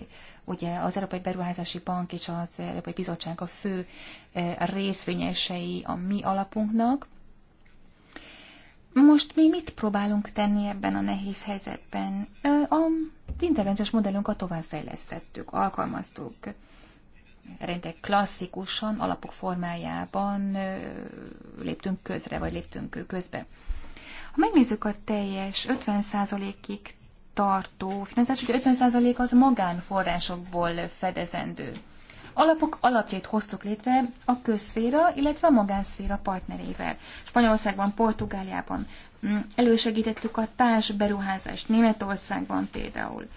ugye az Európai Beruházási Bank és az Európai Bizottság a fő eh, részvényesei a mi alapunknak. Most mi mit próbálunk tenni ebben a nehéz helyzetben? Eh, a intervenciós modellünket továbbfejlesztettük, alkalmaztuk rendek klasszikusan, alapok formájában eh, léptünk közre, vagy léptünk közbe. Ha megnézzük a teljes 50%-ig tartó finanszírozás, hogy 50% az magánforrásokból fedezendő. Alapok alapjait hoztuk létre a közszféra, illetve a magánszféra partnerével. Spanyolországban, Portugáliában mm, elősegítettük a társberuházást, Németországban például.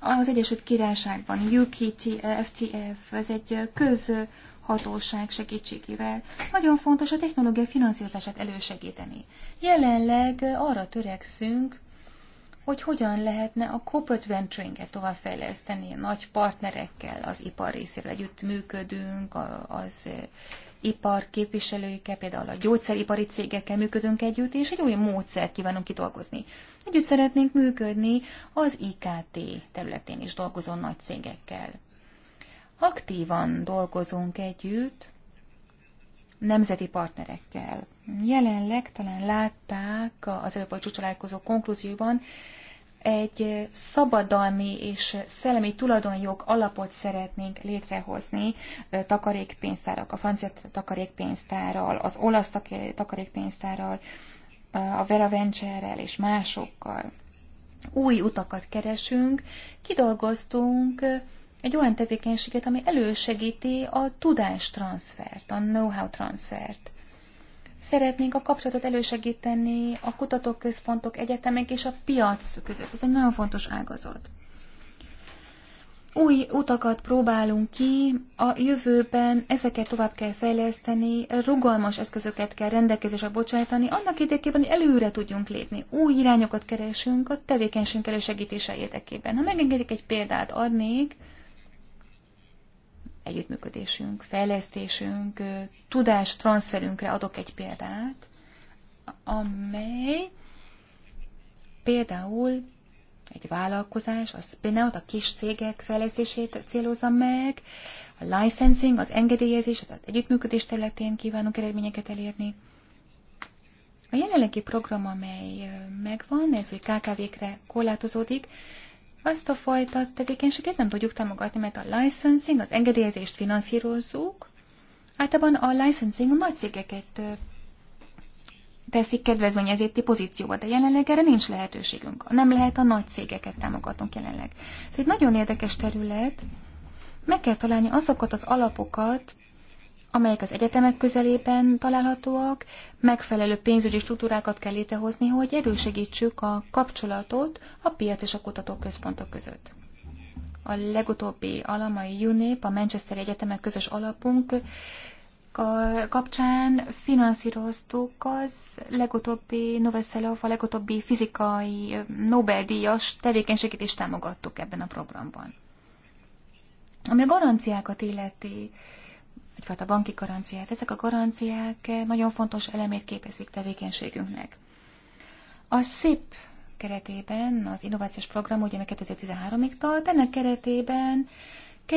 Az Egyesült Királyságban UKTF, FTF, ez egy köz hatóság segítségével. Nagyon fontos a technológia finanszírozását elősegíteni. Jelenleg arra törekszünk, hogy hogyan lehetne a corporate venturinget továbbfejleszteni nagy partnerekkel, az ipar részéről együtt működünk, az e, ipar képviselőikkel, például a gyógyszeripari cégekkel működünk együtt, és egy olyan módszert kívánunk kidolgozni. Együtt szeretnénk működni az IKT területén is dolgozó nagy cégekkel. Aktívan dolgozunk együtt nemzeti partnerekkel. Jelenleg talán látták az előbb a csúcsalálkozó konklúzióban, egy szabadalmi és szellemi tulajdonjog alapot szeretnénk létrehozni takarékpénztárak, a francia takarékpénztárral, az olasz takarékpénztárral, a Vera Venture-rel és másokkal. Új utakat keresünk, kidolgoztunk egy olyan tevékenységet, ami elősegíti a tudás transfert, a know-how transfert. Szeretnénk a kapcsolatot elősegíteni a kutatóközpontok, egyetemek és a piac között. Ez egy nagyon fontos ágazat. Új utakat próbálunk ki, a jövőben ezeket tovább kell fejleszteni, rugalmas eszközöket kell rendelkezésre bocsájtani, annak érdekében, hogy előre tudjunk lépni. Új irányokat keresünk a tevékenységünk elősegítése érdekében. Ha megengedik egy példát adnék, együttműködésünk, fejlesztésünk, tudás transferünkre adok egy példát, amely például egy vállalkozás, a spin-out, a kis cégek fejlesztését célozza meg, a licensing, az engedélyezés, az együttműködés területén kívánunk eredményeket elérni. A jelenlegi program, amely megvan, ez, hogy KKV-kre korlátozódik, azt a fajta tevékenységet nem tudjuk támogatni, mert a licensing, az engedélyezést finanszírozzuk. Általában a licensing a nagy cégeket teszik kedvezményezéti pozícióba, de jelenleg erre nincs lehetőségünk. Nem lehet a nagy cégeket támogatunk jelenleg. Ez egy nagyon érdekes terület. Meg kell találni azokat az alapokat, amelyek az egyetemek közelében találhatóak, megfelelő pénzügyi struktúrákat kell létrehozni, hogy erősegítsük a kapcsolatot a piac és a kutatóközpontok között. A legutóbbi alamai UNEP, a Manchester Egyetemek közös alapunk kapcsán finanszíroztuk az legutóbbi Noveszelov, a legutóbbi fizikai Nobel-díjas tevékenységét is támogattuk ebben a programban. Ami a garanciákat illeti, egyfajta banki garanciát. Ezek a garanciák nagyon fontos elemét képezik tevékenységünknek. A SZIP keretében az innovációs program, ugye meg 2013-ig tart, ennek keretében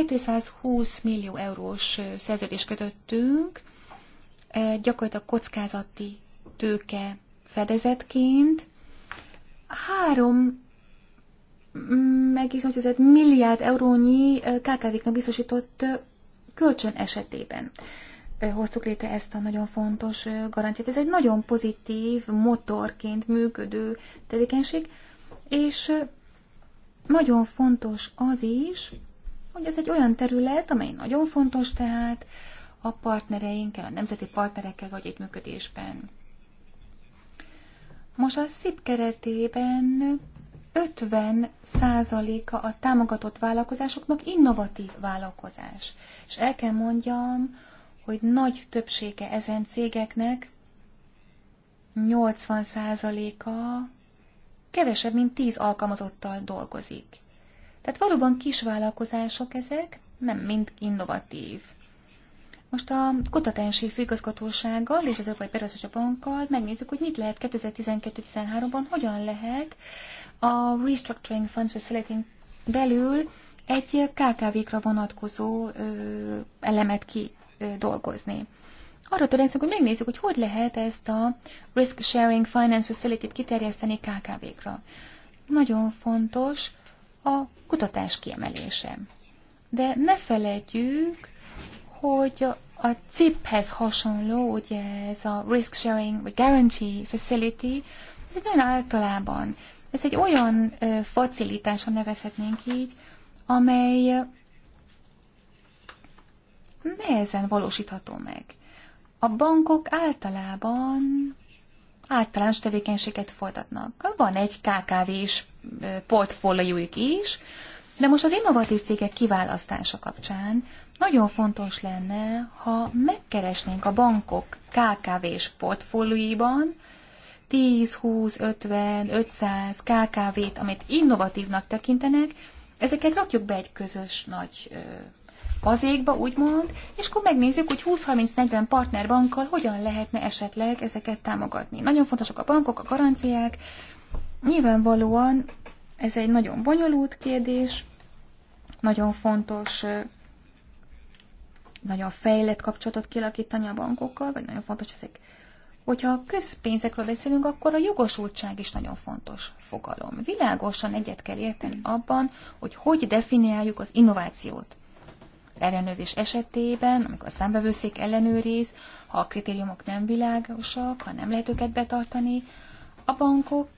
220 millió eurós szerződést kötöttünk, e, gyakorlatilag kockázati tőke fedezetként, három meg mm, 1,8 milliárd eurónyi e, KKV-knak biztosított kölcsön esetében hoztuk létre ezt a nagyon fontos garanciát. Ez egy nagyon pozitív, motorként működő tevékenység, és nagyon fontos az is, hogy ez egy olyan terület, amely nagyon fontos tehát a partnereinkkel, a nemzeti partnerekkel vagy együttműködésben. Most a SZIP keretében 50%-a a támogatott vállalkozásoknak innovatív vállalkozás. És el kell mondjam, hogy nagy többsége ezen cégeknek 80%-a kevesebb, mint 10 alkalmazottal dolgozik. Tehát valóban kis vállalkozások ezek, nem mind innovatív. Most a kutatási főigazgatósággal és az Európai Beruházási Bankkal megnézzük, hogy mit lehet 2012-13-ban, hogyan lehet a Restructuring Funds facility belül egy KKV-kra vonatkozó ö, elemet dolgozni. Arra törekszünk, hogy megnézzük, hogy hogy lehet ezt a Risk Sharing Finance Facility-t kiterjeszteni KKV-kra. Nagyon fontos a kutatás kiemelése. De ne felejtjük, hogy a CIP-hez hasonló, ugye ez a Risk Sharing vagy Guarantee Facility, ez egy nagyon általában ez egy olyan ha nevezhetnénk így, amely nehezen valósítható meg. A bankok általában általános tevékenységet folytatnak. Van egy KKV-s portfóliójuk is, de most az innovatív cégek kiválasztása kapcsán nagyon fontos lenne, ha megkeresnénk a bankok KKV-s portfólióiban 10, 20, 50, 500 KKV-t, amit innovatívnak tekintenek, ezeket rakjuk be egy közös nagy fazékba, úgymond, és akkor megnézzük, hogy 20-30-40 partnerbankkal hogyan lehetne esetleg ezeket támogatni. Nagyon fontosak a bankok, a garanciák. Nyilvánvalóan ez egy nagyon bonyolult kérdés, nagyon fontos nagyon fejlett kapcsolatot kialakítani a bankokkal, vagy nagyon fontos ezek hogyha a közpénzekről beszélünk, akkor a jogosultság is nagyon fontos fogalom. Világosan egyet kell érteni abban, hogy hogy definiáljuk az innovációt. Ellenőrzés esetében, amikor a számbevőszék ellenőriz, ha a kritériumok nem világosak, ha nem lehet őket betartani, a bankok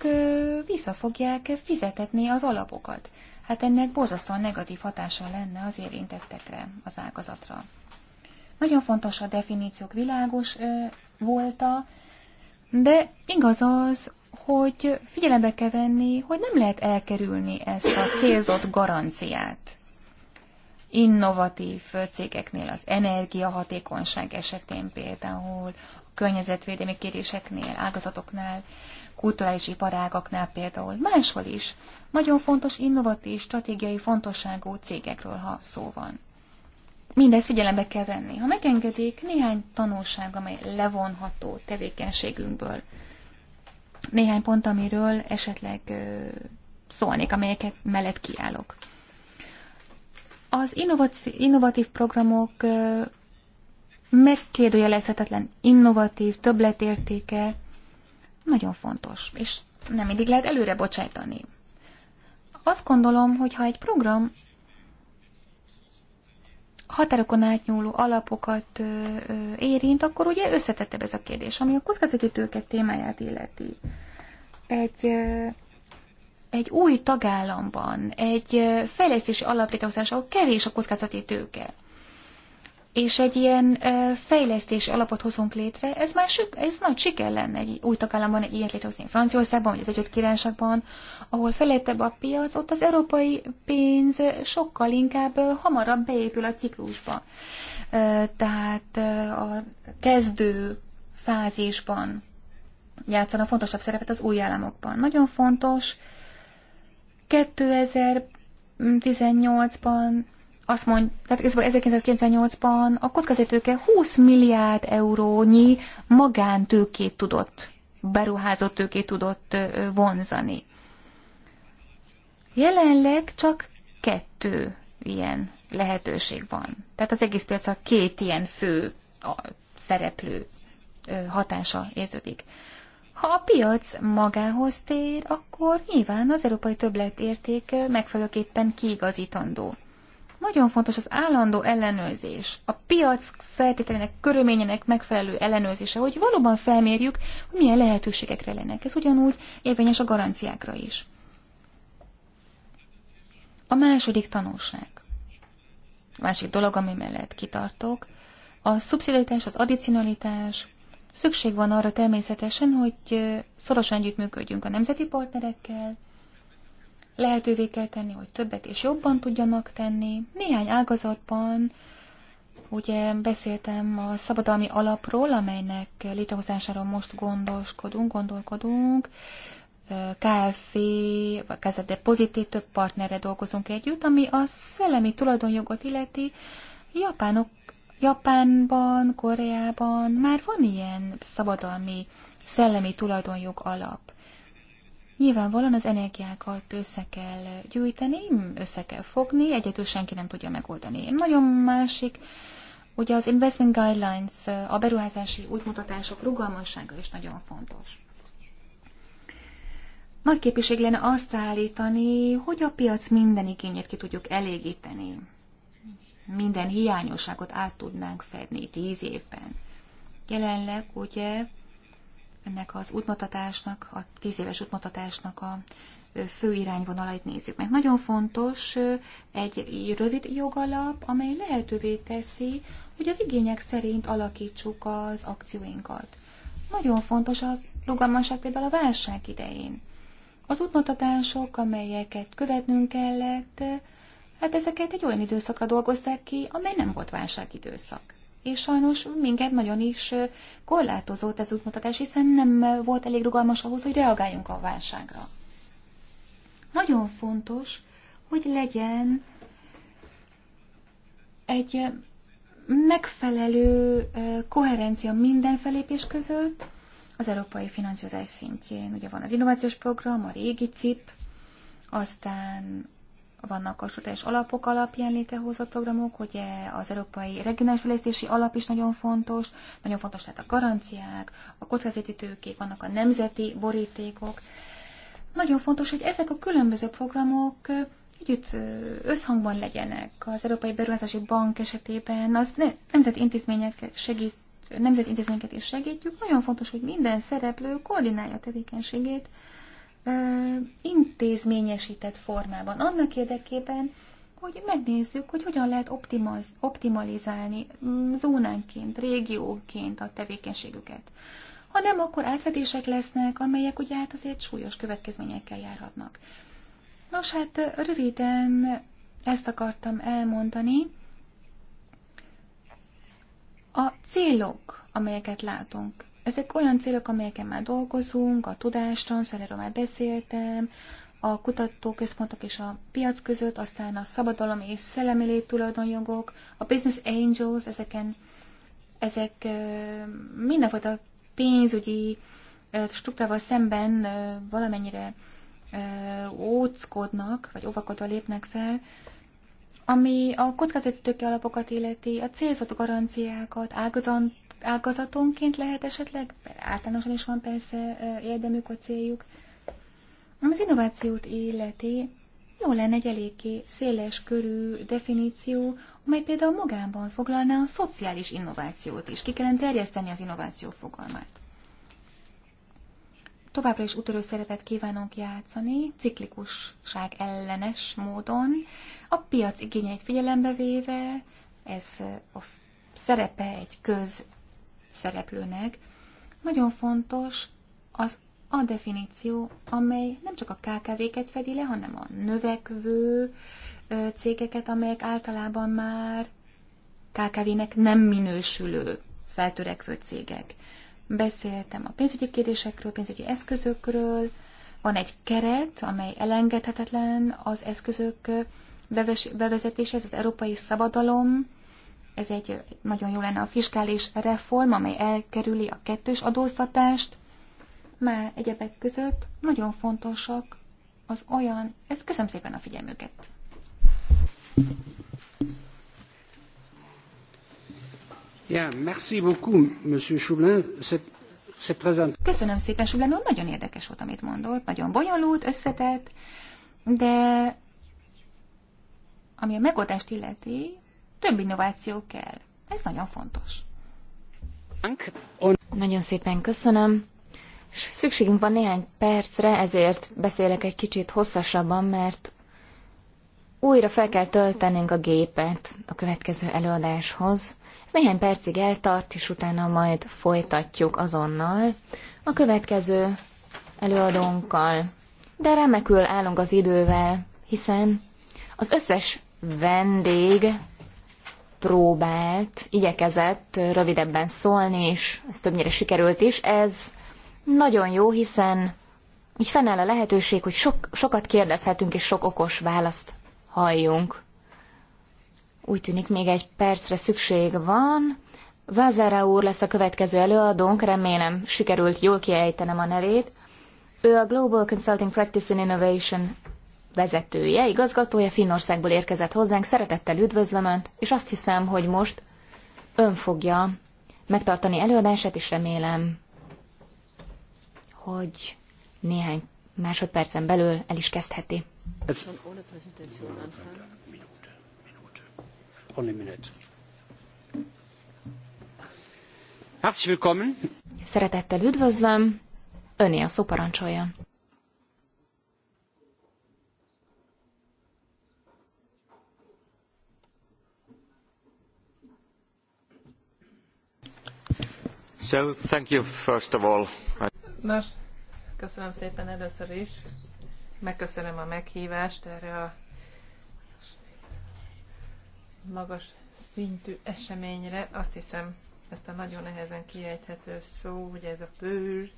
vissza fogják fizetetni az alapokat. Hát ennek borzasztóan negatív hatása lenne az érintettekre, az ágazatra. Nagyon fontos a definíciók világos volta, de igaz az, hogy figyelembe kell venni, hogy nem lehet elkerülni ezt a célzott garanciát. Innovatív cégeknél az energiahatékonyság esetén például, a környezetvédelmi kérdéseknél, ágazatoknál, kulturális iparágaknál például, máshol is. Nagyon fontos innovatív, stratégiai fontosságú cégekről, ha szó van. Mindezt figyelembe kell venni. Ha megengedik, néhány tanulság, amely levonható tevékenységünkből. Néhány pont, amiről esetleg szólnék, amelyeket mellett kiállok. Az innovatív programok megkérdőjelezhetetlen innovatív többletértéke nagyon fontos, és nem mindig lehet előre bocsájtani. Azt gondolom, hogy ha egy program határokon átnyúló alapokat érint, akkor ugye összetettebb ez a kérdés, ami a kockázati tőket témáját illeti. Egy, egy új tagállamban, egy fejlesztési alaprétehozás, ahol kevés a kockázati tőke, és egy ilyen fejlesztés alapot hozunk létre, ez már ez nagy siker lenne egy új tagállamban, egy ilyet létrehozni Franciaországban, vagy az Egyesült Királyságban, ahol felettebb a piac, ott az európai pénz sokkal inkább hamarabb beépül a ciklusba. Tehát a kezdő fázisban a fontosabb szerepet az új államokban. Nagyon fontos, 2018-ban azt mond, tehát 1998-ban a kockázatőke 20 milliárd eurónyi magántőkét tudott, beruházott tőkét tudott vonzani. Jelenleg csak kettő ilyen lehetőség van. Tehát az egész piacra két ilyen fő a szereplő hatása érződik. Ha a piac magához tér, akkor nyilván az európai többletérték megfelelőképpen kiigazítandó. Nagyon fontos az állandó ellenőrzés, a piac feltételének, körülményének megfelelő ellenőrzése, hogy valóban felmérjük, hogy milyen lehetőségekre lennek. Ez ugyanúgy érvényes a garanciákra is. A második tanulság, a másik dolog, ami mellett kitartok, a szubszidiaritás, az addicionalitás, szükség van arra természetesen, hogy szorosan együttműködjünk a nemzeti partnerekkel, lehetővé kell tenni, hogy többet és jobban tudjanak tenni. Néhány ágazatban ugye beszéltem a szabadalmi alapról, amelynek létrehozásáról most gondoskodunk, gondolkodunk. KFV, vagy kezdete pozitív több partnerre dolgozunk együtt, ami a szellemi tulajdonjogot illeti. Japánok, Japánban, Koreában már van ilyen szabadalmi szellemi tulajdonjog alap. Nyilvánvalóan az energiákat össze kell gyűjteni, össze kell fogni, egyedül senki nem tudja megoldani. Nagyon másik, ugye az investment guidelines, a beruházási útmutatások rugalmassága is nagyon fontos. Nagy képviség lenne azt állítani, hogy a piac minden igényét ki tudjuk elégíteni. Minden hiányosságot át tudnánk fedni tíz évben. Jelenleg ugye ennek az útmutatásnak, a tíz éves útmutatásnak a fő irányvonalait nézzük meg. Nagyon fontos egy rövid jogalap, amely lehetővé teszi, hogy az igények szerint alakítsuk az akcióinkat. Nagyon fontos az rugalmasság például a válság idején. Az útmutatások, amelyeket követnünk kellett, hát ezeket egy olyan időszakra dolgozták ki, amely nem volt időszak és sajnos minket nagyon is korlátozott ez útmutatás, hiszen nem volt elég rugalmas ahhoz, hogy reagáljunk a válságra. Nagyon fontos, hogy legyen egy megfelelő koherencia minden felépés között, az európai finanszírozás szintjén. Ugye van az innovációs program, a régi CIP, aztán vannak a sutás alapok alapján létrehozott programok, hogy e, az Európai Regionális Fejlesztési Alap is nagyon fontos, nagyon fontos tehát a garanciák, a kockázati tőkék, vannak a nemzeti borítékok. Nagyon fontos, hogy ezek a különböző programok e, együtt e, összhangban legyenek. Az Európai Beruházási Bank esetében az nemzeti intézmények segít, nemzeti intézményeket is segítjük. Nagyon fontos, hogy minden szereplő koordinálja a tevékenységét, intézményesített formában, annak érdekében, hogy megnézzük, hogy hogyan lehet optimaz, optimalizálni mm, zónánként, régióként a tevékenységüket. Ha nem, akkor elfedések lesznek, amelyek ugye hát azért súlyos következményekkel járhatnak. Nos, hát röviden ezt akartam elmondani. A célok, amelyeket látunk, ezek olyan célok, amelyeken már dolgozunk, a tudástranszferről már beszéltem, a kutatóközpontok és a piac között, aztán a szabadalom és szellemi tulajdonjogok, a business angels, ezeken, ezek mindenfajta pénzügyi struktúrával szemben valamennyire óckodnak, vagy óvakodva lépnek fel, ami a kockázati tőke alapokat illeti, a célzott garanciákat, ágazant ágazatonként lehet esetleg, általánosan is van persze érdemük a céljuk. Az innovációt életi jó lenne egy eléggé széles körű definíció, amely például magában foglalná a szociális innovációt is. Ki kellene terjeszteni az innováció fogalmát. Továbbra is utörő szerepet kívánunk játszani, ciklikusság ellenes módon, a piac igényeit figyelembe véve, ez a szerepe egy köz szereplőnek, nagyon fontos az a definíció, amely nem csak a KKV-ket fedi le, hanem a növekvő cégeket, amelyek általában már KKV-nek nem minősülő feltörekvő cégek. Beszéltem a pénzügyi kérdésekről, pénzügyi eszközökről, van egy keret, amely elengedhetetlen az eszközök bevezetéséhez, az európai szabadalom, ez egy nagyon jó lenne a fiskális reform, amely elkerüli a kettős adóztatást. Már egyebek között nagyon fontosak az olyan, ez köszönöm szépen a figyelmüket. Yeah, merci beaucoup, Monsieur Choulin. Köszönöm szépen, Choublin, nagyon érdekes volt, amit mondott, nagyon bonyolult, összetett, de ami a megoldást illeti, több innováció kell. Ez nagyon fontos. Nagyon szépen köszönöm. Szükségünk van néhány percre, ezért beszélek egy kicsit hosszasabban, mert újra fel kell töltenünk a gépet a következő előadáshoz. Ez néhány percig eltart, és utána majd folytatjuk azonnal a következő előadónkkal. De remekül állunk az idővel, hiszen az összes vendég próbált, igyekezett rövidebben szólni, és ez többnyire sikerült is. Ez nagyon jó, hiszen így fennáll a lehetőség, hogy sok, sokat kérdezhetünk, és sok okos választ halljunk. Úgy tűnik, még egy percre szükség van. Vázára úr lesz a következő előadónk, remélem sikerült jól kiejtenem a nevét. Ő a Global Consulting Practice and Innovation vezetője, igazgatója Finnországból érkezett hozzánk. Szeretettel üdvözlöm Önt, és azt hiszem, hogy most Ön fogja megtartani előadását, és remélem, hogy néhány másodpercen belül el is kezdheti. Herzlich willkommen. Szeretettel üdvözlöm, öné a szó parancsolja. Nos, köszönöm szépen először is. Megköszönöm a meghívást erre a magas szintű eseményre. Azt hiszem, ezt a nagyon nehezen kiejthető szó, ugye ez a pőr,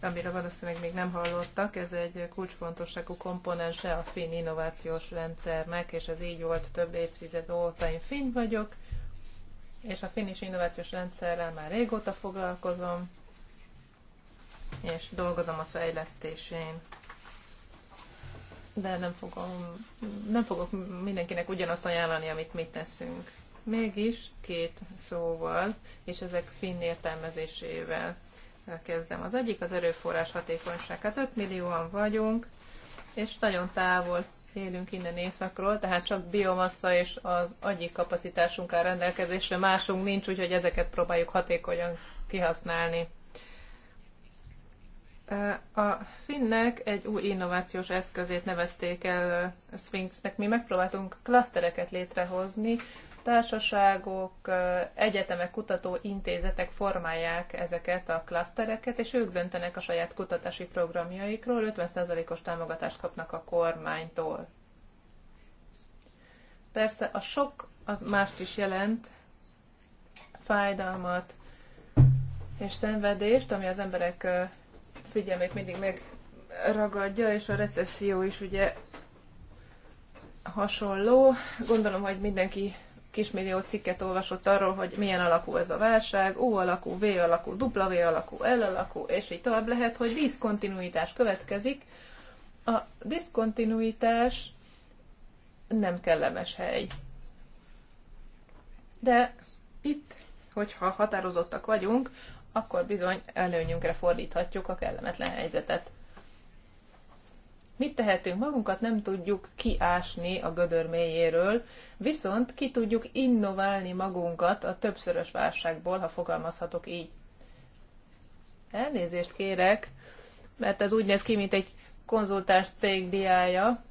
amire valószínűleg még nem hallottak, ez egy kulcsfontosságú komponense a finn innovációs rendszernek, és ez így volt több évtized óta. Én finn vagyok, és a finnis innovációs rendszerrel már régóta foglalkozom, és dolgozom a fejlesztésén. De nem, fogom, nem fogok mindenkinek ugyanazt ajánlani, amit mi teszünk. Mégis két szóval, és ezek finn értelmezésével kezdem. Az egyik az erőforrás hatékonyság. Hát 5 millióan vagyunk, és nagyon távol élünk innen északról, tehát csak biomassa és az agyi kapacitásunk áll rendelkezésre, másunk nincs, úgyhogy ezeket próbáljuk hatékonyan kihasználni. A finnek egy új innovációs eszközét nevezték el Sphinxnek. Mi megpróbáltunk klasztereket létrehozni, társaságok, egyetemek, kutatóintézetek formálják ezeket a klasztereket, és ők döntenek a saját kutatási programjaikról, 50%-os támogatást kapnak a kormánytól. Persze a sok az mást is jelent, fájdalmat és szenvedést, ami az emberek figyelmét mindig megragadja, és a recesszió is ugye hasonló. Gondolom, hogy mindenki kismillió cikket olvasott arról, hogy milyen alakú ez a válság, U alakú, V alakú, W alakú, L alakú, és így tovább lehet, hogy diszkontinuitás következik. A diszkontinuitás nem kellemes hely. De itt, hogyha határozottak vagyunk, akkor bizony előnyünkre fordíthatjuk a kellemetlen helyzetet. Mit tehetünk? Magunkat nem tudjuk kiásni a gödör mélyéről, viszont ki tudjuk innoválni magunkat a többszörös válságból, ha fogalmazhatok így. Elnézést kérek, mert ez úgy néz ki, mint egy konzultáns cég diája,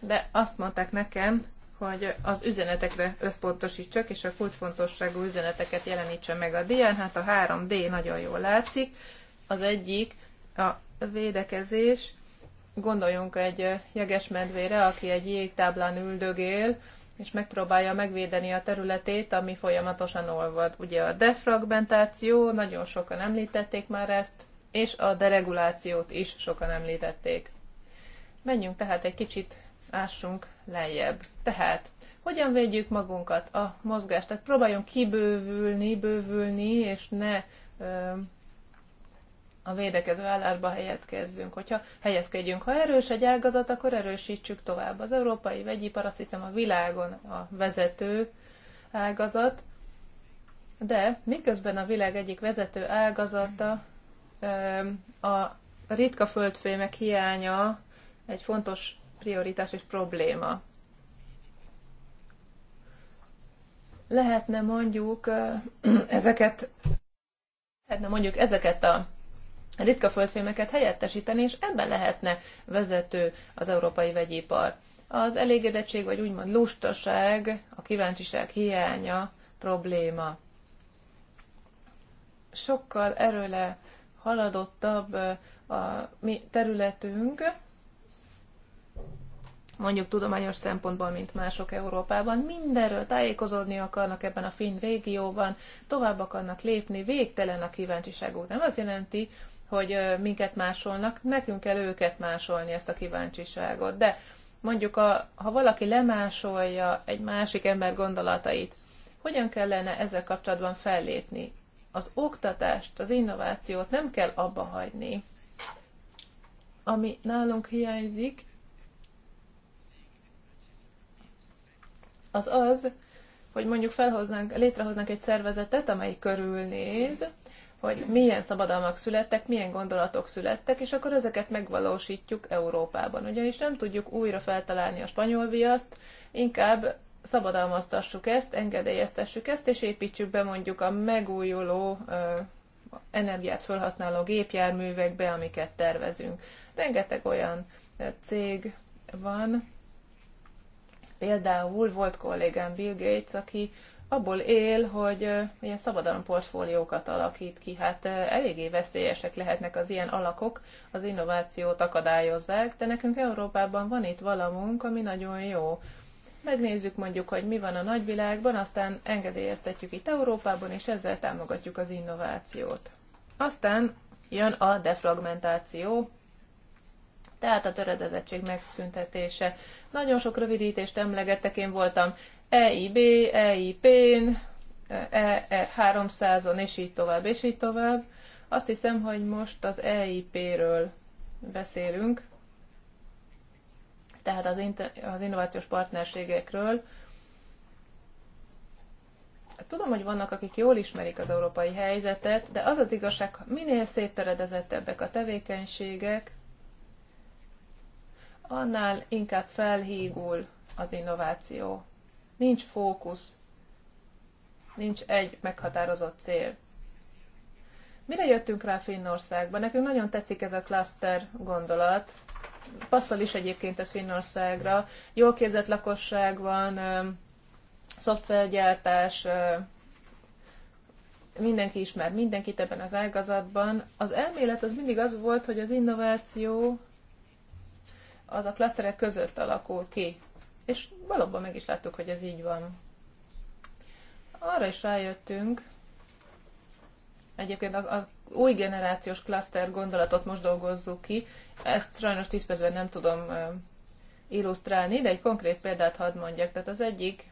de azt mondták nekem, hogy az üzenetekre összpontosítsak, és a kulcsfontosságú üzeneteket jelenítse meg a dián. Hát a 3D nagyon jól látszik. Az egyik a védekezés, Gondoljunk egy medvére, aki egy jégtáblán üldögél, és megpróbálja megvédeni a területét, ami folyamatosan olvad. Ugye a defragmentáció, nagyon sokan említették már ezt, és a deregulációt is sokan említették. Menjünk tehát egy kicsit, ássunk lejjebb. Tehát, hogyan védjük magunkat a mozgást? Tehát próbáljunk kibővülni, bővülni, és ne a védekező állásba helyezkezzünk. Hogyha helyezkedjünk, ha erős egy ágazat, akkor erősítsük tovább. Az európai vegyipar azt hiszem a világon a vezető ágazat, de miközben a világ egyik vezető ágazata a ritka földfémek hiánya egy fontos prioritás és probléma. Lehetne mondjuk *clears throat* ezeket lehetne mondjuk ezeket a ritka földfémeket helyettesíteni, és ebben lehetne vezető az európai vegyipar. Az elégedettség, vagy úgymond lustaság, a kíváncsiság hiánya probléma. Sokkal erőle haladottabb a mi területünk, mondjuk tudományos szempontból, mint mások Európában. Mindenről tájékozódni akarnak ebben a finn régióban, tovább akarnak lépni, végtelen a kíváncsiság után. Az jelenti, hogy minket másolnak, nekünk kell őket másolni, ezt a kíváncsiságot. De mondjuk, a, ha valaki lemásolja egy másik ember gondolatait, hogyan kellene ezzel kapcsolatban fellépni? Az oktatást, az innovációt nem kell abba hagyni. Ami nálunk hiányzik, az az, hogy mondjuk felhoznánk, létrehoznánk egy szervezetet, amely körülnéz, hogy milyen szabadalmak születtek, milyen gondolatok születtek, és akkor ezeket megvalósítjuk Európában. Ugyanis nem tudjuk újra feltalálni a spanyol viaszt, inkább szabadalmaztassuk ezt, engedélyeztessük ezt, és építsük be mondjuk a megújuló energiát felhasználó gépjárművekbe, amiket tervezünk. Rengeteg olyan cég van, például volt kollégám Bill Gates, aki abból él, hogy ilyen szabadalom portfóliókat alakít ki. Hát eléggé veszélyesek lehetnek az ilyen alakok, az innovációt akadályozzák, de nekünk Európában van itt valamunk, ami nagyon jó. Megnézzük mondjuk, hogy mi van a nagyvilágban, aztán engedélyeztetjük itt Európában, és ezzel támogatjuk az innovációt. Aztán jön a defragmentáció, tehát a töredezettség megszüntetése. Nagyon sok rövidítést emlegettek, én voltam EIB, EIP-n, ER300-on, e és így tovább, és így tovább. Azt hiszem, hogy most az EIP-ről beszélünk, tehát az, az innovációs partnerségekről. Tudom, hogy vannak, akik jól ismerik az európai helyzetet, de az az igazság, minél széttöredezettebbek a tevékenységek, annál inkább felhígul az innováció. Nincs fókusz, nincs egy meghatározott cél. Mire jöttünk rá Finnországba? Nekünk nagyon tetszik ez a cluster gondolat. Passzol is egyébként ez Finnországra. Jól képzett lakosság van, szoftvergyártás, mindenki ismer mindenkit ebben az ágazatban. Az elmélet az mindig az volt, hogy az innováció az a klaszterek között alakul ki. És valóban meg is láttuk, hogy ez így van. Arra is rájöttünk, egyébként az új generációs klaszter gondolatot most dolgozzuk ki, ezt sajnos 10 nem tudom illusztrálni, de egy konkrét példát hadd mondjak. Tehát az egyik,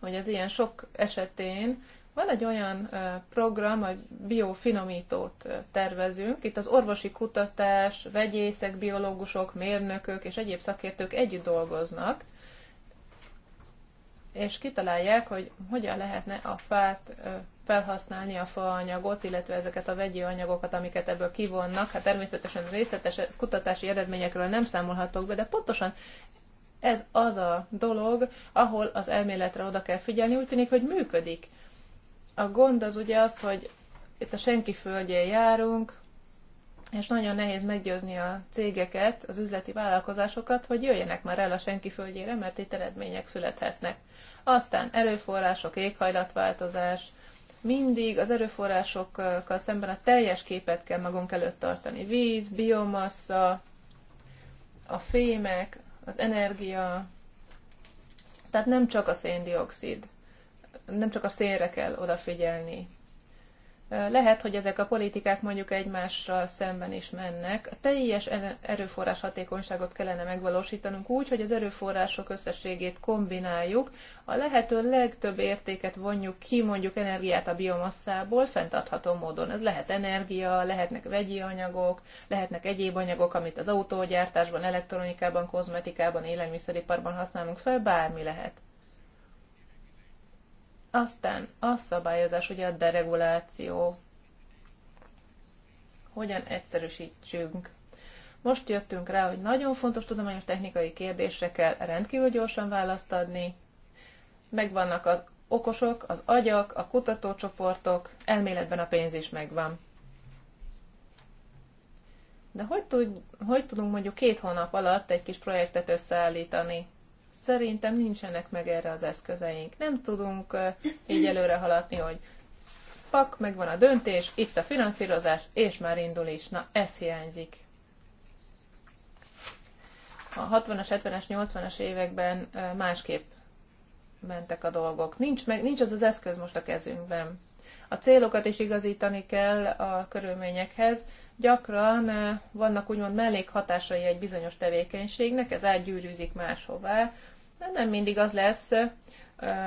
hogy az ilyen sok esetén van egy olyan program, hogy biofinomítót tervezünk. Itt az orvosi kutatás, vegyészek, biológusok, mérnökök és egyéb szakértők együtt dolgoznak, és kitalálják, hogy hogyan lehetne a fát felhasználni a faanyagot, illetve ezeket a vegyi anyagokat, amiket ebből kivonnak. Hát természetesen részletes kutatási eredményekről nem számolhatok be, de pontosan ez az a dolog, ahol az elméletre oda kell figyelni. Úgy tűnik, hogy működik a gond az ugye az, hogy itt a senki földjén járunk, és nagyon nehéz meggyőzni a cégeket, az üzleti vállalkozásokat, hogy jöjjenek már el a senki földjére, mert itt eredmények születhetnek. Aztán erőforrások, éghajlatváltozás, mindig az erőforrásokkal szemben a teljes képet kell magunk előtt tartani. Víz, biomassa, a fémek, az energia, tehát nem csak a széndiokszid nem csak a szélre kell odafigyelni. Lehet, hogy ezek a politikák mondjuk egymással szemben is mennek. A teljes erőforrás hatékonyságot kellene megvalósítanunk úgy, hogy az erőforrások összességét kombináljuk, a lehető legtöbb értéket vonjuk ki, mondjuk energiát a biomasszából fenntartható módon. Ez lehet energia, lehetnek vegyi anyagok, lehetnek egyéb anyagok, amit az autógyártásban, elektronikában, kozmetikában, élelmiszeriparban használunk fel, bármi lehet. Aztán a szabályozás, ugye a dereguláció, hogyan egyszerűsítsünk. Most jöttünk rá, hogy nagyon fontos tudományos technikai kérdésre kell rendkívül gyorsan választ adni. Megvannak az okosok, az agyak, a kutatócsoportok, elméletben a pénz is megvan. De hogy, tud, hogy tudunk mondjuk két hónap alatt egy kis projektet összeállítani? Szerintem nincsenek meg erre az eszközeink. Nem tudunk így előre haladni, hogy pak, megvan a döntés, itt a finanszírozás, és már indul is. Na, ez hiányzik. A 60-as, 70-es, 80-as években másképp mentek a dolgok. Nincs, meg, nincs az az eszköz most a kezünkben. A célokat is igazítani kell a körülményekhez, gyakran vannak úgymond mellékhatásai egy bizonyos tevékenységnek, ez átgyűrűzik máshová. De nem mindig az lesz,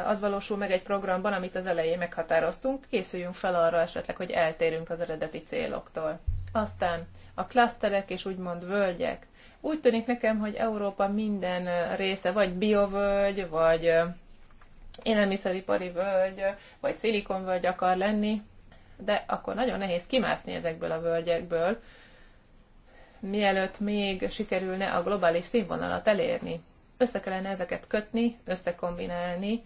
az valósul meg egy programban, amit az elején meghatároztunk, készüljünk fel arra esetleg, hogy eltérünk az eredeti céloktól. Aztán a klaszterek és úgymond völgyek. Úgy tűnik nekem, hogy Európa minden része, vagy biovölgy, vagy élelmiszeripari völgy, vagy szilikonvölgy akar lenni, de akkor nagyon nehéz kimászni ezekből a völgyekből, mielőtt még sikerülne a globális színvonalat elérni. Össze kellene ezeket kötni, összekombinálni,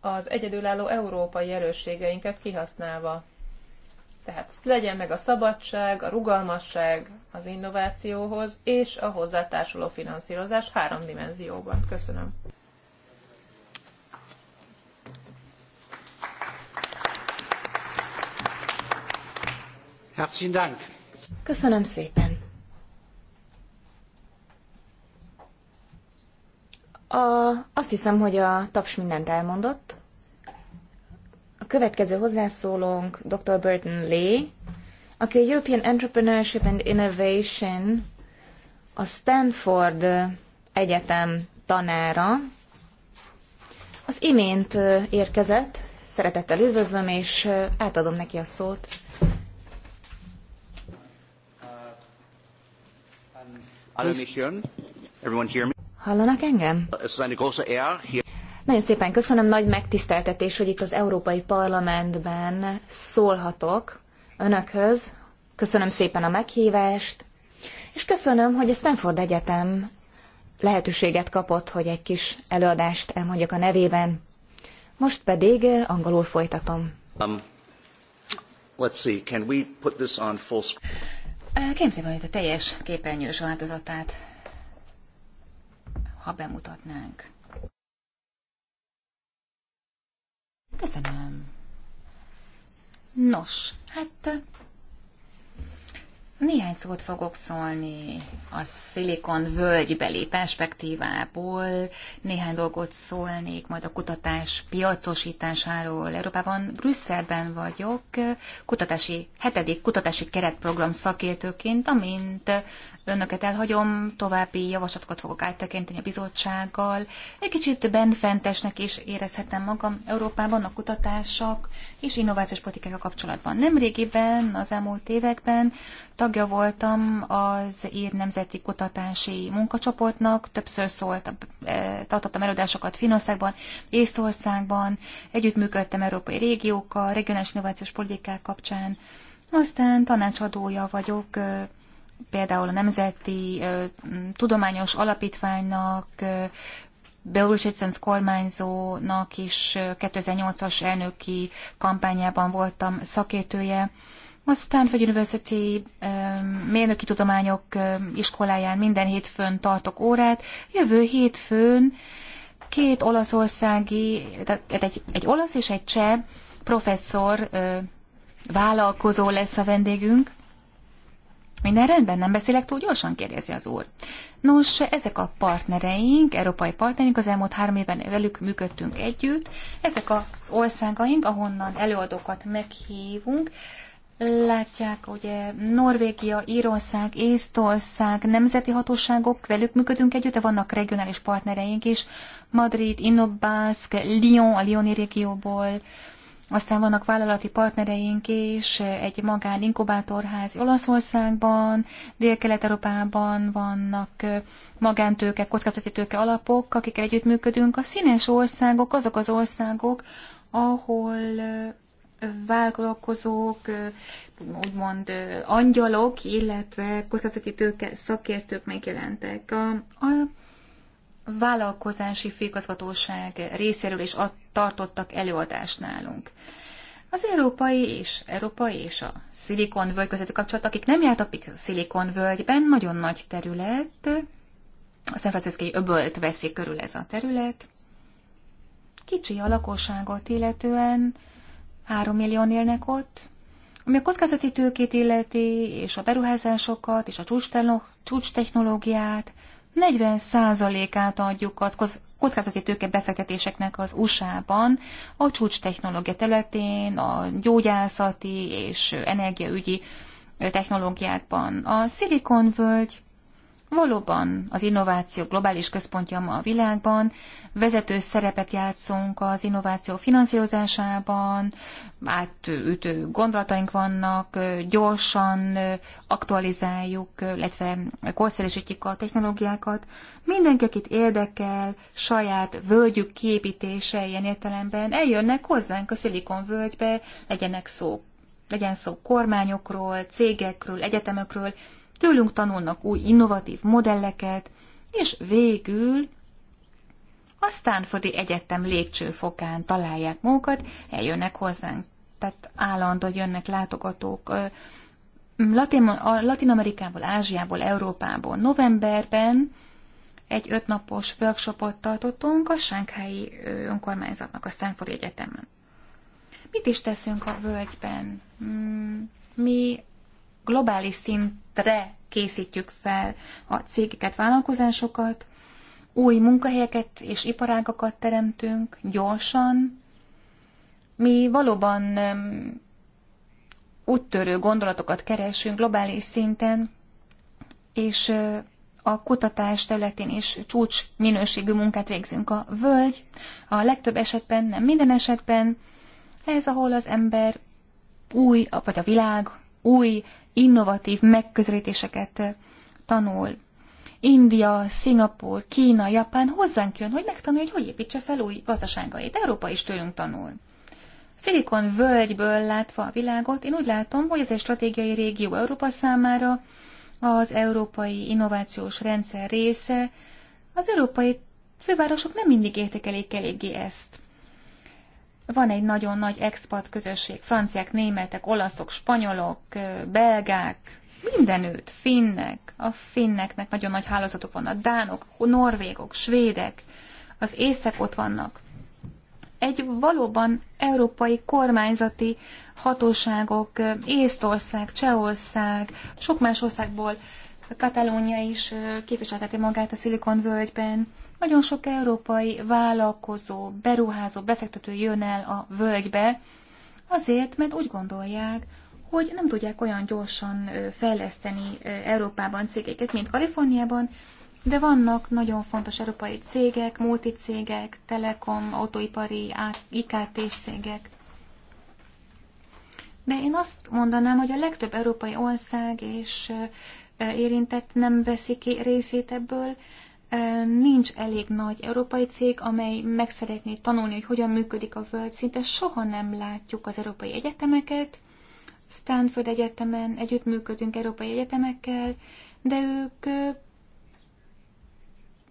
az egyedülálló európai erősségeinket kihasználva. Tehát legyen meg a szabadság, a rugalmasság az innovációhoz, és a hozzátársuló finanszírozás három dimenzióban. Köszönöm. Herzlichen Dank. Köszönöm szépen. A, azt hiszem, hogy a taps mindent elmondott. A következő hozzászólónk dr. Burton Lee, aki a European Entrepreneurship and Innovation a Stanford Egyetem tanára. Az imént érkezett, szeretettel üdvözlöm, és átadom neki a szót. Hallanak engem? Nagyon szépen köszönöm, nagy megtiszteltetés, hogy itt az Európai Parlamentben szólhatok önökhöz. Köszönöm szépen a meghívást, és köszönöm, hogy a Stanford Egyetem lehetőséget kapott, hogy egy kis előadást elmondjak a nevében. Most pedig angolul folytatom. Um, let's see, can we put this on full screen? Képzi van itt a teljes képernyős változatát, ha bemutatnánk. Köszönöm. Nos, hát néhány szót fogok szólni a szilikon völgybeli perspektívából, néhány dolgot szólnék majd a kutatás piacosításáról. Európában, Brüsszelben vagyok, kutatási, hetedik kutatási keretprogram szakértőként, amint önöket elhagyom, további javaslatokat fogok áttekinteni a bizottsággal. Egy kicsit benfentesnek is érezhetem magam Európában a kutatások és innovációs a kapcsolatban. Nemrégiben, az elmúlt években tagja voltam az Ír Nemzeti Kutatási Munkacsoportnak, többször szólt, e, tartottam előadásokat Finországban, Észtországban, együttműködtem európai régiókkal, regionális innovációs politikák kapcsán, aztán tanácsadója vagyok például a Nemzeti Tudományos Alapítványnak, Bill kormányzónak is 2008-as elnöki kampányában voltam szakértője. A Stanford University mérnöki tudományok iskoláján minden hétfőn tartok órát. Jövő hétfőn két olaszországi, tehát egy, egy olasz és egy cseh professzor vállalkozó lesz a vendégünk. Minden rendben, nem beszélek túl gyorsan, kérdezi az úr. Nos, ezek a partnereink, európai partnereink, az elmúlt három évben velük működtünk együtt. Ezek az országaink, ahonnan előadókat meghívunk, Látják, ugye Norvégia, Írország, Észtország, nemzeti hatóságok, velük működünk együtt, de vannak regionális partnereink is, Madrid, Innobászk, Lyon, a Lyoni régióból, aztán vannak vállalati partnereink is, egy magán inkubátorház Olaszországban, Dél-Kelet-Európában vannak magántőke, kockázati tőke alapok, akikkel együttműködünk. A színes országok azok az országok, ahol vállalkozók, úgymond angyalok, illetve kockázati tőke szakértők megjelentek. A, a vállalkozási főigazgatóság részéről is tartottak előadást nálunk. Az európai és európai és a szilikonvölgy közötti kapcsolat, akik nem jártak a szilikonvölgyben, nagyon nagy terület, a San Francisco-i öbölt veszi körül ez a terület. Kicsi a lakosságot illetően, 3 millió élnek ott, ami a kockázati tőkét illeti, és a beruházásokat, és a csúcs technológiát, 40%-át adjuk a kockázati tőke befektetéseknek az USA-ban, a csúcs technológia területén, a gyógyászati és energiaügyi technológiákban. A szilikonvölgy Valóban az innováció globális központja ma a világban, vezető szerepet játszunk az innováció finanszírozásában, átütő gondolataink vannak, gyorsan aktualizáljuk, illetve korszerűsítjük a technológiákat. Mindenki, akit érdekel, saját völgyük képítése ilyen értelemben, eljönnek hozzánk a Szilikon völgybe, legyenek szó legyen szó kormányokról, cégekről, egyetemekről, tőlünk tanulnak új innovatív modelleket, és végül a Stanfordi Egyetem lépcsőfokán találják magukat, eljönnek hozzánk. Tehát állandóan jönnek látogatók Latin, Latin Amerikából, Ázsiából, Európából. Novemberben egy ötnapos workshopot tartottunk a Sánkhelyi önkormányzatnak a Stanford Egyetemen. Mit is teszünk a völgyben? Hmm, mi globális szint re készítjük fel a cégeket, vállalkozásokat, új munkahelyeket és iparágakat teremtünk gyorsan. Mi valóban úttörő gondolatokat keresünk globális szinten, és a kutatás területén is csúcs minőségű munkát végzünk. A völgy a legtöbb esetben, nem minden esetben, ez ahol az ember új, vagy a világ új, innovatív megközelítéseket eh, tanul. India, Szingapur, Kína, Japán hozzánk jön, hogy megtanulja, hogy hogy építse fel új gazdaságait. Európa is tőlünk tanul. Szilikon völgyből látva a világot, én úgy látom, hogy ez egy stratégiai régió Európa számára, az európai innovációs rendszer része, az európai fővárosok nem mindig értékelik eléggé ezt. Van egy nagyon nagy expat közösség, franciák, németek, olaszok, spanyolok, belgák, mindenütt, finnek, a finneknek nagyon nagy hálózatuk van, a dánok, a norvégok, svédek, az észek ott vannak. Egy valóban európai kormányzati hatóságok, Észtország, Csehország, sok más országból Katalónia is képviselteti magát a Szilikon völgyben. Nagyon sok európai vállalkozó, beruházó, befektető jön el a völgybe, azért, mert úgy gondolják, hogy nem tudják olyan gyorsan fejleszteni Európában cégeket, mint Kaliforniában, de vannak nagyon fontos európai cégek, multicégek, telekom, autóipari, IKT cégek. De én azt mondanám, hogy a legtöbb európai ország és érintett nem veszi ki részét ebből, nincs elég nagy európai cég, amely meg szeretné tanulni, hogy hogyan működik a föld Szinte soha nem látjuk az európai egyetemeket. Stanford Egyetemen együttműködünk európai egyetemekkel, de ők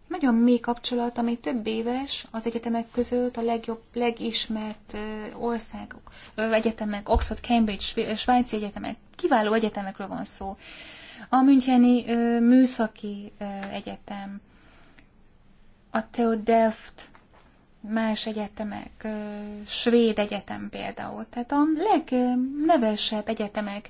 nagyon mély kapcsolat, ami több éves az egyetemek között, a legjobb, legismert országok, egyetemek, Oxford, Cambridge, svájci egyetemek, kiváló egyetemekről van szó. A Müncheni Műszaki Egyetem, a Delft más egyetemek, svéd egyetem például, tehát a legnevesebb egyetemek,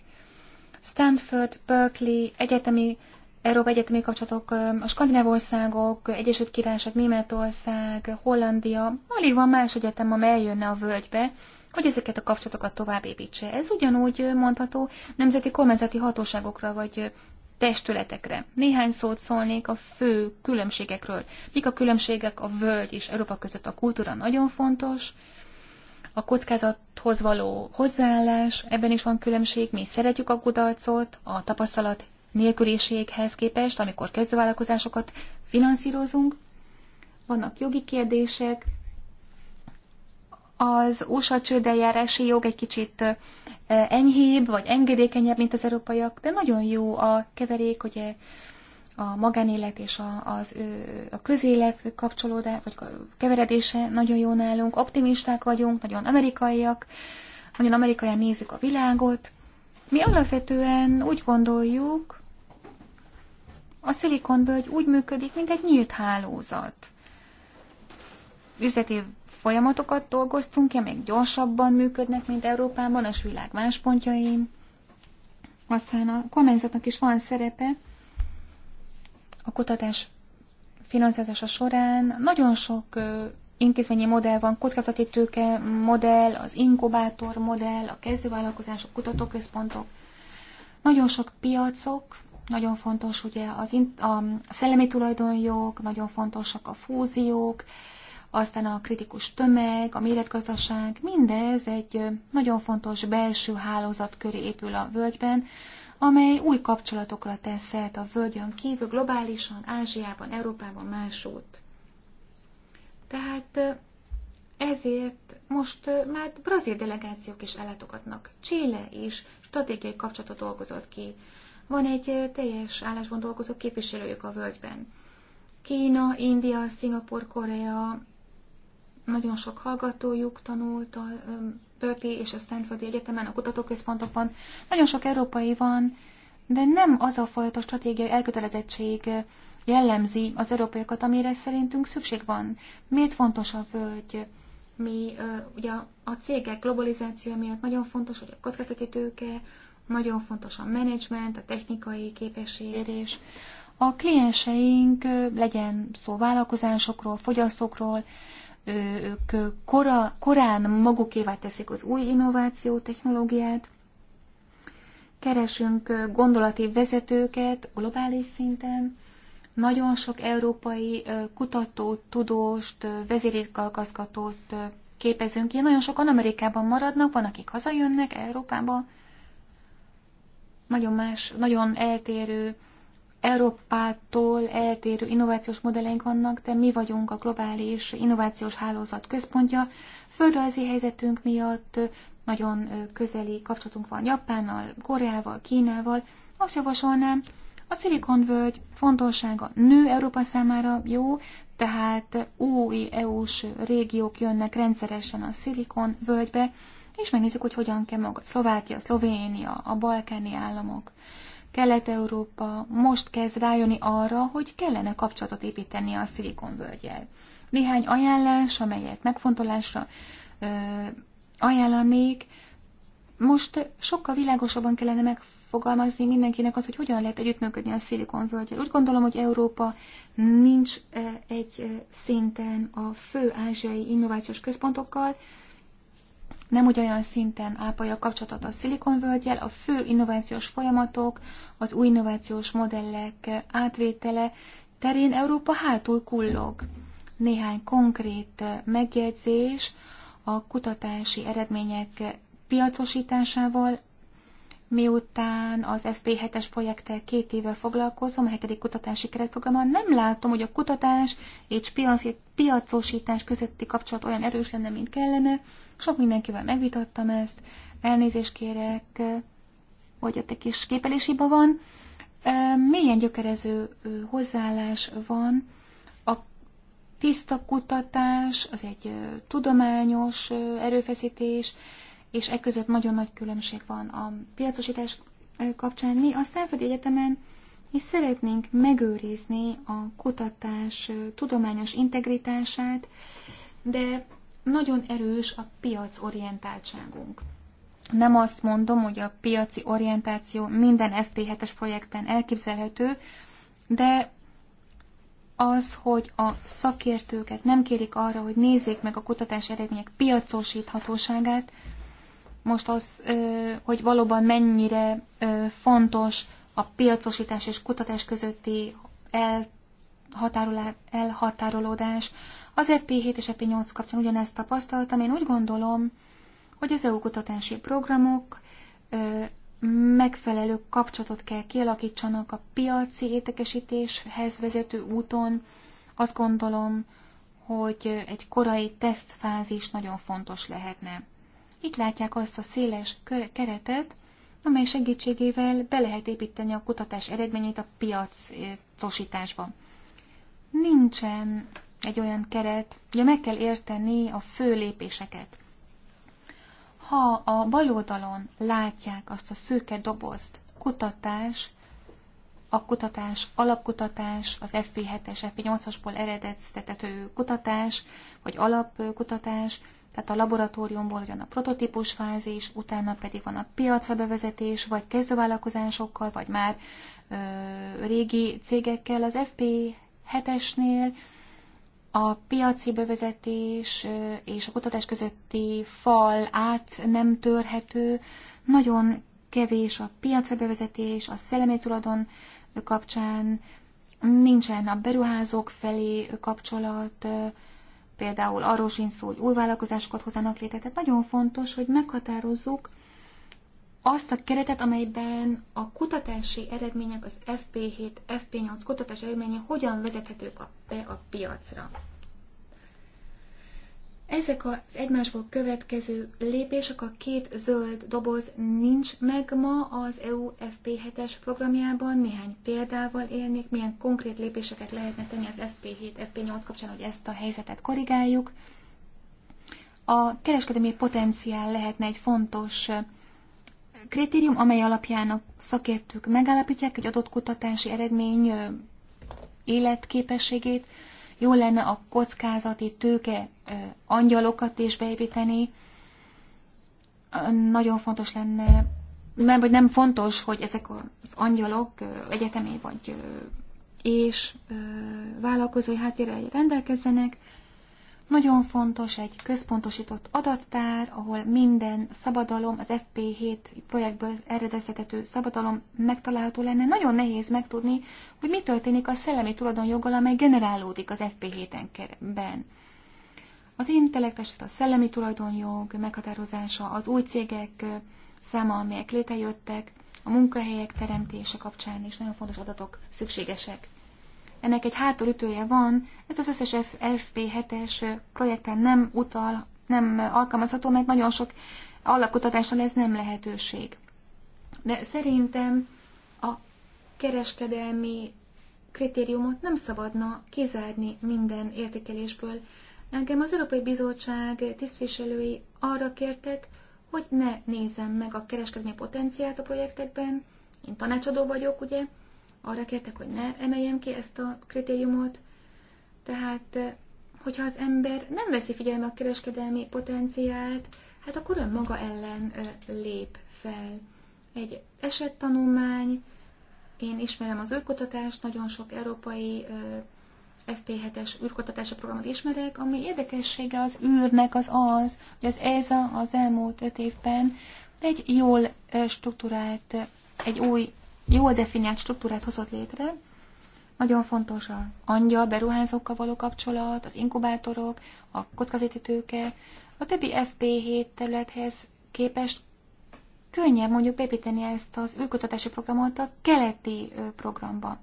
Stanford, Berkeley, egyetemi, Európa egyetemi kapcsolatok, a skandináv országok, Egyesült Királyság, Németország, Hollandia, alig van más egyetem, amely eljönne a völgybe, hogy ezeket a kapcsolatokat tovább építse. Ez ugyanúgy mondható nemzeti kormányzati hatóságokra vagy testületekre. Néhány szót szólnék a fő különbségekről. Mik a különbségek a völgy és Európa között? A kultúra nagyon fontos, a kockázathoz való hozzáállás, ebben is van különbség, mi szeretjük a kudarcot, a tapasztalat nélküliséghez képest, amikor kezdővállalkozásokat finanszírozunk. Vannak jogi kérdések, az USA csődeljárási jog egy kicsit enyhébb, vagy engedékenyebb, mint az európaiak, de nagyon jó a keverék, ugye a magánélet és a, az, a közélet kapcsolódá, vagy keveredése nagyon jó nálunk, optimisták vagyunk, nagyon amerikaiak, nagyon amerikaian nézzük a világot. Mi alapvetően úgy gondoljuk, a szilikonbölgy úgy működik, mint egy nyílt hálózat. Üzleti folyamatokat dolgoztunk ki, amelyek gyorsabban működnek, mint Európában, és világ más pontjain. Aztán a kormányzatnak is van szerepe a kutatás finanszírozása során. Nagyon sok intézményi modell van, kockázati tőke modell, az inkubátor modell, a kezdővállalkozások, kutatóközpontok. Nagyon sok piacok, nagyon fontos ugye az in- a szellemi tulajdonjog, nagyon fontosak a fúziók, aztán a kritikus tömeg, a méretgazdaság, mindez egy nagyon fontos belső hálózat köré épül a völgyben, amely új kapcsolatokra tesz szert a völgyön kívül globálisan, Ázsiában, Európában, másút. Tehát ezért most már brazil delegációk is ellátogatnak. Chile is stratégiai kapcsolatot dolgozott ki. Van egy teljes állásban dolgozó képviselőjük a völgyben. Kína, India, Szingapur, Korea, nagyon sok hallgatójuk tanult a Berkeley és a Stanford Egyetemen, a kutatóközpontokban. Nagyon sok európai van, de nem az a fajta stratégiai elkötelezettség jellemzi az európaiakat, amire szerintünk szükség van. Miért fontos a völgy? Mi ugye a cégek globalizációja miatt nagyon fontos, hogy a kockázati tőke, nagyon fontos a menedzsment, a technikai képességérés. A klienseink legyen szó vállalkozásokról, fogyasztókról, ők kora, korán magukévá teszik az új innováció technológiát, keresünk gondolati vezetőket globális szinten, nagyon sok európai kutatót, tudóst, vezérigazgatót képezünk ki. Nagyon sokan Amerikában maradnak, van, akik hazajönnek Európába. Nagyon más, nagyon eltérő Európától eltérő innovációs modelleink vannak, de mi vagyunk a globális innovációs hálózat központja. Földrajzi helyzetünk miatt nagyon közeli kapcsolatunk van Japánnal, Koreával, Kínával. Azt javasolnám, a szilikonvölgy fontossága nő Európa számára jó, tehát új EU-s régiók jönnek rendszeresen a szilikonvölgybe, és megnézzük, hogy hogyan kell maga Szlovákia, Szlovénia, a balkáni államok. Kelet-Európa most kezd rájönni arra, hogy kellene kapcsolatot építeni a szilikonvölgyel. Néhány ajánlás, amelyet megfontolásra ö, ajánlanék. Most sokkal világosabban kellene megfogalmazni mindenkinek az, hogy hogyan lehet együttműködni a szilikonvölgyel. Úgy gondolom, hogy Európa nincs egy szinten a fő ázsiai innovációs központokkal, nem olyan szinten ápolja a kapcsolatot a szilikonvölgyel, a fő innovációs folyamatok, az új innovációs modellek átvétele terén Európa hátul kullog. Néhány konkrét megjegyzés a kutatási eredmények piacosításával, miután az FP7-es projekttel két éve foglalkozom, a hetedik kutatási keretprogramon, nem látom, hogy a kutatás és piacosítás közötti kapcsolat olyan erős lenne, mint kellene sok mindenkivel megvitattam ezt, elnézést kérek, hogy ott egy kis képelési van. Milyen gyökerező hozzáállás van, tiszta kutatás, az egy tudományos erőfeszítés, és e között nagyon nagy különbség van a piacosítás kapcsán. Mi a Stanford Egyetemen mi szeretnénk megőrizni a kutatás tudományos integritását, de nagyon erős a orientáltságunk. Nem azt mondom, hogy a piaci orientáció minden FP7-es projektben elképzelhető, de az, hogy a szakértőket nem kérik arra, hogy nézzék meg a kutatás eredmények piacosíthatóságát, most az, hogy valóban mennyire fontos a piacosítás és kutatás közötti elhatárolódás, az FP7 és FP8 kapcsán ugyanezt tapasztaltam. Én úgy gondolom, hogy az EU kutatási programok megfelelő kapcsolatot kell kialakítsanak a piaci értekesítéshez vezető úton. Azt gondolom, hogy egy korai tesztfázis nagyon fontos lehetne. Itt látják azt a széles keretet, amely segítségével be lehet építeni a kutatás eredményét a piacosításba. Nincsen egy olyan keret, ugye meg kell érteni a fő lépéseket. Ha a bal oldalon látják azt a szürke dobozt, kutatás, a kutatás, alapkutatás, az FP7-es, FP8-asból eredeztethető kutatás, vagy alapkutatás, tehát a laboratóriumból jön a prototípus fázis, utána pedig van a piacra bevezetés, vagy kezdővállalkozásokkal, vagy már ö, régi cégekkel. Az FP7-esnél a piaci bevezetés és a kutatás közötti fal át nem törhető, nagyon kevés a piacra bevezetés, a szellemi tulajdon kapcsán, nincsen a beruházók felé kapcsolat, például arról sincs szó, hogy új vállalkozásokat hozzanak létre. Tehát nagyon fontos, hogy meghatározzuk, azt a keretet, amelyben a kutatási eredmények, az FP7, FP8 kutatási eredmények hogyan vezethetők be a piacra. Ezek az egymásból következő lépések, a két zöld doboz nincs meg ma az EU FP7-es programjában. Néhány példával élnék, milyen konkrét lépéseket lehetne tenni az FP7, FP8 kapcsán, hogy ezt a helyzetet korrigáljuk. A kereskedelmi potenciál lehetne egy fontos kritérium, amely alapján a szakértők megállapítják egy adott kutatási eredmény életképességét, jó lenne a kockázati tőke angyalokat is beépíteni. Nagyon fontos lenne, mert hogy nem fontos, hogy ezek az angyalok egyetemi vagy és vállalkozói háttérrel rendelkezzenek, nagyon fontos egy központosított adattár, ahol minden szabadalom, az FP7 projektből eredezhetető szabadalom megtalálható lenne. Nagyon nehéz megtudni, hogy mi történik a szellemi tulajdonjoggal, amely generálódik az FP7-en az intellektes, a szellemi tulajdonjog meghatározása, az új cégek száma, amelyek létrejöttek, a munkahelyek teremtése kapcsán is nagyon fontos adatok szükségesek ennek egy hátulütője van, ez az összes FP7-es projekten nem utal, nem alkalmazható, mert nagyon sok alapkutatással ez nem lehetőség. De szerintem a kereskedelmi kritériumot nem szabadna kizárni minden értékelésből. Engem az Európai Bizottság tisztviselői arra kértek, hogy ne nézem meg a kereskedelmi potenciált a projektekben. Én tanácsadó vagyok, ugye, arra kértek, hogy ne emeljem ki ezt a kritériumot. Tehát, eh, hogyha az ember nem veszi figyelembe a kereskedelmi potenciált, hát akkor ön maga ellen eh, lép fel. Egy esettanulmány, én ismerem az űrkutatást, nagyon sok európai eh, FP7-es űrkutatási programot ismerek, ami érdekessége az űrnek az az, hogy az ESA az elmúlt öt évben egy jól struktúrált, egy új jól definiált struktúrát hozott létre. Nagyon fontos a angyal beruházókkal való kapcsolat, az inkubátorok, a kockázati tőke. A többi FP7 területhez képest könnyebb mondjuk bepíteni ezt az űrkutatási programot a keleti programba.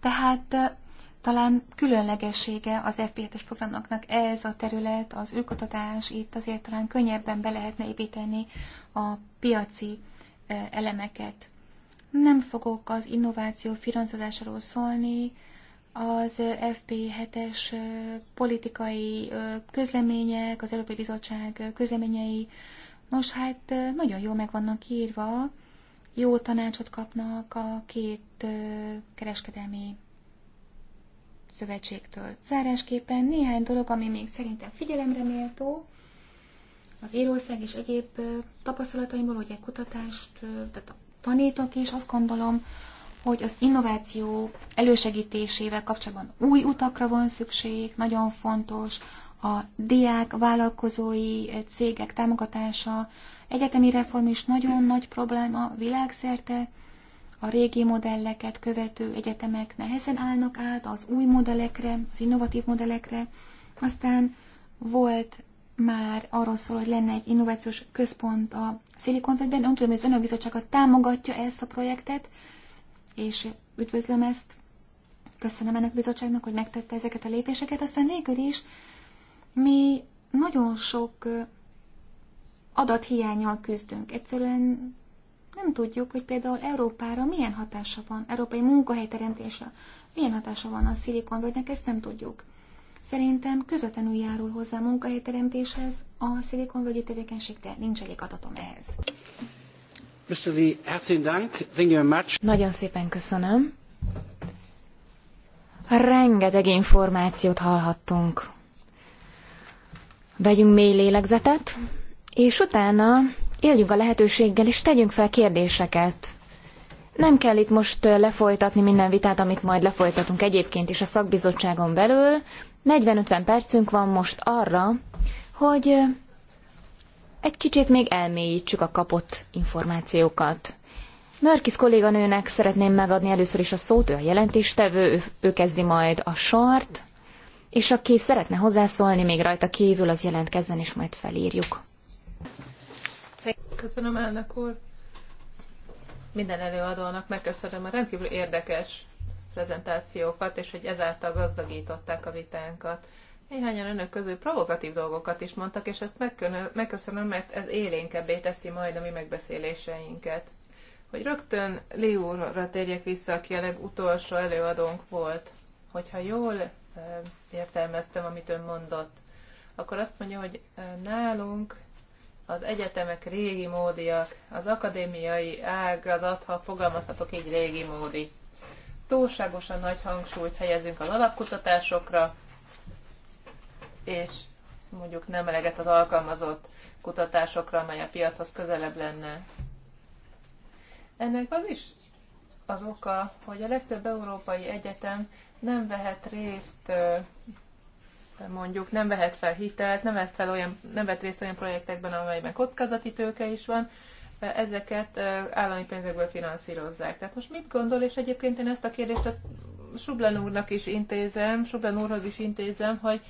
Tehát talán különlegessége az FP7-es programoknak ez a terület, az űrkutatás, itt azért talán könnyebben be lehetne építeni a piaci elemeket. Nem fogok az innováció finanszírozásáról szólni, az FP7-es politikai közlemények, az Európai Bizottság közleményei, nos hát nagyon jól meg vannak írva, jó tanácsot kapnak a két kereskedelmi szövetségtől. Zárásképpen néhány dolog, ami még szerintem figyelemre méltó, az Írország és egyéb tapasztalataimból, ugye kutatást, tehát tanítok is, azt gondolom, hogy az innováció elősegítésével kapcsolatban új utakra van szükség, nagyon fontos, a diák, vállalkozói cégek támogatása, egyetemi reform is nagyon nagy probléma világszerte, a régi modelleket követő egyetemek nehezen állnak át az új modellekre, az innovatív modellekre. Aztán volt már arról szól, hogy lenne egy innovációs központ a Silicon Valley-ben. Nem tudom, hogy az önök bizottsága támogatja -e ezt a projektet, és üdvözlöm ezt. Köszönöm ennek a bizottságnak, hogy megtette ezeket a lépéseket. Aztán végül is mi nagyon sok adathiányjal küzdünk. Egyszerűen nem tudjuk, hogy például Európára milyen hatása van, európai munkahelyteremtésre milyen hatása van a szilikonvölgynek, ezt nem tudjuk. Szerintem közvetlenül járul hozzá a munkahelyteremtéshez a szilikonvölgyi tevékenység, de nincs elég adatom ehhez. Mr. Lee, herzlichen Dank. Thank you very much. Nagyon szépen köszönöm. Rengeteg információt hallhattunk. Vegyünk mély lélegzetet, és utána éljünk a lehetőséggel, és tegyünk fel kérdéseket. Nem kell itt most lefolytatni minden vitát, amit majd lefolytatunk egyébként is a szakbizottságon belül. 40-50 percünk van most arra, hogy egy kicsit még elmélyítsük a kapott információkat. Mörkis kolléganőnek szeretném megadni először is a szót, ő a jelentéstevő, ő, ő kezdi majd a sort, és aki szeretne hozzászólni, még rajta kívül, az jelentkezzen, és majd felírjuk. Köszönöm, elnök úr. Minden előadónak megköszönöm a rendkívül érdekes prezentációkat, és hogy ezáltal gazdagították a vitánkat. Néhányan önök közül provokatív dolgokat is mondtak, és ezt megköszönöm, mert ez élénkebbé teszi majd a mi megbeszéléseinket. Hogy rögtön Li úrra térjek vissza, aki a legutolsó előadónk volt, hogyha jól eh, értelmeztem, amit ön mondott, akkor azt mondja, hogy eh, nálunk az egyetemek régi módiak, az akadémiai ágazat, ha fogalmazhatok így régi módi. Túlságosan nagy hangsúlyt helyezünk az alapkutatásokra, és mondjuk nem eleget az alkalmazott kutatásokra, amely a piachoz közelebb lenne. Ennek az is az oka, hogy a legtöbb európai egyetem nem vehet részt mondjuk nem vehet fel hitelt, nem vett, fel olyan, nem vett részt olyan projektekben, amelyben kockázati tőke is van, e, ezeket e, állami pénzekből finanszírozzák. Tehát most mit gondol, és egyébként én ezt a kérdést a Sublen úrnak is intézem, Sublen úrhoz is intézem, hogy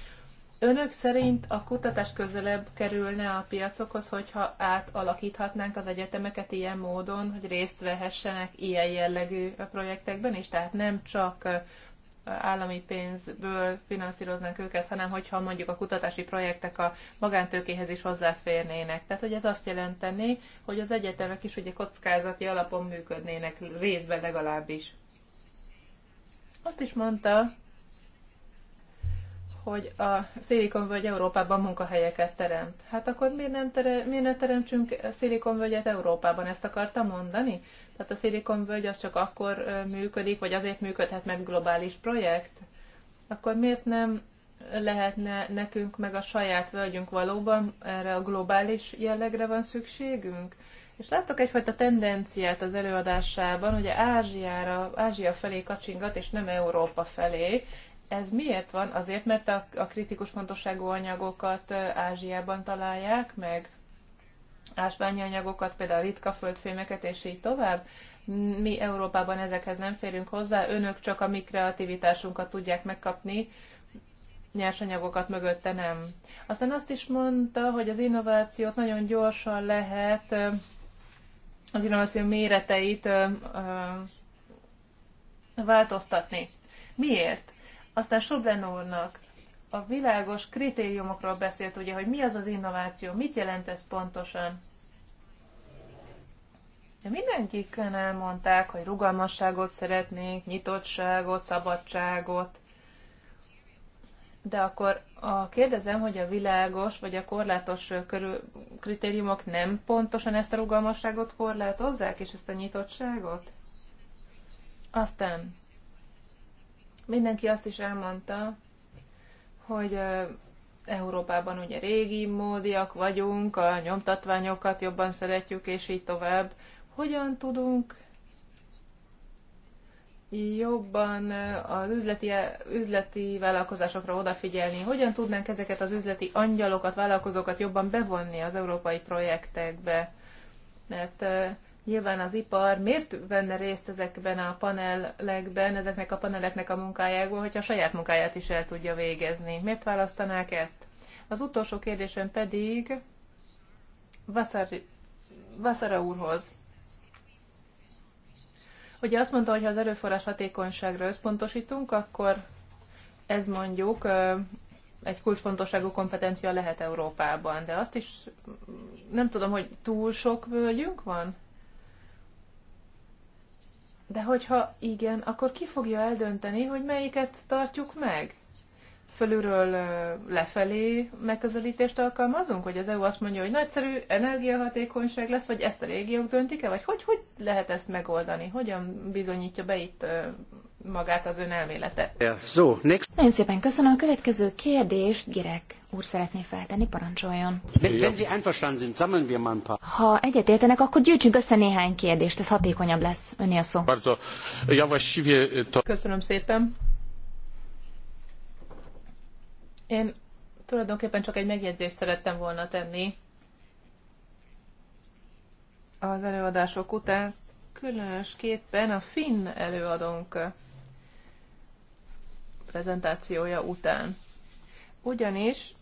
önök szerint a kutatás közelebb kerülne a piacokhoz, hogyha átalakíthatnánk az egyetemeket ilyen módon, hogy részt vehessenek ilyen jellegű projektekben, és tehát nem csak e, állami pénzből finanszíroznánk őket, hanem hogyha mondjuk a kutatási projektek a magántőkéhez is hozzáférnének. Tehát, hogy ez azt jelenteni, hogy az egyetemek is ugye kockázati alapon működnének részben legalábbis. Azt is mondta, hogy a szilikonvölgy Európában munkahelyeket teremt. Hát akkor miért, nem tere, miért ne teremtsünk szilikonvölgyet Európában? Ezt akarta mondani? Tehát a Silicon Völgy az csak akkor működik, vagy azért működhet, mert globális projekt? Akkor miért nem lehetne nekünk meg a saját völgyünk valóban erre a globális jellegre van szükségünk? És láttok egyfajta tendenciát az előadásában, hogy Ázsiára, Ázsia felé kacsingat, és nem Európa felé. Ez miért van? Azért, mert a, a kritikus fontosságú anyagokat Ázsiában találják meg? ásványi anyagokat, például ritka földfémeket, és így tovább. Mi Európában ezekhez nem férünk hozzá, önök csak a mi kreativitásunkat tudják megkapni, nyersanyagokat mögötte nem. Aztán azt is mondta, hogy az innovációt nagyon gyorsan lehet, az innováció méreteit változtatni. Miért? Aztán Soblen úrnak a világos kritériumokról beszélt, ugye, hogy mi az az innováció, mit jelent ez pontosan. De mindenkikön elmondták, hogy rugalmasságot szeretnénk, nyitottságot, szabadságot. De akkor a, kérdezem, hogy a világos vagy a korlátos körül, kritériumok nem pontosan ezt a rugalmasságot korlátozzák, és ezt a nyitottságot? Aztán mindenki azt is elmondta, hogy Európában ugye régi módiak vagyunk, a nyomtatványokat jobban szeretjük, és így tovább. Hogyan tudunk jobban az üzleti, üzleti vállalkozásokra odafigyelni? Hogyan tudnánk ezeket az üzleti angyalokat, vállalkozókat jobban bevonni az európai projektekbe? Mert nyilván az ipar miért venne részt ezekben a panelekben, ezeknek a paneleknek a munkájából, hogyha a saját munkáját is el tudja végezni? Miért választanák ezt? Az utolsó kérdésem pedig Vaszari, Vaszara úrhoz. Ugye azt mondta, hogy ha az erőforrás hatékonyságra összpontosítunk, akkor ez mondjuk egy kulcsfontosságú kompetencia lehet Európában, de azt is nem tudom, hogy túl sok völgyünk van? De hogyha igen, akkor ki fogja eldönteni, hogy melyiket tartjuk meg? fölülről lefelé megközelítést alkalmazunk, hogy az EU azt mondja, hogy nagyszerű energiahatékonyság lesz, vagy ezt a régiók döntik-e, vagy hogy, hogy lehet ezt megoldani? Hogyan bizonyítja be itt magát az ön elmélete? Yeah. So, next. Nagyon szépen köszönöm. A következő kérdést Girek úr szeretné feltenni, parancsoljon. Ha egyetértenek, akkor gyűjtsünk össze néhány kérdést, ez hatékonyabb lesz. önél szó. Köszönöm szépen. Én tulajdonképpen csak egy megjegyzést szerettem volna tenni az előadások után, különösképpen a finn előadónk prezentációja után. Ugyanis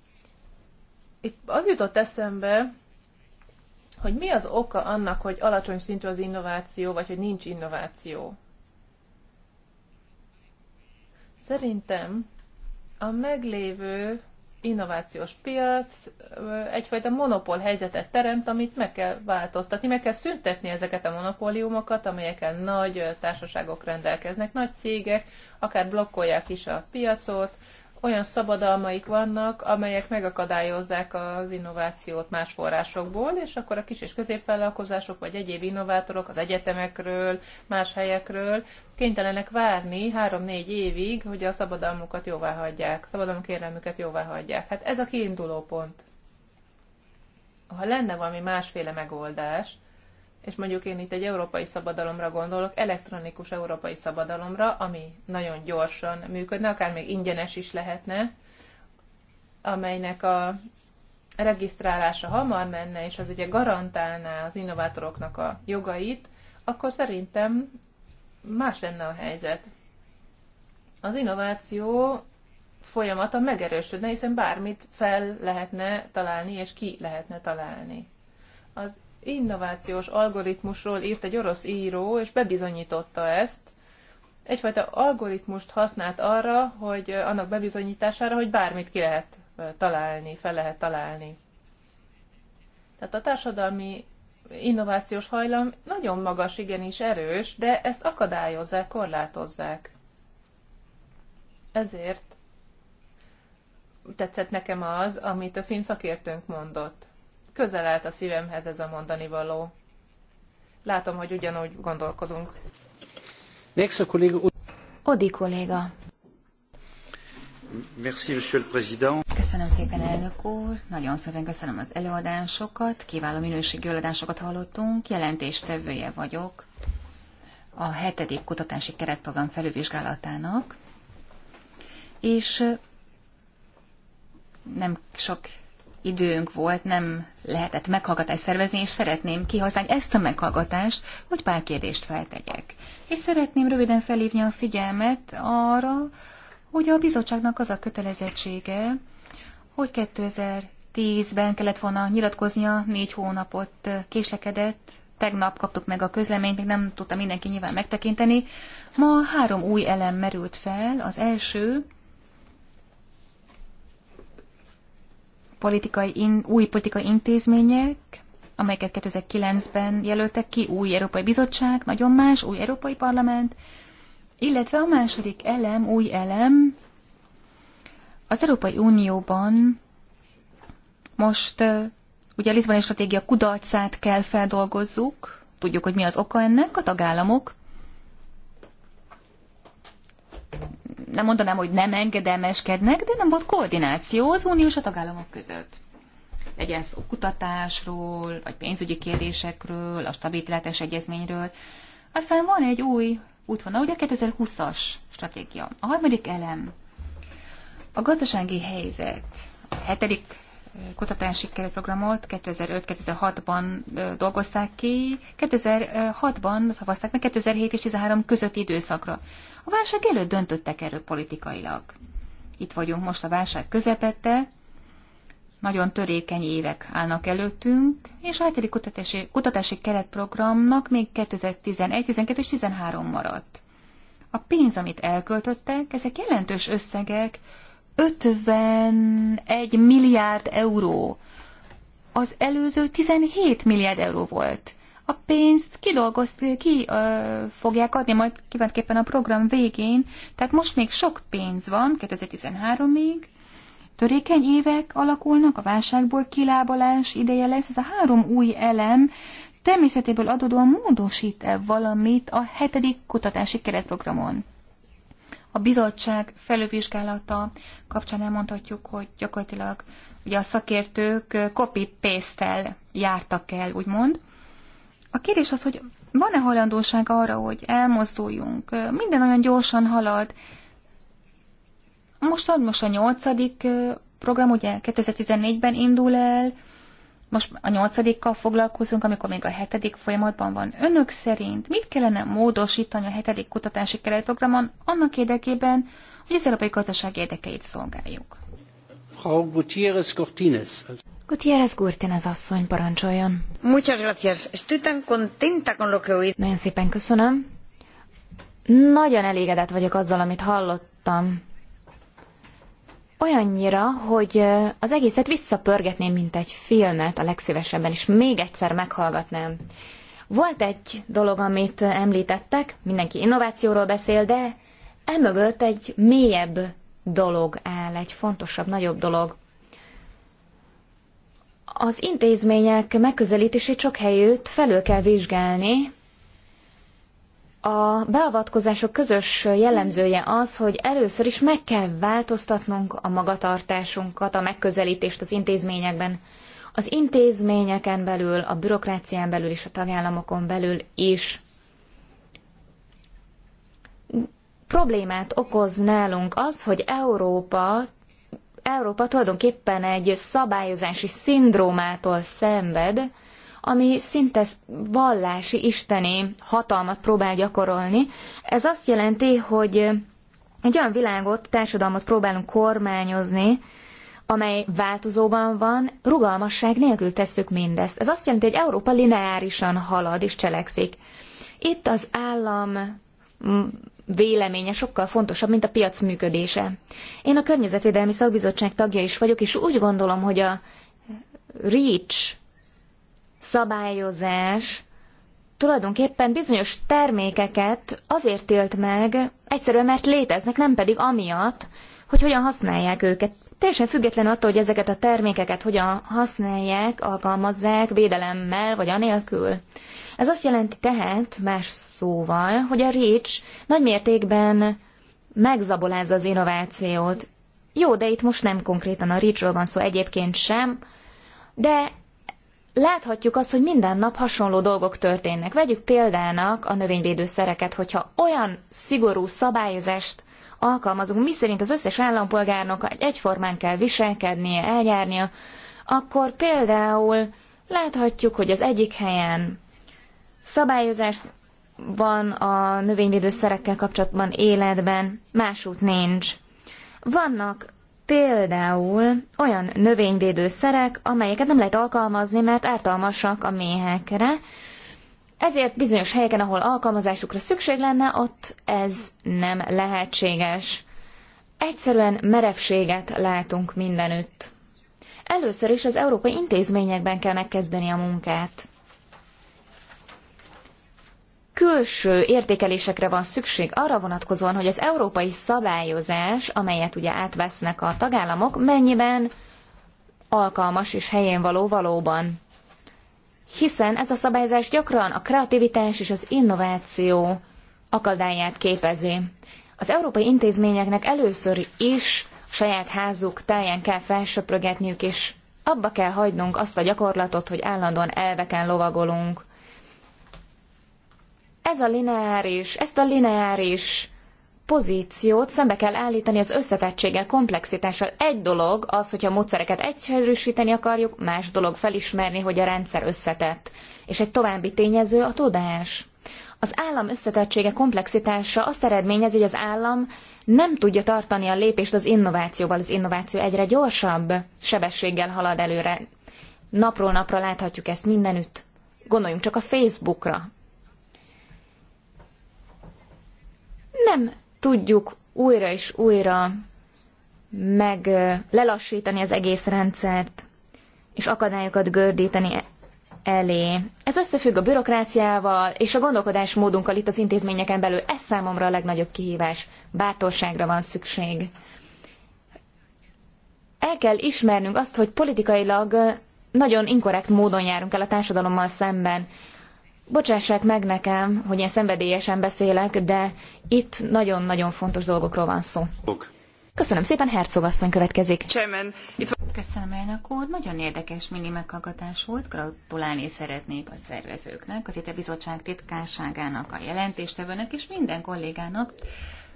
itt az jutott eszembe, hogy mi az oka annak, hogy alacsony szintű az innováció, vagy hogy nincs innováció. Szerintem a meglévő innovációs piac egyfajta monopól helyzetet teremt, amit meg kell változtatni, meg kell szüntetni ezeket a monopóliumokat, amelyeken nagy társaságok rendelkeznek, nagy cégek, akár blokkolják is a piacot, olyan szabadalmaik vannak, amelyek megakadályozzák az innovációt más forrásokból, és akkor a kis és középvállalkozások vagy egyéb innovátorok az egyetemekről, más helyekről kénytelenek várni három-négy évig, hogy a szabadalmukat jóvá hagyják, szabadalmuk kérelmüket jóvá hagyják. Hát ez a kiinduló pont. Ha lenne valami másféle megoldás, és mondjuk én itt egy európai szabadalomra gondolok, elektronikus európai szabadalomra, ami nagyon gyorsan működne, akár még ingyenes is lehetne, amelynek a regisztrálása hamar menne, és az ugye garantálná az innovátoroknak a jogait, akkor szerintem más lenne a helyzet. Az innováció folyamata megerősödne, hiszen bármit fel lehetne találni, és ki lehetne találni. Az innovációs algoritmusról írt egy orosz író, és bebizonyította ezt. Egyfajta algoritmust használt arra, hogy annak bebizonyítására, hogy bármit ki lehet találni, fel lehet találni. Tehát a társadalmi innovációs hajlam nagyon magas, igenis erős, de ezt akadályozzák, korlátozzák. Ezért tetszett nekem az, amit a finn szakértőnk mondott. Közel állt a szívemhez ez a mondani való. Látom, hogy ugyanúgy gondolkodunk. Next kolléga... Odi kolléga. Merci, monsieur le président. Köszönöm szépen, elnök úr. Nagyon szépen köszönöm az előadásokat. Kiváló minőségű előadásokat hallottunk. Jelentéstevője vagyok a hetedik kutatási keretprogram felülvizsgálatának, és nem sok időnk volt, nem lehetett meghallgatást szervezni, és szeretném kihozni ezt a meghallgatást, hogy pár kérdést feltegyek. És szeretném röviden felhívni a figyelmet arra, hogy a bizottságnak az a kötelezettsége, hogy 2010-ben kellett volna nyilatkoznia, négy hónapot késlekedett, tegnap kaptuk meg a közleményt, még nem tudta mindenki nyilván megtekinteni. Ma három új elem merült fel. Az első, politikai in, új politikai intézmények, amelyeket 2009-ben jelöltek ki, új Európai Bizottság, nagyon más, új Európai Parlament, illetve a második elem, új elem, az Európai Unióban most ugye a Lisboni stratégia kudarcát kell feldolgozzuk, tudjuk, hogy mi az oka ennek, a tagállamok nem mondanám, hogy nem engedelmeskednek, de nem volt koordináció az uniós a tagállamok között. Legyen szó kutatásról, vagy pénzügyi kérdésekről, a stabilitás egyezményről. Aztán van egy új útvonal, ugye 2020-as stratégia. A harmadik elem, a gazdasági helyzet, a hetedik kutatási keretprogramot 2005-2006-ban dolgozták ki, 2006-ban szavazták meg 2007 és 2013 közötti időszakra. A válság előtt döntöttek erről politikailag. Itt vagyunk most a válság közepette, nagyon törékeny évek állnak előttünk, és a hetedik kutatási, kutatási keretprogramnak még 2011, 12 és 13 maradt. A pénz, amit elköltöttek, ezek jelentős összegek, 51 milliárd euró. Az előző 17 milliárd euró volt. A pénzt kidolgozt, ki ö, fogják adni majd kiváltképpen a program végén, tehát most még sok pénz van, 2013-ig, törékeny évek alakulnak, a válságból kilábalás ideje lesz, ez a három új elem természetéből adódóan módosít-e valamit a hetedik kutatási keretprogramon. A bizottság felülvizsgálata kapcsán elmondhatjuk, hogy gyakorlatilag ugye a szakértők copy-paste-tel jártak el, úgymond. A kérdés az, hogy van-e hajlandóság arra, hogy elmozduljunk? Minden olyan gyorsan halad. Most, most a nyolcadik program ugye 2014-ben indul el, most a nyolcadikkal foglalkozunk, amikor még a hetedik folyamatban van. Önök szerint mit kellene módosítani a hetedik kutatási keretprogramon annak érdekében, hogy az európai gazdaság érdekeit szolgáljuk? Frau Gutierrez Cortines. Gutierrez Cortines asszony parancsoljon. Muchas gracias. Estoy tan contenta con lo que oí. Nagyon szépen köszönöm. Nagyon elégedett vagyok azzal, amit hallottam olyannyira, hogy az egészet visszapörgetném, mint egy filmet a legszívesebben, és még egyszer meghallgatnám. Volt egy dolog, amit említettek, mindenki innovációról beszél, de emögött egy mélyebb dolog áll, egy fontosabb, nagyobb dolog. Az intézmények megközelítését sok helyütt felül kell vizsgálni, a beavatkozások közös jellemzője az, hogy először is meg kell változtatnunk a magatartásunkat, a megközelítést az intézményekben. Az intézményeken belül, a bürokrácián belül és a tagállamokon belül is problémát okoz nálunk az, hogy Európa, Európa tulajdonképpen egy szabályozási szindrómától szenved, ami szinte vallási isteni hatalmat próbál gyakorolni. Ez azt jelenti, hogy egy olyan világot, társadalmat próbálunk kormányozni, amely változóban van, rugalmasság nélkül tesszük mindezt. Ez azt jelenti, hogy Európa lineárisan halad és cselekszik. Itt az állam véleménye sokkal fontosabb, mint a piac működése. Én a Környezetvédelmi Szakbizottság tagja is vagyok, és úgy gondolom, hogy a REACH szabályozás tulajdonképpen bizonyos termékeket azért tilt meg, egyszerűen mert léteznek, nem pedig amiatt, hogy hogyan használják őket. Teljesen független attól, hogy ezeket a termékeket hogyan használják, alkalmazzák védelemmel vagy anélkül. Ez azt jelenti tehát, más szóval, hogy a REACH nagy mértékben megzabolázza az innovációt. Jó, de itt most nem konkrétan a reach van szó egyébként sem, de láthatjuk azt, hogy minden nap hasonló dolgok történnek. Vegyük példának a növényvédőszereket, hogyha olyan szigorú szabályozást alkalmazunk, miszerint az összes állampolgárnak egyformán kell viselkednie, eljárnia, akkor például láthatjuk, hogy az egyik helyen szabályozás van a növényvédőszerekkel kapcsolatban életben, másút nincs. Vannak Például olyan növényvédőszerek, amelyeket nem lehet alkalmazni, mert ártalmasak a méhekre, ezért bizonyos helyeken, ahol alkalmazásukra szükség lenne, ott ez nem lehetséges. Egyszerűen merevséget látunk mindenütt. Először is az európai intézményekben kell megkezdeni a munkát külső értékelésekre van szükség arra vonatkozóan, hogy az európai szabályozás, amelyet ugye átvesznek a tagállamok, mennyiben alkalmas és helyén való valóban. Hiszen ez a szabályozás gyakran a kreativitás és az innováció akadályát képezi. Az európai intézményeknek először is saját házuk táján kell felsöprögetniük, és abba kell hagynunk azt a gyakorlatot, hogy állandóan elveken lovagolunk ez a lineáris, ezt a lineáris pozíciót szembe kell állítani az összetettséggel, komplexitással. Egy dolog az, hogyha a módszereket egyszerűsíteni akarjuk, más dolog felismerni, hogy a rendszer összetett. És egy további tényező a tudás. Az állam összetettsége, komplexitása azt eredményezi, hogy az állam nem tudja tartani a lépést az innovációval. Az innováció egyre gyorsabb sebességgel halad előre. Napról napra láthatjuk ezt mindenütt. Gondoljunk csak a Facebookra. nem tudjuk újra és újra meg lelassítani az egész rendszert, és akadályokat gördíteni elé. Ez összefügg a bürokráciával és a gondolkodásmódunkkal itt az intézményeken belül. Ez számomra a legnagyobb kihívás. Bátorságra van szükség. El kell ismernünk azt, hogy politikailag nagyon inkorrekt módon járunk el a társadalommal szemben. Bocsássák meg nekem, hogy én szenvedélyesen beszélek, de itt nagyon-nagyon fontos dolgokról van szó. Köszönöm szépen, Herzog asszony következik. Chairman, itt... Köszönöm, elnök úr. Nagyon érdekes mini meghallgatás volt. Gratulálni szeretnék a szervezőknek, az itt a bizottság titkárságának, a jelentéstevőnek és minden kollégának,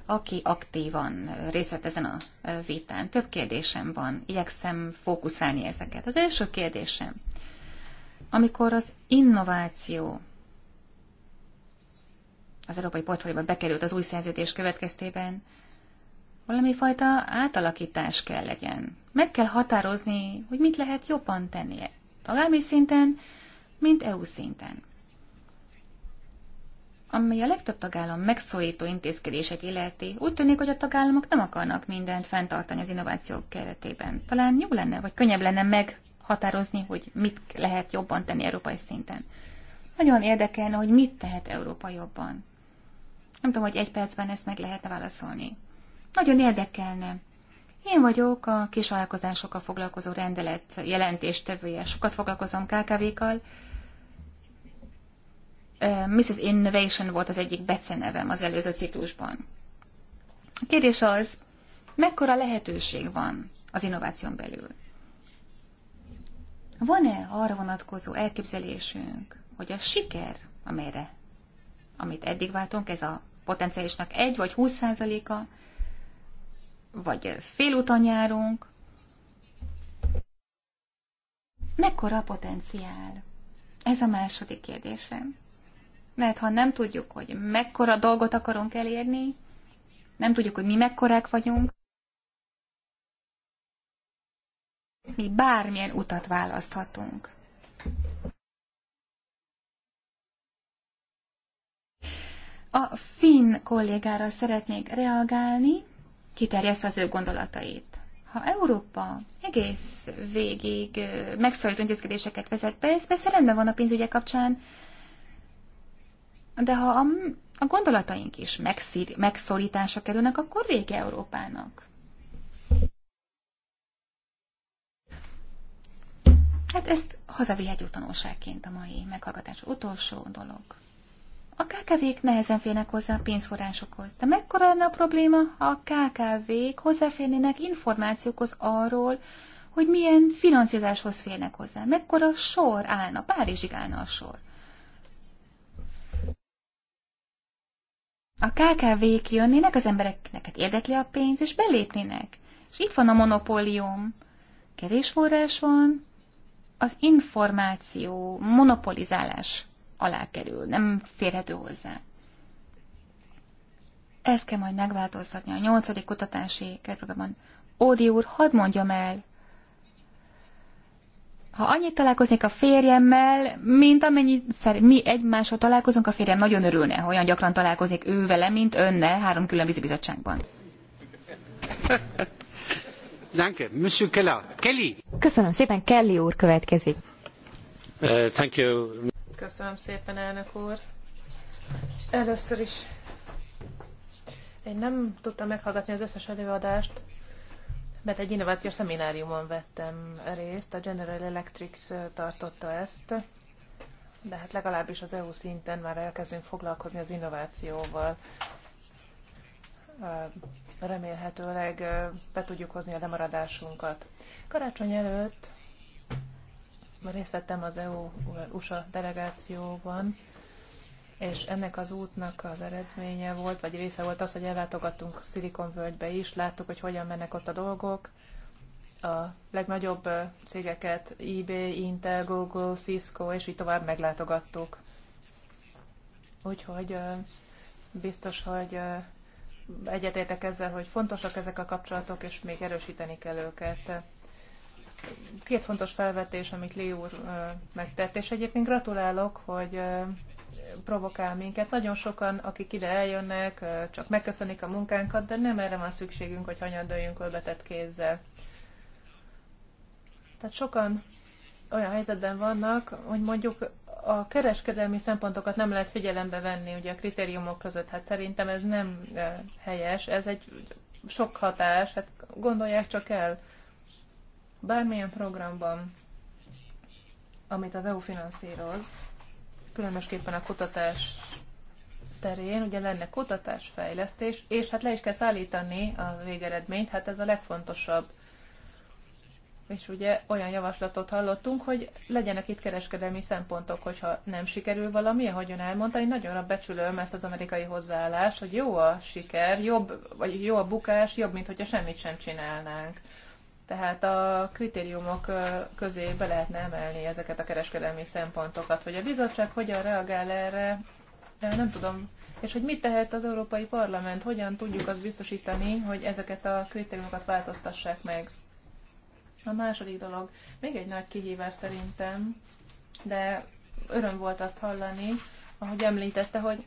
aki aktívan részt vett ezen a vitán. Több kérdésem van, igyekszem fókuszálni ezeket. Az első kérdésem, amikor az innováció az európai portfólióba bekerült az új szerződés következtében, valami fajta átalakítás kell legyen. Meg kell határozni, hogy mit lehet jobban tenni tagállami szinten, mint EU szinten. Ami a legtöbb tagállam megszólító intézkedések illeti, úgy tűnik, hogy a tagállamok nem akarnak mindent fenntartani az innovációk keretében. Talán jó lenne, vagy könnyebb lenne meghatározni, hogy mit lehet jobban tenni európai szinten. Nagyon érdekelne, hogy mit tehet Európa jobban. Nem tudom, hogy egy percben ezt meg lehetne válaszolni. Nagyon érdekelne. Én vagyok a kisvállalkozásokkal foglalkozó rendelet jelentéstevője. Sokat foglalkozom KKV-kkal. Mrs. Innovation volt az egyik becenevem az előző ciklusban. A kérdés az, mekkora lehetőség van az innováción belül? Van-e arra vonatkozó elképzelésünk, hogy a siker, amelyre amit eddig váltunk, ez a potenciálisnak egy vagy 20 százaléka, vagy után járunk. Mekkora a potenciál? Ez a második kérdésem. Mert ha nem tudjuk, hogy mekkora dolgot akarunk elérni, nem tudjuk, hogy mi mekkorák vagyunk, mi bármilyen utat választhatunk. A finn kollégára szeretnék reagálni, kiterjesztve az ő gondolatait. Ha Európa egész végig megszorító intézkedéseket vezet be, ez persze rendben van a pénzügyek kapcsán, de ha a, a gondolataink is megszír, megszorításra kerülnek, akkor vége Európának. Hát ezt hazavihetjük tanulságként a mai meghallgatás utolsó dolog. A KKV-k nehezen férnek hozzá a pénzforrásokhoz. De mekkora lenne a probléma, ha a KKV-k hozzáférnének információkhoz arról, hogy milyen finanszírozáshoz férnek hozzá, mekkora sor állna, Párizsig állna a sor. A KKV-k jönnének, az embereknek hát érdekli a pénz, és belépnének. És itt van a monopólium. Kevés forrás van, az információ monopolizálás alá kerül, nem férhető hozzá. Ez kell majd megváltoztatni a nyolcadik kutatási keretprogramban. Ódi úr, hadd mondjam el, ha annyit találkoznék a férjemmel, mint amennyit szer mi egymással találkozunk, a férjem nagyon örülne, ha olyan gyakran találkozik ő vele, mint önnel három külön vízibizottságban. *laughs* Danke, Monsieur Keller. Kelly. Köszönöm szépen, Kelly úr következik. Uh, thank you. Köszönöm szépen, elnök úr. Először is én nem tudtam meghallgatni az összes előadást, mert egy innovációs szemináriumon vettem részt, a General Electric tartotta ezt, de hát legalábbis az EU szinten már elkezdünk foglalkozni az innovációval. Remélhetőleg be tudjuk hozni a lemaradásunkat. Karácsony előtt részt vettem az EU-USA delegációban, és ennek az útnak az eredménye volt, vagy része volt az, hogy ellátogattunk Völgybe is, láttuk, hogy hogyan mennek ott a dolgok. A legnagyobb cégeket, eBay, Intel, Google, Cisco, és így tovább meglátogattuk. Úgyhogy biztos, hogy egyetértek ezzel, hogy fontosak ezek a kapcsolatok, és még erősíteni kell őket két fontos felvetés, amit Lee úr megtett, és egyébként gratulálok, hogy provokál minket. Nagyon sokan, akik ide eljönnek, csak megköszönik a munkánkat, de nem erre van szükségünk, hogy hanyadöljünk ölbetett kézzel. Tehát sokan olyan helyzetben vannak, hogy mondjuk a kereskedelmi szempontokat nem lehet figyelembe venni ugye a kritériumok között. Hát szerintem ez nem helyes, ez egy sok hatás, hát gondolják csak el Bármilyen programban, amit az EU finanszíroz, különösképpen a kutatás terén, ugye lenne kutatás, fejlesztés, és hát le is kell szállítani a végeredményt, hát ez a legfontosabb. És ugye olyan javaslatot hallottunk, hogy legyenek itt kereskedelmi szempontok, hogyha nem sikerül valami, ön elmondta, én nagyon becsülöm ezt az amerikai hozzáállást, hogy jó a siker, jobb, vagy jó a bukás, jobb, mint hogyha semmit sem csinálnánk. Tehát a kritériumok közé be lehetne emelni ezeket a kereskedelmi szempontokat, hogy a bizottság hogyan reagál erre, nem tudom. És hogy mit tehet az Európai Parlament, hogyan tudjuk azt biztosítani, hogy ezeket a kritériumokat változtassák meg. A második dolog, még egy nagy kihívás szerintem, de öröm volt azt hallani, ahogy említette, hogy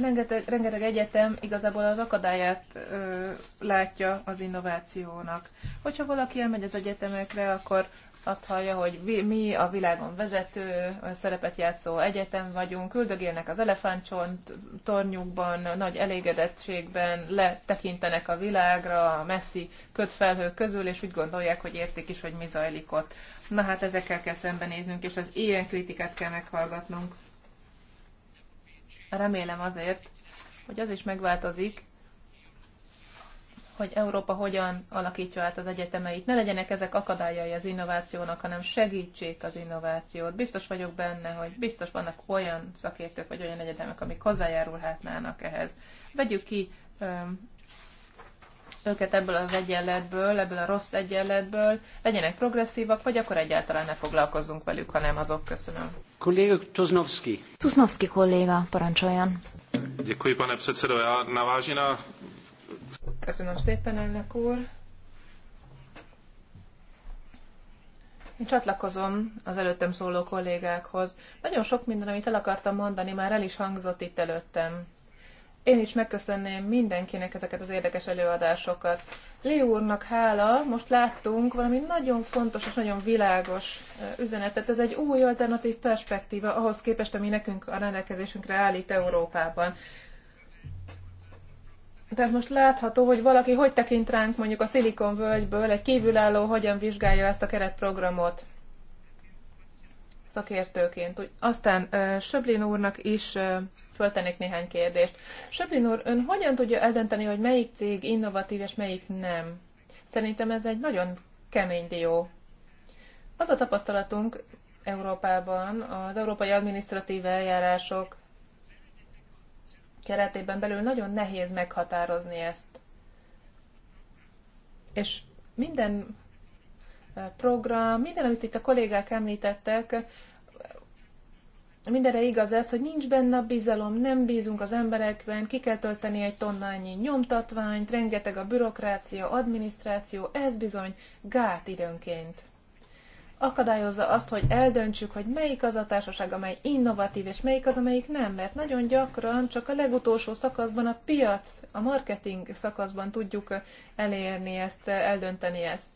rengeteg, rengeteg egyetem igazából az akadályát ö, látja az innovációnak. Hogyha valaki elmegy az egyetemekre, akkor azt hallja, hogy mi a világon vezető, szerepet játszó egyetem vagyunk, küldögélnek az elefántcsont tornyukban, nagy elégedettségben, letekintenek a világra, a messzi kötfelhők közül, és úgy gondolják, hogy értik is, hogy mi zajlik ott. Na hát ezekkel kell szembenéznünk, és az ilyen kritikát kell meghallgatnunk remélem azért, hogy az is megváltozik, hogy Európa hogyan alakítja át az egyetemeit. Ne legyenek ezek akadályai az innovációnak, hanem segítsék az innovációt. Biztos vagyok benne, hogy biztos vannak olyan szakértők vagy olyan egyetemek, amik hozzájárulhatnának ehhez. Vegyük ki őket ebből az egyenletből, ebből a rossz egyenletből, legyenek progresszívak, vagy akkor egyáltalán ne foglalkozzunk velük, hanem azok köszönöm. Kolléga Tuznovski. Tuznovski kolléga, parancsoljon. Děkuji, pane předsedo. Já navážu na... Köszönöm szépen, elnök úr. Én csatlakozom az előttem szóló kollégákhoz. Nagyon sok minden, amit el akartam mondani, már el is hangzott itt előttem. Én is megköszönném mindenkinek ezeket az érdekes előadásokat. Li úrnak hála, most láttunk valami nagyon fontos és nagyon világos üzenetet. Ez egy új alternatív perspektíva ahhoz képest, ami nekünk a rendelkezésünkre állít Európában. Tehát most látható, hogy valaki hogy tekint ránk mondjuk a Silicon völgyből, egy kívülálló hogyan vizsgálja ezt a keretprogramot szakértőként. Aztán Söblin úrnak is föltennék néhány kérdést. Söblin úr, ön hogyan tudja eldönteni, hogy melyik cég innovatív és melyik nem? Szerintem ez egy nagyon kemény dió. Az a tapasztalatunk Európában, az európai adminisztratív eljárások keretében belül nagyon nehéz meghatározni ezt. És minden program, minden, amit itt a kollégák említettek, mindenre igaz ez, hogy nincs benne bizalom, nem bízunk az emberekben, ki kell tölteni egy tonnányi nyomtatványt, rengeteg a bürokrácia, adminisztráció, ez bizony gát időnként. Akadályozza azt, hogy eldöntsük, hogy melyik az a társaság, amely innovatív, és melyik az, amelyik nem, mert nagyon gyakran csak a legutolsó szakaszban, a piac, a marketing szakaszban tudjuk elérni ezt, eldönteni ezt.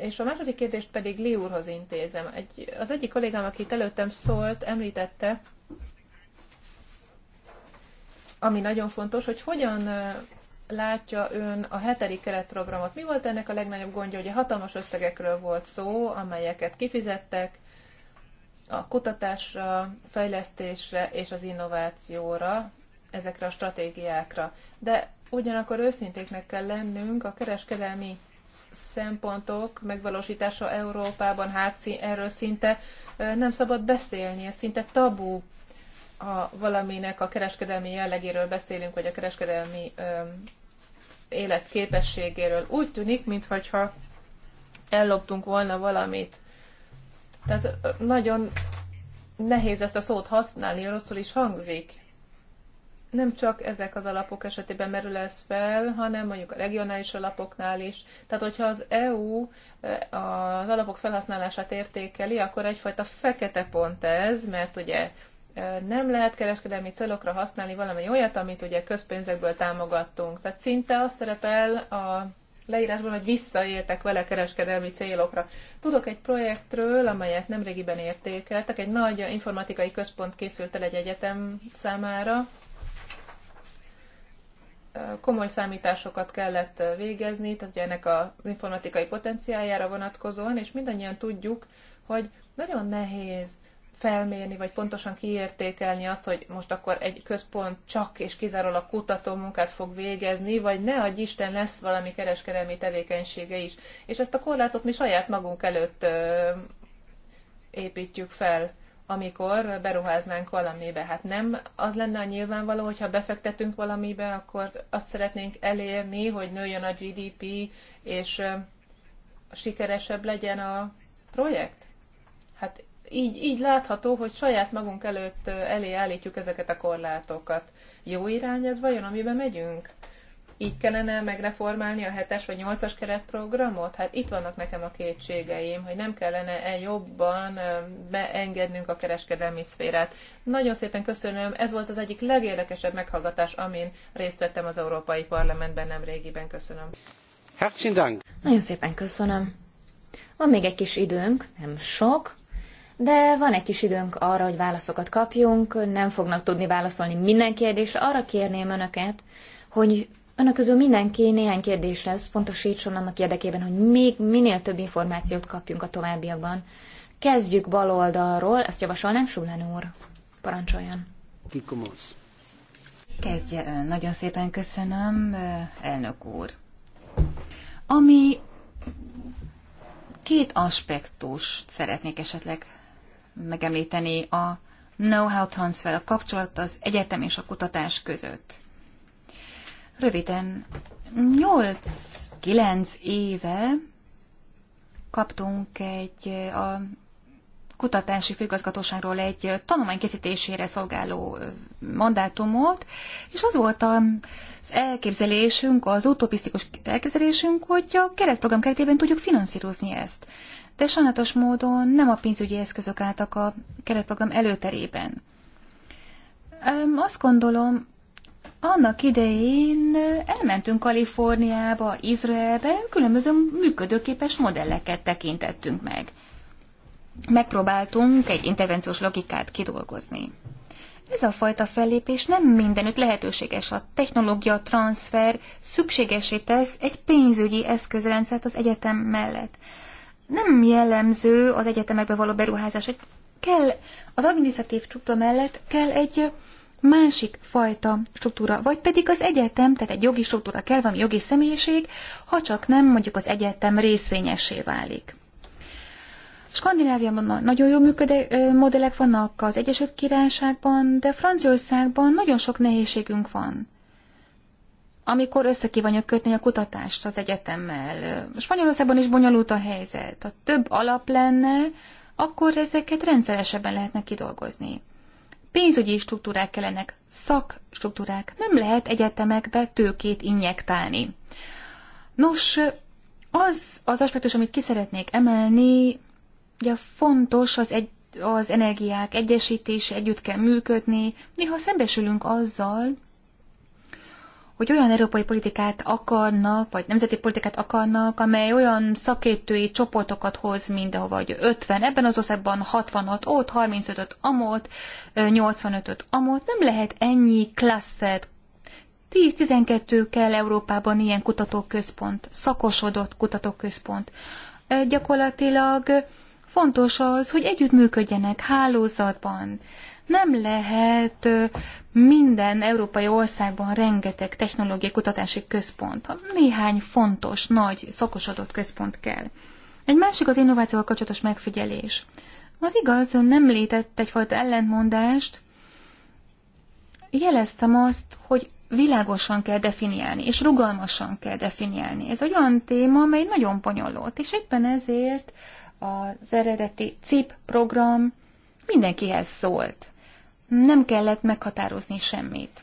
És a második kérdést pedig Li úrhoz intézem. Egy, az egyik kollégám, aki itt előttem szólt, említette, ami nagyon fontos, hogy hogyan látja ön a hetedik keretprogramot. Mi volt ennek a legnagyobb gondja? Ugye hatalmas összegekről volt szó, amelyeket kifizettek a kutatásra, fejlesztésre és az innovációra, ezekre a stratégiákra. De ugyanakkor őszintéknek kell lennünk a kereskedelmi szempontok megvalósítása Európában, hát erről szinte nem szabad beszélni, ez szinte tabu, ha valaminek a kereskedelmi jellegéről beszélünk, vagy a kereskedelmi élet képességéről. Úgy tűnik, mintha elloptunk volna valamit. Tehát nagyon nehéz ezt a szót használni, rosszul is hangzik nem csak ezek az alapok esetében merül ez fel, hanem mondjuk a regionális alapoknál is. Tehát, hogyha az EU eh, az alapok felhasználását értékeli, akkor egyfajta fekete pont ez, mert ugye eh, nem lehet kereskedelmi célokra használni valami olyat, amit ugye közpénzekből támogattunk. Tehát szinte az szerepel a leírásban, hogy visszaéltek vele kereskedelmi célokra. Tudok egy projektről, amelyet nemrégiben értékeltek, egy nagy informatikai központ készült el egy egyetem számára, komoly számításokat kellett végezni, tehát ugye ennek az informatikai potenciáljára vonatkozóan, és mindannyian tudjuk, hogy nagyon nehéz felmérni, vagy pontosan kiértékelni azt, hogy most akkor egy központ csak és kizárólag kutató munkát fog végezni, vagy ne adj Isten lesz valami kereskedelmi tevékenysége is. És ezt a korlátot mi saját magunk előtt építjük fel amikor beruháznánk valamibe. Hát nem az lenne a nyilvánvaló, hogyha befektetünk valamibe, akkor azt szeretnénk elérni, hogy nőjön a GDP, és sikeresebb legyen a projekt? Hát így, így látható, hogy saját magunk előtt elé állítjuk ezeket a korlátokat. Jó irány ez vajon, amiben megyünk? így kellene megreformálni a 7-es vagy 8-as keretprogramot? Hát itt vannak nekem a kétségeim, hogy nem kellene-e jobban beengednünk a kereskedelmi szférát. Nagyon szépen köszönöm, ez volt az egyik legérdekesebb meghallgatás, amin részt vettem az Európai Parlamentben nem régiben. Köszönöm. Herzlichen Dank. Nagyon szépen köszönöm. Van még egy kis időnk, nem sok, de van egy kis időnk arra, hogy válaszokat kapjunk, nem fognak tudni válaszolni minden kérdésre. Arra kérném önöket, hogy Önök közül mindenki néhány kérdésre összpontosítson annak érdekében, hogy még minél több információt kapjunk a továbbiakban. Kezdjük bal oldalról, ezt javasolnám Sulen úr. Parancsoljon. Kikomosz. Kezdje ön. Nagyon szépen köszönöm, elnök úr. Ami két aspektus szeretnék esetleg megemlíteni, a know-how transfer, a kapcsolat az egyetem és a kutatás között. Röviden, 8-9 éve kaptunk egy a kutatási főgazgatóságról egy tanulmány készítésére szolgáló mandátumot, és az volt az elképzelésünk, az utopisztikus elképzelésünk, hogy a keretprogram keretében tudjuk finanszírozni ezt. De sajnálatos módon nem a pénzügyi eszközök álltak a keretprogram előterében. Azt gondolom, annak idején elmentünk Kaliforniába, Izraelbe, különböző működőképes modelleket tekintettünk meg. Megpróbáltunk egy intervenciós logikát kidolgozni. Ez a fajta fellépés nem mindenütt lehetőséges. A technológia transfer szükségesé tesz egy pénzügyi eszközrendszert az egyetem mellett. Nem jellemző az egyetemekbe való beruházás, hogy kell az adminisztratív struktúra mellett kell egy másik fajta struktúra, vagy pedig az egyetem, tehát egy jogi struktúra kell, valami jogi személyiség, ha csak nem mondjuk az egyetem részvényessé válik. Skandináviában nagyon jó működő modellek vannak az Egyesült Királyságban, de Franciaországban nagyon sok nehézségünk van. Amikor összekívánjuk kötni a kutatást az egyetemmel, Spanyolországban is bonyolult a helyzet. Ha több alap lenne, akkor ezeket rendszeresebben lehetne kidolgozni pénzügyi struktúrák kellenek, szakstruktúrák. Nem lehet egyetemekbe tőkét injektálni. Nos, az az aspektus, amit ki szeretnék emelni, ugye fontos az egy az energiák egyesítése, együtt kell működni. Néha szembesülünk azzal, hogy olyan európai politikát akarnak, vagy nemzeti politikát akarnak, amely olyan szakértői csoportokat hoz mindenhova, hogy 50, ebben az országban 60-ot, ott 35-öt, amott, 85-öt, amott. Nem lehet ennyi klasszert, 10-12 kell Európában ilyen kutatóközpont, szakosodott kutatóközpont. Gyakorlatilag fontos az, hogy együttműködjenek hálózatban, nem lehet minden európai országban rengeteg technológiai kutatási központ. Néhány fontos, nagy, szakosodott központ kell. Egy másik az innovációval kapcsolatos megfigyelés. Az igaz, ön nem létett egyfajta ellentmondást, jeleztem azt, hogy világosan kell definiálni, és rugalmasan kell definiálni. Ez olyan téma, amely nagyon ponyolult, és éppen ezért az eredeti CIP program mindenkihez szólt nem kellett meghatározni semmit.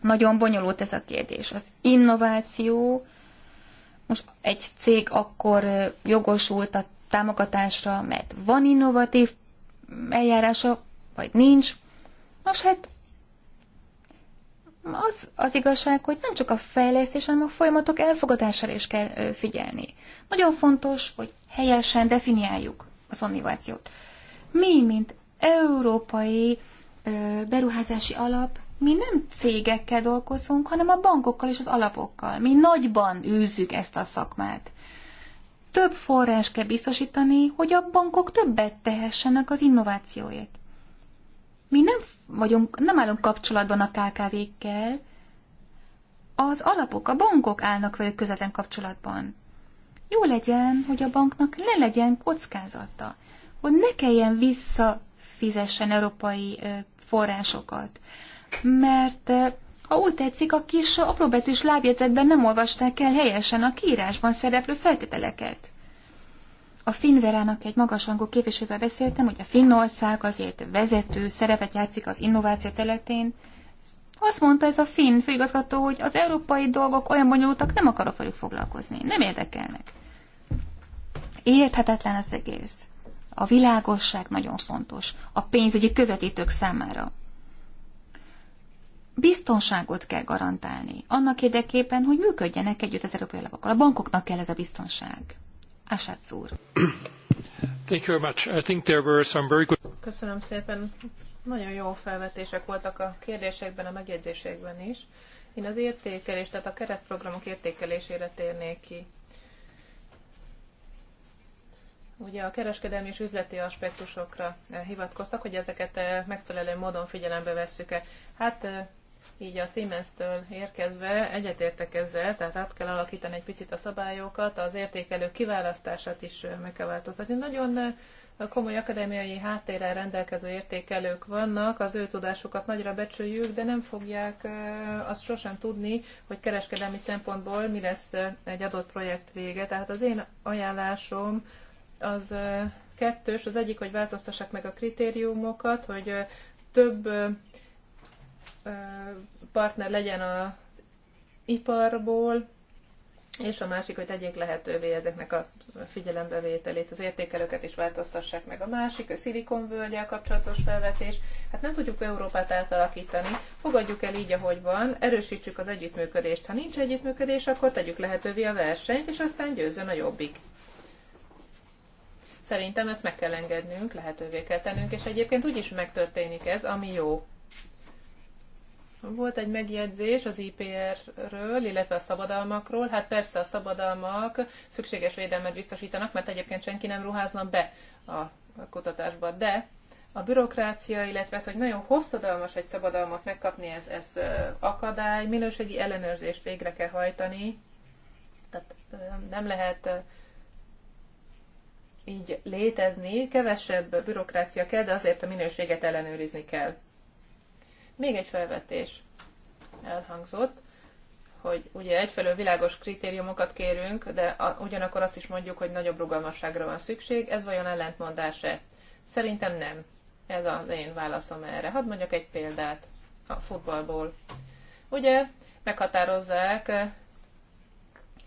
Nagyon bonyolult ez a kérdés. Az innováció, most egy cég akkor jogosult a támogatásra, mert van innovatív eljárása, vagy nincs. Nos, hát az az igazság, hogy nem csak a fejlesztés, hanem a folyamatok elfogadására is kell figyelni. Nagyon fontos, hogy helyesen definiáljuk az innovációt. Mi, mint európai beruházási alap, mi nem cégekkel dolgozunk, hanem a bankokkal és az alapokkal. Mi nagyban űzzük ezt a szakmát. Több forrás kell biztosítani, hogy a bankok többet tehessenek az innovációért. Mi nem, vagyunk, nem állunk kapcsolatban a KKV-kkel, az alapok, a bankok állnak velük közvetlen kapcsolatban. Jó legyen, hogy a banknak ne legyen kockázata, hogy ne kelljen vissza fizessen európai forrásokat. Mert ha úgy tetszik, a kis apróbetűs lábjegyzetben nem olvasták el helyesen a kiírásban szereplő feltételeket. A Finverának egy magas hangú képviselővel beszéltem, hogy a Finnország azért vezető szerepet játszik az innováció területén. Azt mondta ez a finn főigazgató, hogy az európai dolgok olyan bonyolultak, nem akarok velük foglalkozni, nem érdekelnek. Érthetetlen az egész. A világosság nagyon fontos a pénzügyi közvetítők számára. Biztonságot kell garantálni, annak érdekében, hogy működjenek együtt az európai alapokkal. A bankoknak kell ez a biztonság. Asátsz úr. Thank you very much. I think there were some very good... Köszönöm szépen. Nagyon jó felvetések voltak a kérdésekben, a megjegyzésekben is. Én az értékelés, tehát a keretprogramok értékelésére térnék ki. Ugye a kereskedelmi és üzleti aspektusokra eh, hivatkoztak, hogy ezeket eh, megfelelő módon figyelembe vesszük-e. Hát eh, így a Siemens-től érkezve egyetértek ezzel, tehát át kell alakítani egy picit a szabályokat, az értékelő kiválasztását is meg kell változtatni. Nagyon komoly akadémiai háttérrel rendelkező értékelők vannak, az ő tudásukat nagyra becsüljük, de nem fogják azt sosem tudni, hogy kereskedelmi szempontból mi lesz egy adott projekt vége. Tehát az én ajánlásom az kettős, az egyik, hogy változtassák meg a kritériumokat, hogy több partner legyen az iparból, és a másik, hogy tegyék lehetővé ezeknek a figyelembevételét, az értékelőket is változtassák meg. A másik, a szilikonvölgyel kapcsolatos felvetés. Hát nem tudjuk Európát átalakítani, fogadjuk el így, ahogy van, erősítsük az együttműködést. Ha nincs együttműködés, akkor tegyük lehetővé a versenyt, és aztán győzön a jobbik. Szerintem ezt meg kell engednünk, lehetővé kell tennünk, és egyébként úgy is megtörténik ez, ami jó. Volt egy megjegyzés az IPR-ről, illetve a szabadalmakról. Hát persze a szabadalmak szükséges védelmet biztosítanak, mert egyébként senki nem ruházna be a kutatásba. De a bürokrácia, illetve ez, hogy nagyon hosszadalmas egy szabadalmat megkapni, ez, ez akadály, minőségi ellenőrzést végre kell hajtani. Tehát nem lehet így létezni, kevesebb bürokrácia kell, de azért a minőséget ellenőrizni kell. Még egy felvetés elhangzott, hogy ugye egyfelől világos kritériumokat kérünk, de ugyanakkor azt is mondjuk, hogy nagyobb rugalmasságra van szükség. Ez vajon ellentmondás-e? Szerintem nem. Ez az én válaszom erre. Hadd mondjak egy példát a futballból. Ugye meghatározzák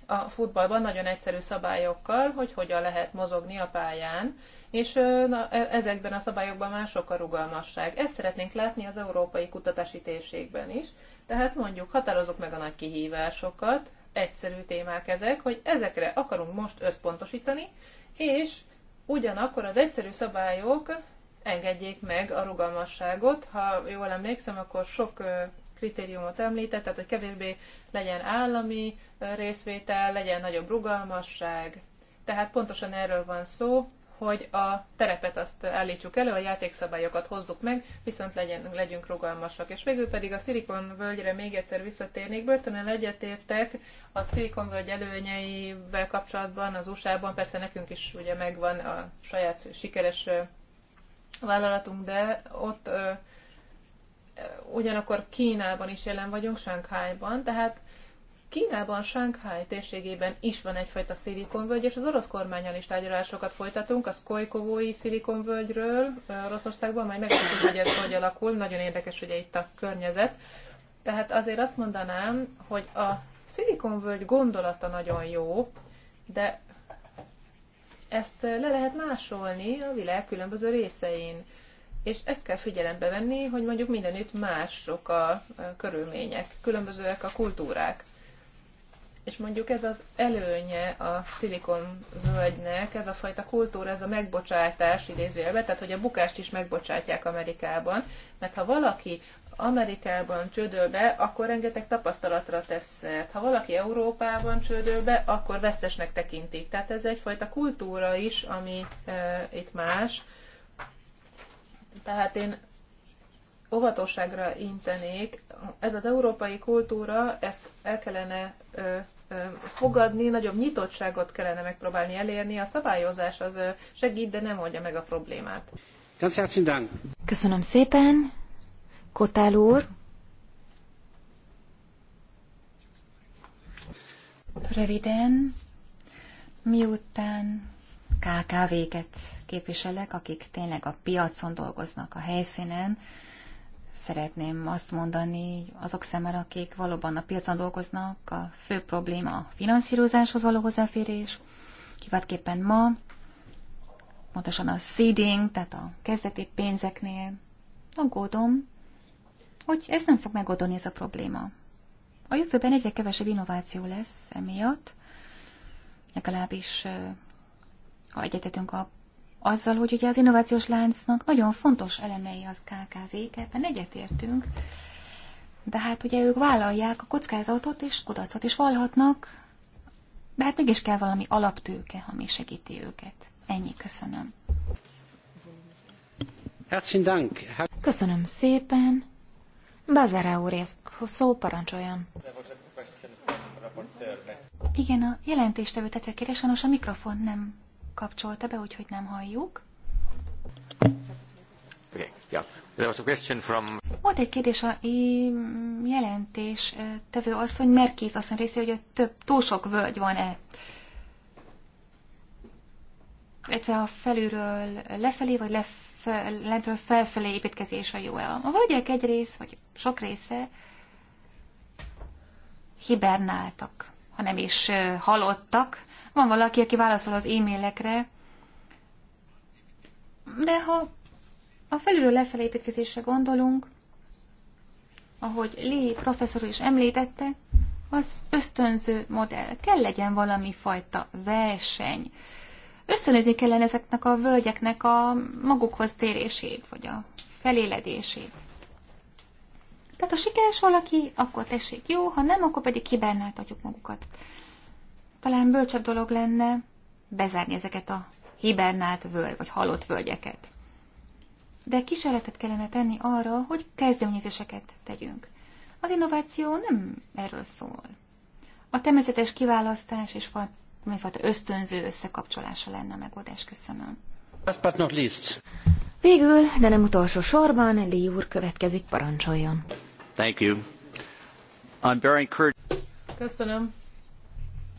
a futballban nagyon egyszerű szabályokkal, hogy hogyan lehet mozogni a pályán, és na, e, ezekben a szabályokban már sok a rugalmasság. Ezt szeretnénk látni az európai kutatási térségben is. Tehát mondjuk határozzuk meg a nagy kihívásokat, egyszerű témák ezek, hogy ezekre akarunk most összpontosítani, és ugyanakkor az egyszerű szabályok engedjék meg a rugalmasságot. Ha jól emlékszem, akkor sok kritériumot említett, tehát hogy kevésbé legyen állami részvétel, legyen nagyobb rugalmasság. Tehát pontosan erről van szó, hogy a terepet azt állítsuk elő, a játékszabályokat hozzuk meg, viszont legyen, legyünk rugalmasak. És végül pedig a Silicon völgyre még egyszer visszatérnék, börtönel egyetértek a Silicon völgy előnyeivel kapcsolatban az USA-ban, persze nekünk is ugye megvan a saját sikeres vállalatunk, de ott ugyanakkor Kínában is jelen vagyunk, Sánkhájban, tehát Kínában, Sánkháj térségében is van egyfajta szilikonvölgy, és az orosz kormányal is tárgyalásokat folytatunk a Szkojkovói szilikonvölgyről Oroszországban, majd megtudjuk, hogy ez hogy alakul. Nagyon érdekes ugye itt a környezet. Tehát azért azt mondanám, hogy a szilikonvölgy gondolata nagyon jó, de ezt le lehet másolni a világ különböző részein és ezt kell figyelembe venni, hogy mondjuk mindenütt mások a körülmények, különbözőek a kultúrák. És mondjuk ez az előnye a szilikon völgynek, ez a fajta kultúra, ez a megbocsátás idézőjelben, tehát hogy a bukást is megbocsátják Amerikában, mert ha valaki Amerikában csődöl be, akkor rengeteg tapasztalatra tesz szert. Ha valaki Európában csődöl be, akkor vesztesnek tekintik. Tehát ez egyfajta kultúra is, ami e, itt más. Tehát én óvatosságra intenék. Ez az európai kultúra, ezt el kellene ö, ö, fogadni, nagyobb nyitottságot kellene megpróbálni elérni. A szabályozás az segít, de nem oldja meg a problémát. Köszönöm szépen. Kotál úr. Röviden, miután KKV-ket képviselek, akik tényleg a piacon dolgoznak, a helyszínen. Szeretném azt mondani azok számára, akik valóban a piacon dolgoznak, a fő probléma a finanszírozáshoz való hozzáférés, kiváltképpen ma, pontosan a seeding, tehát a kezdeti pénzeknél aggódom, hogy ez nem fog megoldani ez a probléma. A jövőben egyre kevesebb innováció lesz emiatt, legalábbis ha egyetetünk a azzal, hogy ugye az innovációs láncnak nagyon fontos elemei az KKV-k, ebben egyetértünk, de hát ugye ők vállalják a kockázatot, és kudarcot is vallhatnak, de hát mégis kell valami alaptőke, ami segíti őket. Ennyi, köszönöm. Köszönöm szépen. Bazara úr, szó parancsoljon. Igen, a jelentéstevő tetszett kérdés, a mikrofon nem kapcsolta be, úgyhogy nem halljuk. Okay, yeah. There was a question from... Volt egy kérdés a jelentés tevő asszony, Merkész asszony részé, hogy több, túl sok völgy van-e. Illetve a felülről lefelé, vagy lefe, lentről felfelé építkezés a jó-e. A völgyek egy rész, vagy sok része hibernáltak, hanem is halottak, van valaki, aki válaszol az e-mailekre, de ha a felülről lefelé építkezésre gondolunk, ahogy Lee professzor is említette, az ösztönző modell. Kell legyen valami fajta verseny. Ösztönözni kellene ezeknek a völgyeknek a magukhoz térését, vagy a feléledését. Tehát ha sikeres valaki, akkor tessék jó, ha nem, akkor pedig kibernáltatjuk magukat. Talán bölcsebb dolog lenne bezárni ezeket a hibernált völgy, vagy halott völgyeket. De kísérletet kellene tenni arra, hogy kezdeményezéseket tegyünk. Az innováció nem erről szól. A természetes kiválasztás és fajta ösztönző összekapcsolása lenne a megoldás. Köszönöm. Last but not least. Végül, de nem utolsó sorban, Lee úr következik, parancsoljon. Thank you. I'm very encouraged. Köszönöm.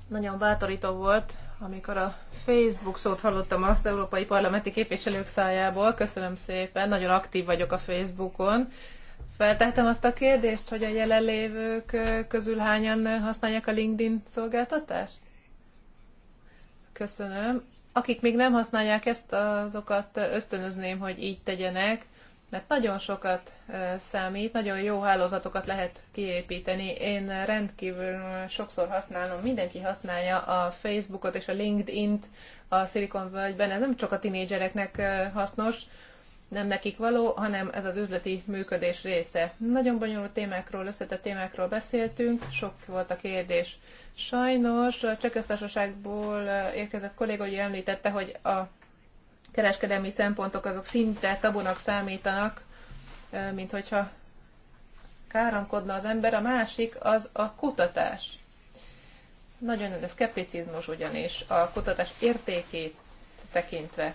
Nagyon bátorító volt, amikor a Facebook szót hallottam az európai parlamenti képviselők szájából. Köszönöm szépen, nagyon aktív vagyok a Facebookon. Feltettem azt a kérdést, hogy a jelenlévők közül hányan használják a LinkedIn szolgáltatást? Köszönöm. Akik még nem használják ezt, azokat ösztönözném, hogy így tegyenek mert nagyon sokat számít, nagyon jó hálózatokat lehet kiépíteni. Én rendkívül sokszor használom, mindenki használja a Facebookot és a LinkedIn-t a Silicon Valley-ben. Ez nem csak a tinédzsereknek hasznos, nem nekik való, hanem ez az üzleti működés része. Nagyon bonyolult témákról, összetett témákról beszéltünk, sok volt a kérdés. Sajnos a Cseh érkezett kolléga, hogy említette, hogy a kereskedelmi szempontok azok szinte tabunak számítanak, mint hogyha káromkodna az ember. A másik az a kutatás. Nagyon nagy a szkepticizmus ugyanis a kutatás értékét tekintve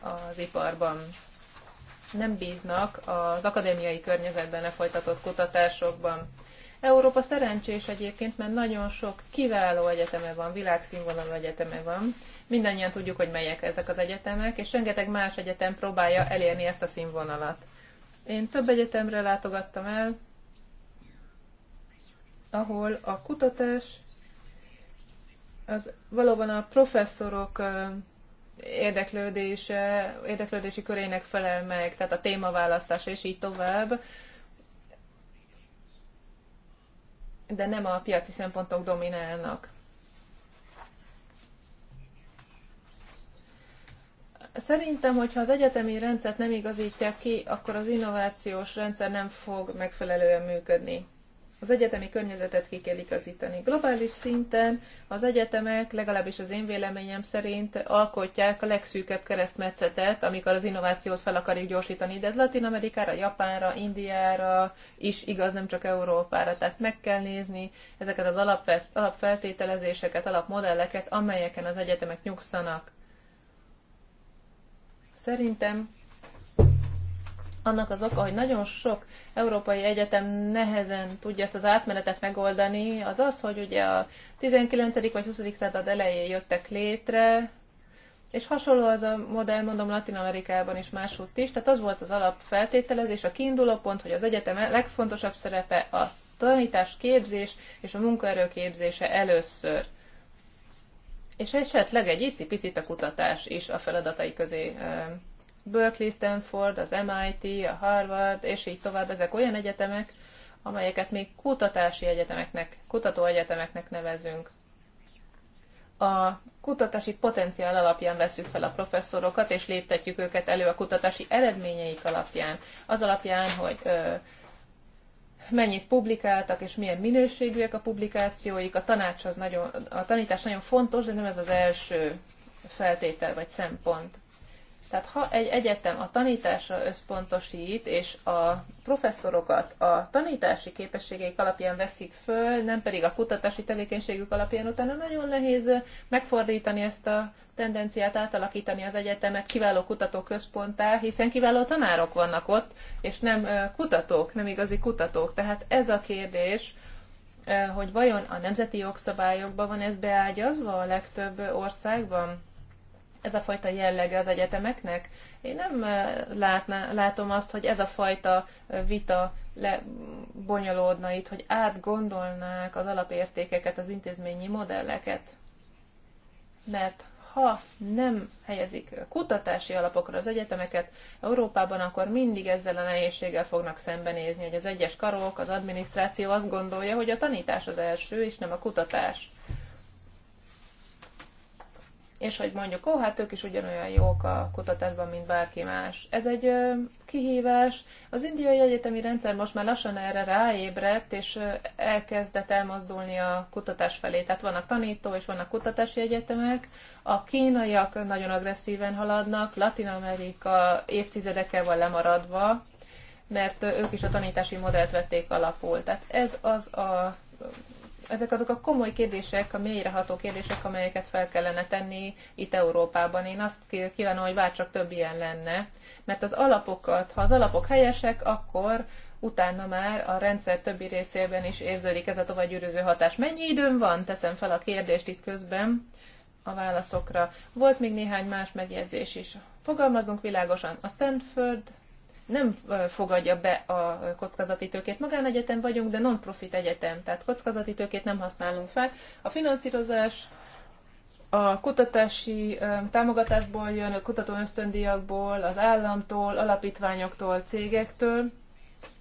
az iparban nem bíznak az akadémiai környezetben lefolytatott kutatásokban. Európa szerencsés egyébként, mert nagyon sok kiváló egyeteme van, világszínvonalú egyeteme van, Mindannyian tudjuk, hogy melyek ezek az egyetemek, és rengeteg más egyetem próbálja elérni ezt a színvonalat. Én több egyetemre látogattam el, ahol a kutatás az valóban a professzorok érdeklődése, érdeklődési körének felel meg, tehát a témaválasztás és így tovább, de nem a piaci szempontok dominálnak. Szerintem, hogyha az egyetemi rendszert nem igazítják ki, akkor az innovációs rendszer nem fog megfelelően működni. Az egyetemi környezetet ki kell igazítani. Globális szinten az egyetemek, legalábbis az én véleményem szerint, alkotják a legszűkebb keresztmetszetet, amikor az innovációt fel akarjuk gyorsítani. De ez Latin Amerikára, Japánra, Indiára is igaz, nem csak Európára. Tehát meg kell nézni ezeket az alapfeltételezéseket, alapmodelleket, amelyeken az egyetemek nyugszanak Szerintem annak az oka, hogy nagyon sok európai egyetem nehezen tudja ezt az átmenetet megoldani, az az, hogy ugye a 19. vagy 20. század elején jöttek létre, és hasonló az a modell, mondom, Latin Amerikában is máshogy is, tehát az volt az alapfeltételezés, a kiinduló pont, hogy az egyetem legfontosabb szerepe a tanítás képzés és a munkaerő képzése először és esetleg egy icipicit a kutatás is a feladatai közé Berkeley, Stanford, az MIT, a Harvard, és így tovább, ezek olyan egyetemek, amelyeket még kutatási egyetemeknek, kutatóegyetemeknek nevezünk. A kutatási potenciál alapján veszük fel a professzorokat, és léptetjük őket elő a kutatási eredményeik alapján. Az alapján, hogy ö, mennyit publikáltak, és milyen minőségűek a publikációik. A, tanács az nagyon, a tanítás nagyon fontos, de nem ez az első feltétel vagy szempont. Tehát ha egy egyetem a tanításra összpontosít, és a professzorokat a tanítási képességeik alapján veszik föl, nem pedig a kutatási tevékenységük alapján, utána nagyon nehéz megfordítani ezt a tendenciát átalakítani az egyetemet kiváló kutatóközponttá, hiszen kiváló tanárok vannak ott, és nem kutatók, nem igazi kutatók. Tehát ez a kérdés, hogy vajon a nemzeti jogszabályokban van ez beágyazva a legtöbb országban? Ez a fajta jellege az egyetemeknek? Én nem látná, látom azt, hogy ez a fajta vita lebonyolódna itt, hogy átgondolnák az alapértékeket, az intézményi modelleket. Mert ha nem helyezik kutatási alapokra az egyetemeket Európában, akkor mindig ezzel a nehézséggel fognak szembenézni, hogy az egyes karok, az adminisztráció azt gondolja, hogy a tanítás az első, és nem a kutatás és hogy mondjuk, ó, hát ők is ugyanolyan jók a kutatásban, mint bárki más. Ez egy ö, kihívás. Az indiai egyetemi rendszer most már lassan erre ráébredt, és ö, elkezdett elmozdulni a kutatás felé. Tehát vannak tanító és vannak kutatási egyetemek. A kínaiak nagyon agresszíven haladnak, Latin Amerika évtizedekkel van lemaradva, mert ők is a tanítási modellt vették alapul. Tehát ez az a ezek azok a komoly kérdések, a mélyreható kérdések, amelyeket fel kellene tenni itt Európában. Én azt kívánom, hogy bárcsak több ilyen lenne, mert az alapokat, ha az alapok helyesek, akkor utána már a rendszer többi részében is érződik ez a továbbgyűröző hatás. Mennyi időm van? Teszem fel a kérdést itt közben a válaszokra. Volt még néhány más megjegyzés is. Fogalmazunk világosan. A Stanford nem fogadja be a kockázati tőkét. Magánegyetem vagyunk, de non-profit egyetem, tehát kockázati tőkét nem használunk fel. A finanszírozás a kutatási támogatásból jön, a kutató ösztöndíjakból, az államtól, alapítványoktól, cégektől,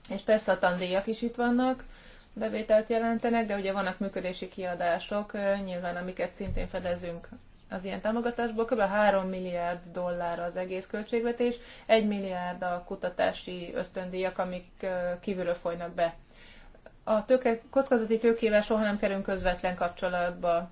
és persze a tandíjak is itt vannak, bevételt jelentenek, de ugye vannak működési kiadások, nyilván amiket szintén fedezünk az ilyen támogatásból, kb. 3 milliárd dollár az egész költségvetés, 1 milliárd a kutatási ösztöndíjak, amik kívülről folynak be. A tőke, kockázati tőkével soha nem kerülünk közvetlen kapcsolatba.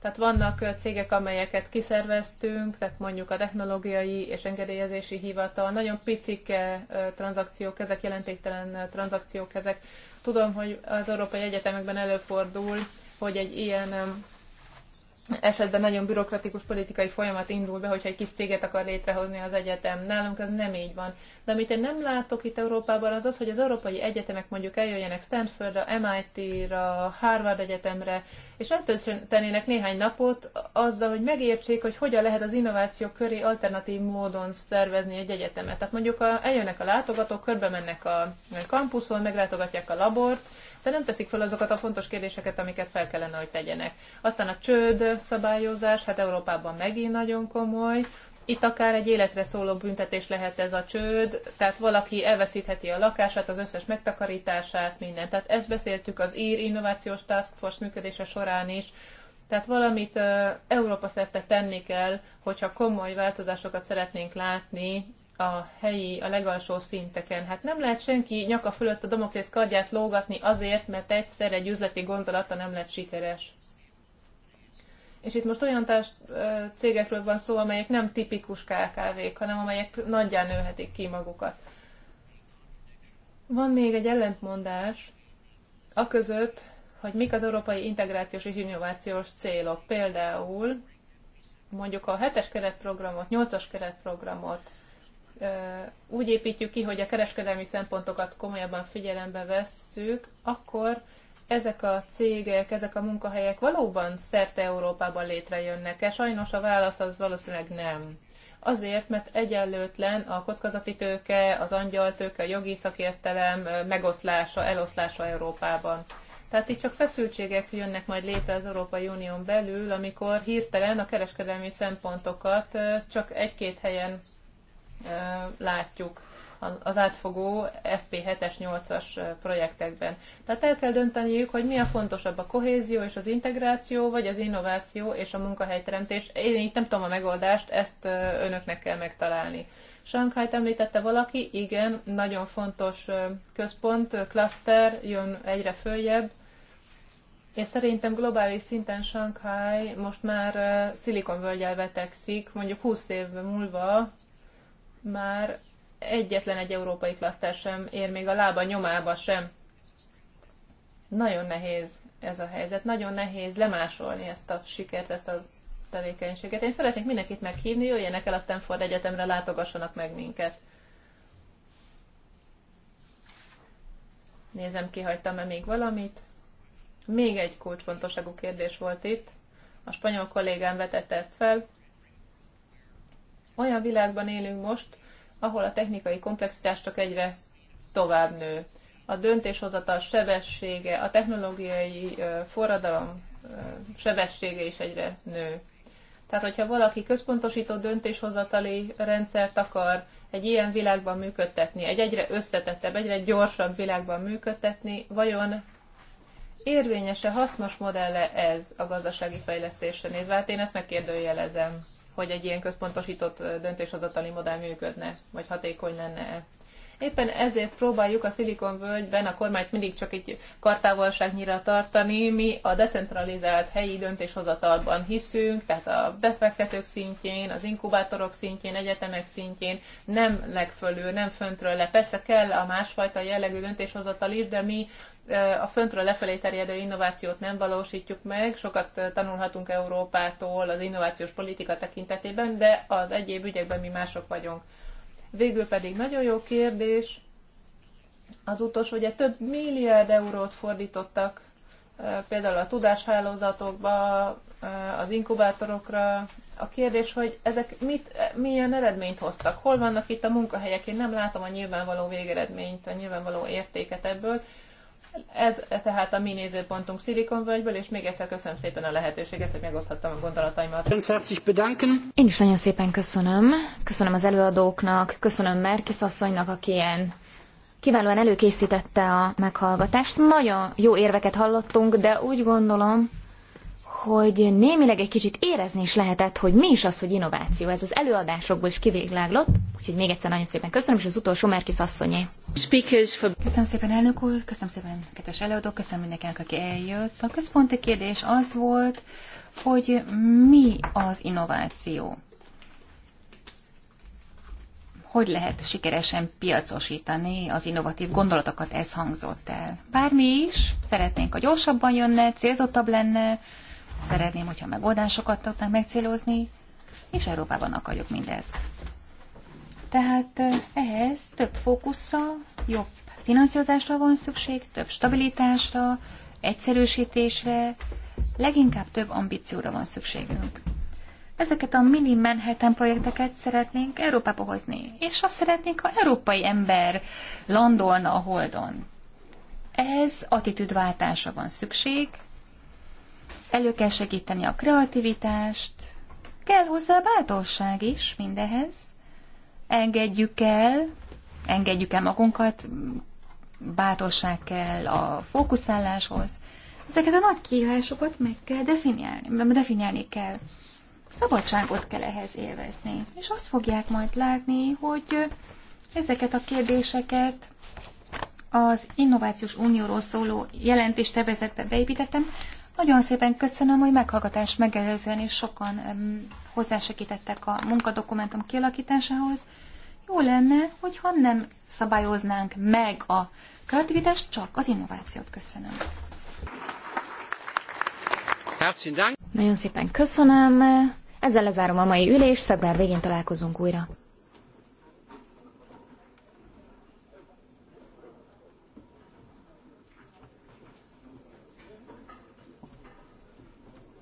Tehát vannak cégek, amelyeket kiszerveztünk, tehát mondjuk a technológiai és engedélyezési hivatal, nagyon picike tranzakciók, ezek jelentéktelen tranzakciók, ezek. Tudom, hogy az Európai Egyetemekben előfordul, hogy egy ilyen esetben nagyon bürokratikus politikai folyamat indul be, hogyha egy kis céget akar létrehozni az egyetem. Nálunk az nem így van. De amit én nem látok itt Európában, az az, hogy az európai egyetemek mondjuk eljöjjenek Stanfordra, MIT-ra, Harvard Egyetemre, és eltöltenének néhány napot azzal, hogy megértsék, hogy hogyan lehet az innováció köré alternatív módon szervezni egy egyetemet. Tehát mondjuk a, eljönnek a látogatók, körbe mennek a kampuszon, meglátogatják a labort, de nem teszik fel azokat a fontos kérdéseket, amiket fel kellene, hogy tegyenek. Aztán a csőd szabályozás, hát Európában megint nagyon komoly, itt akár egy életre szóló büntetés lehet ez a csőd, tehát valaki elveszítheti a lakását, az összes megtakarítását, mindent. Tehát ezt beszéltük az ír innovációs task force működése során is, tehát valamit uh, Európa szerte tenni kell, hogyha komoly változásokat szeretnénk látni a helyi, a legalsó szinteken. Hát nem lehet senki nyaka fölött a Damoklész kardját lógatni azért, mert egyszer egy üzleti gondolata nem lett sikeres. És itt most olyan társ, cégekről van szó, amelyek nem tipikus KKV-k, hanem amelyek nagyján nőhetik ki magukat. Van még egy ellentmondás, a között, hogy mik az európai integrációs és innovációs célok. Például mondjuk a hetes keretprogramot, nyolcas keretprogramot úgy építjük ki, hogy a kereskedelmi szempontokat komolyabban figyelembe vesszük, akkor ezek a cégek, ezek a munkahelyek valóban szerte Európában létrejönnek-e? Sajnos a válasz az valószínűleg nem. Azért, mert egyenlőtlen a kockázati tőke, az angyaltőke, a jogi szakértelem megoszlása, eloszlása Európában. Tehát itt csak feszültségek jönnek majd létre az Európai Unión belül, amikor hirtelen a kereskedelmi szempontokat csak egy-két helyen látjuk az átfogó FP7-es, 8-as projektekben. Tehát el kell dönteniük, hogy mi a fontosabb a kohézió és az integráció, vagy az innováció és a munkahelyteremtés. Én itt nem tudom a megoldást, ezt önöknek kell megtalálni. Sankhájt említette valaki, igen, nagyon fontos központ, klaszter, jön egyre följebb, és szerintem globális szinten Shanghai most már szilikonvölgyel vetekszik, mondjuk 20 év múlva már egyetlen egy európai klaszter sem ér még a lába nyomába sem. Nagyon nehéz ez a helyzet, nagyon nehéz lemásolni ezt a sikert, ezt a tevékenységet. Én szeretnék mindenkit meghívni, jöjjenek el a Stanford Egyetemre, látogassanak meg minket. Nézem, kihagytam-e még valamit. Még egy kulcsfontosságú kérdés volt itt. A spanyol kollégám vetette ezt fel. Olyan világban élünk most, ahol a technikai komplexitás csak egyre tovább nő. A döntéshozatal sebessége, a technológiai forradalom sebessége is egyre nő. Tehát, hogyha valaki központosító döntéshozatali rendszert akar egy ilyen világban működtetni, egy egyre összetettebb, egyre gyorsabb világban működtetni, vajon érvényese, hasznos modelle ez a gazdasági fejlesztésre nézve? Hát én ezt megkérdőjelezem hogy egy ilyen központosított döntéshozatali modell működne, vagy hatékony lenne -e. Éppen ezért próbáljuk a Silicon völgyben a kormányt mindig csak egy kartávolságnyira tartani. Mi a decentralizált helyi döntéshozatalban hiszünk, tehát a befektetők szintjén, az inkubátorok szintjén, egyetemek szintjén, nem legfölül, nem föntről le. Persze kell a másfajta jellegű döntéshozatal is, de mi a föntről lefelé terjedő innovációt nem valósítjuk meg, sokat tanulhatunk Európától az innovációs politika tekintetében, de az egyéb ügyekben mi mások vagyunk. Végül pedig nagyon jó kérdés, az utolsó, ugye több milliárd eurót fordítottak például a tudáshálózatokba, az inkubátorokra. A kérdés, hogy ezek mit, milyen eredményt hoztak, hol vannak itt a munkahelyek, én nem látom a nyilvánvaló végeredményt, a nyilvánvaló értéket ebből, ez tehát a mi nézőpontunk Szilikonvölgyből, és még egyszer köszönöm szépen a lehetőséget, hogy megoszthattam a gondolataimat. Én is nagyon szépen köszönöm. Köszönöm az előadóknak, köszönöm Merkis asszonynak, aki ilyen kiválóan előkészítette a meghallgatást. Nagyon jó érveket hallottunk, de úgy gondolom, hogy némileg egy kicsit érezni is lehetett, hogy mi is az, hogy innováció. Ez az előadásokból is kivégláglott, úgyhogy még egyszer nagyon szépen köszönöm, és az utolsó Merkis asszonyé. Köszönöm szépen, elnök úr, köszönöm szépen, kedves előadók, köszönöm mindenkinek, aki eljött. A központi kérdés az volt, hogy mi az innováció? Hogy lehet sikeresen piacosítani az innovatív gondolatokat? Ez hangzott el. Bármi is, szeretnénk, ha gyorsabban jönne, célzottabb lenne, Szeretném, hogyha megoldásokat tudnánk megcélozni, és Európában akarjuk mindezt. Tehát ehhez több fókuszra, jobb finanszírozásra van szükség, több stabilitásra, egyszerűsítésre, leginkább több ambícióra van szükségünk. Ezeket a mini Manhattan projekteket szeretnénk Európába hozni, és azt szeretnénk, ha európai ember landolna a Holdon. Ehhez attitűdváltásra van szükség, Elő kell segíteni a kreativitást, kell hozzá a bátorság is mindehez. Engedjük el, engedjük el magunkat, bátorság kell a fókuszáláshoz. Ezeket a nagy kihívásokat meg kell definiálni, definiálni kell. Szabadságot kell ehhez élvezni. És azt fogják majd látni, hogy ezeket a kérdéseket az Innovációs Unióról szóló jelentéstervezetbe beépítettem, nagyon szépen köszönöm, hogy meghallgatás megelőzően is sokan hozzásegítettek a munkadokumentum kialakításához. Jó lenne, hogyha nem szabályoznánk meg a kreativitást, csak az innovációt. Köszönöm. Nagyon szépen köszönöm. Ezzel lezárom a mai ülést, február végén találkozunk újra.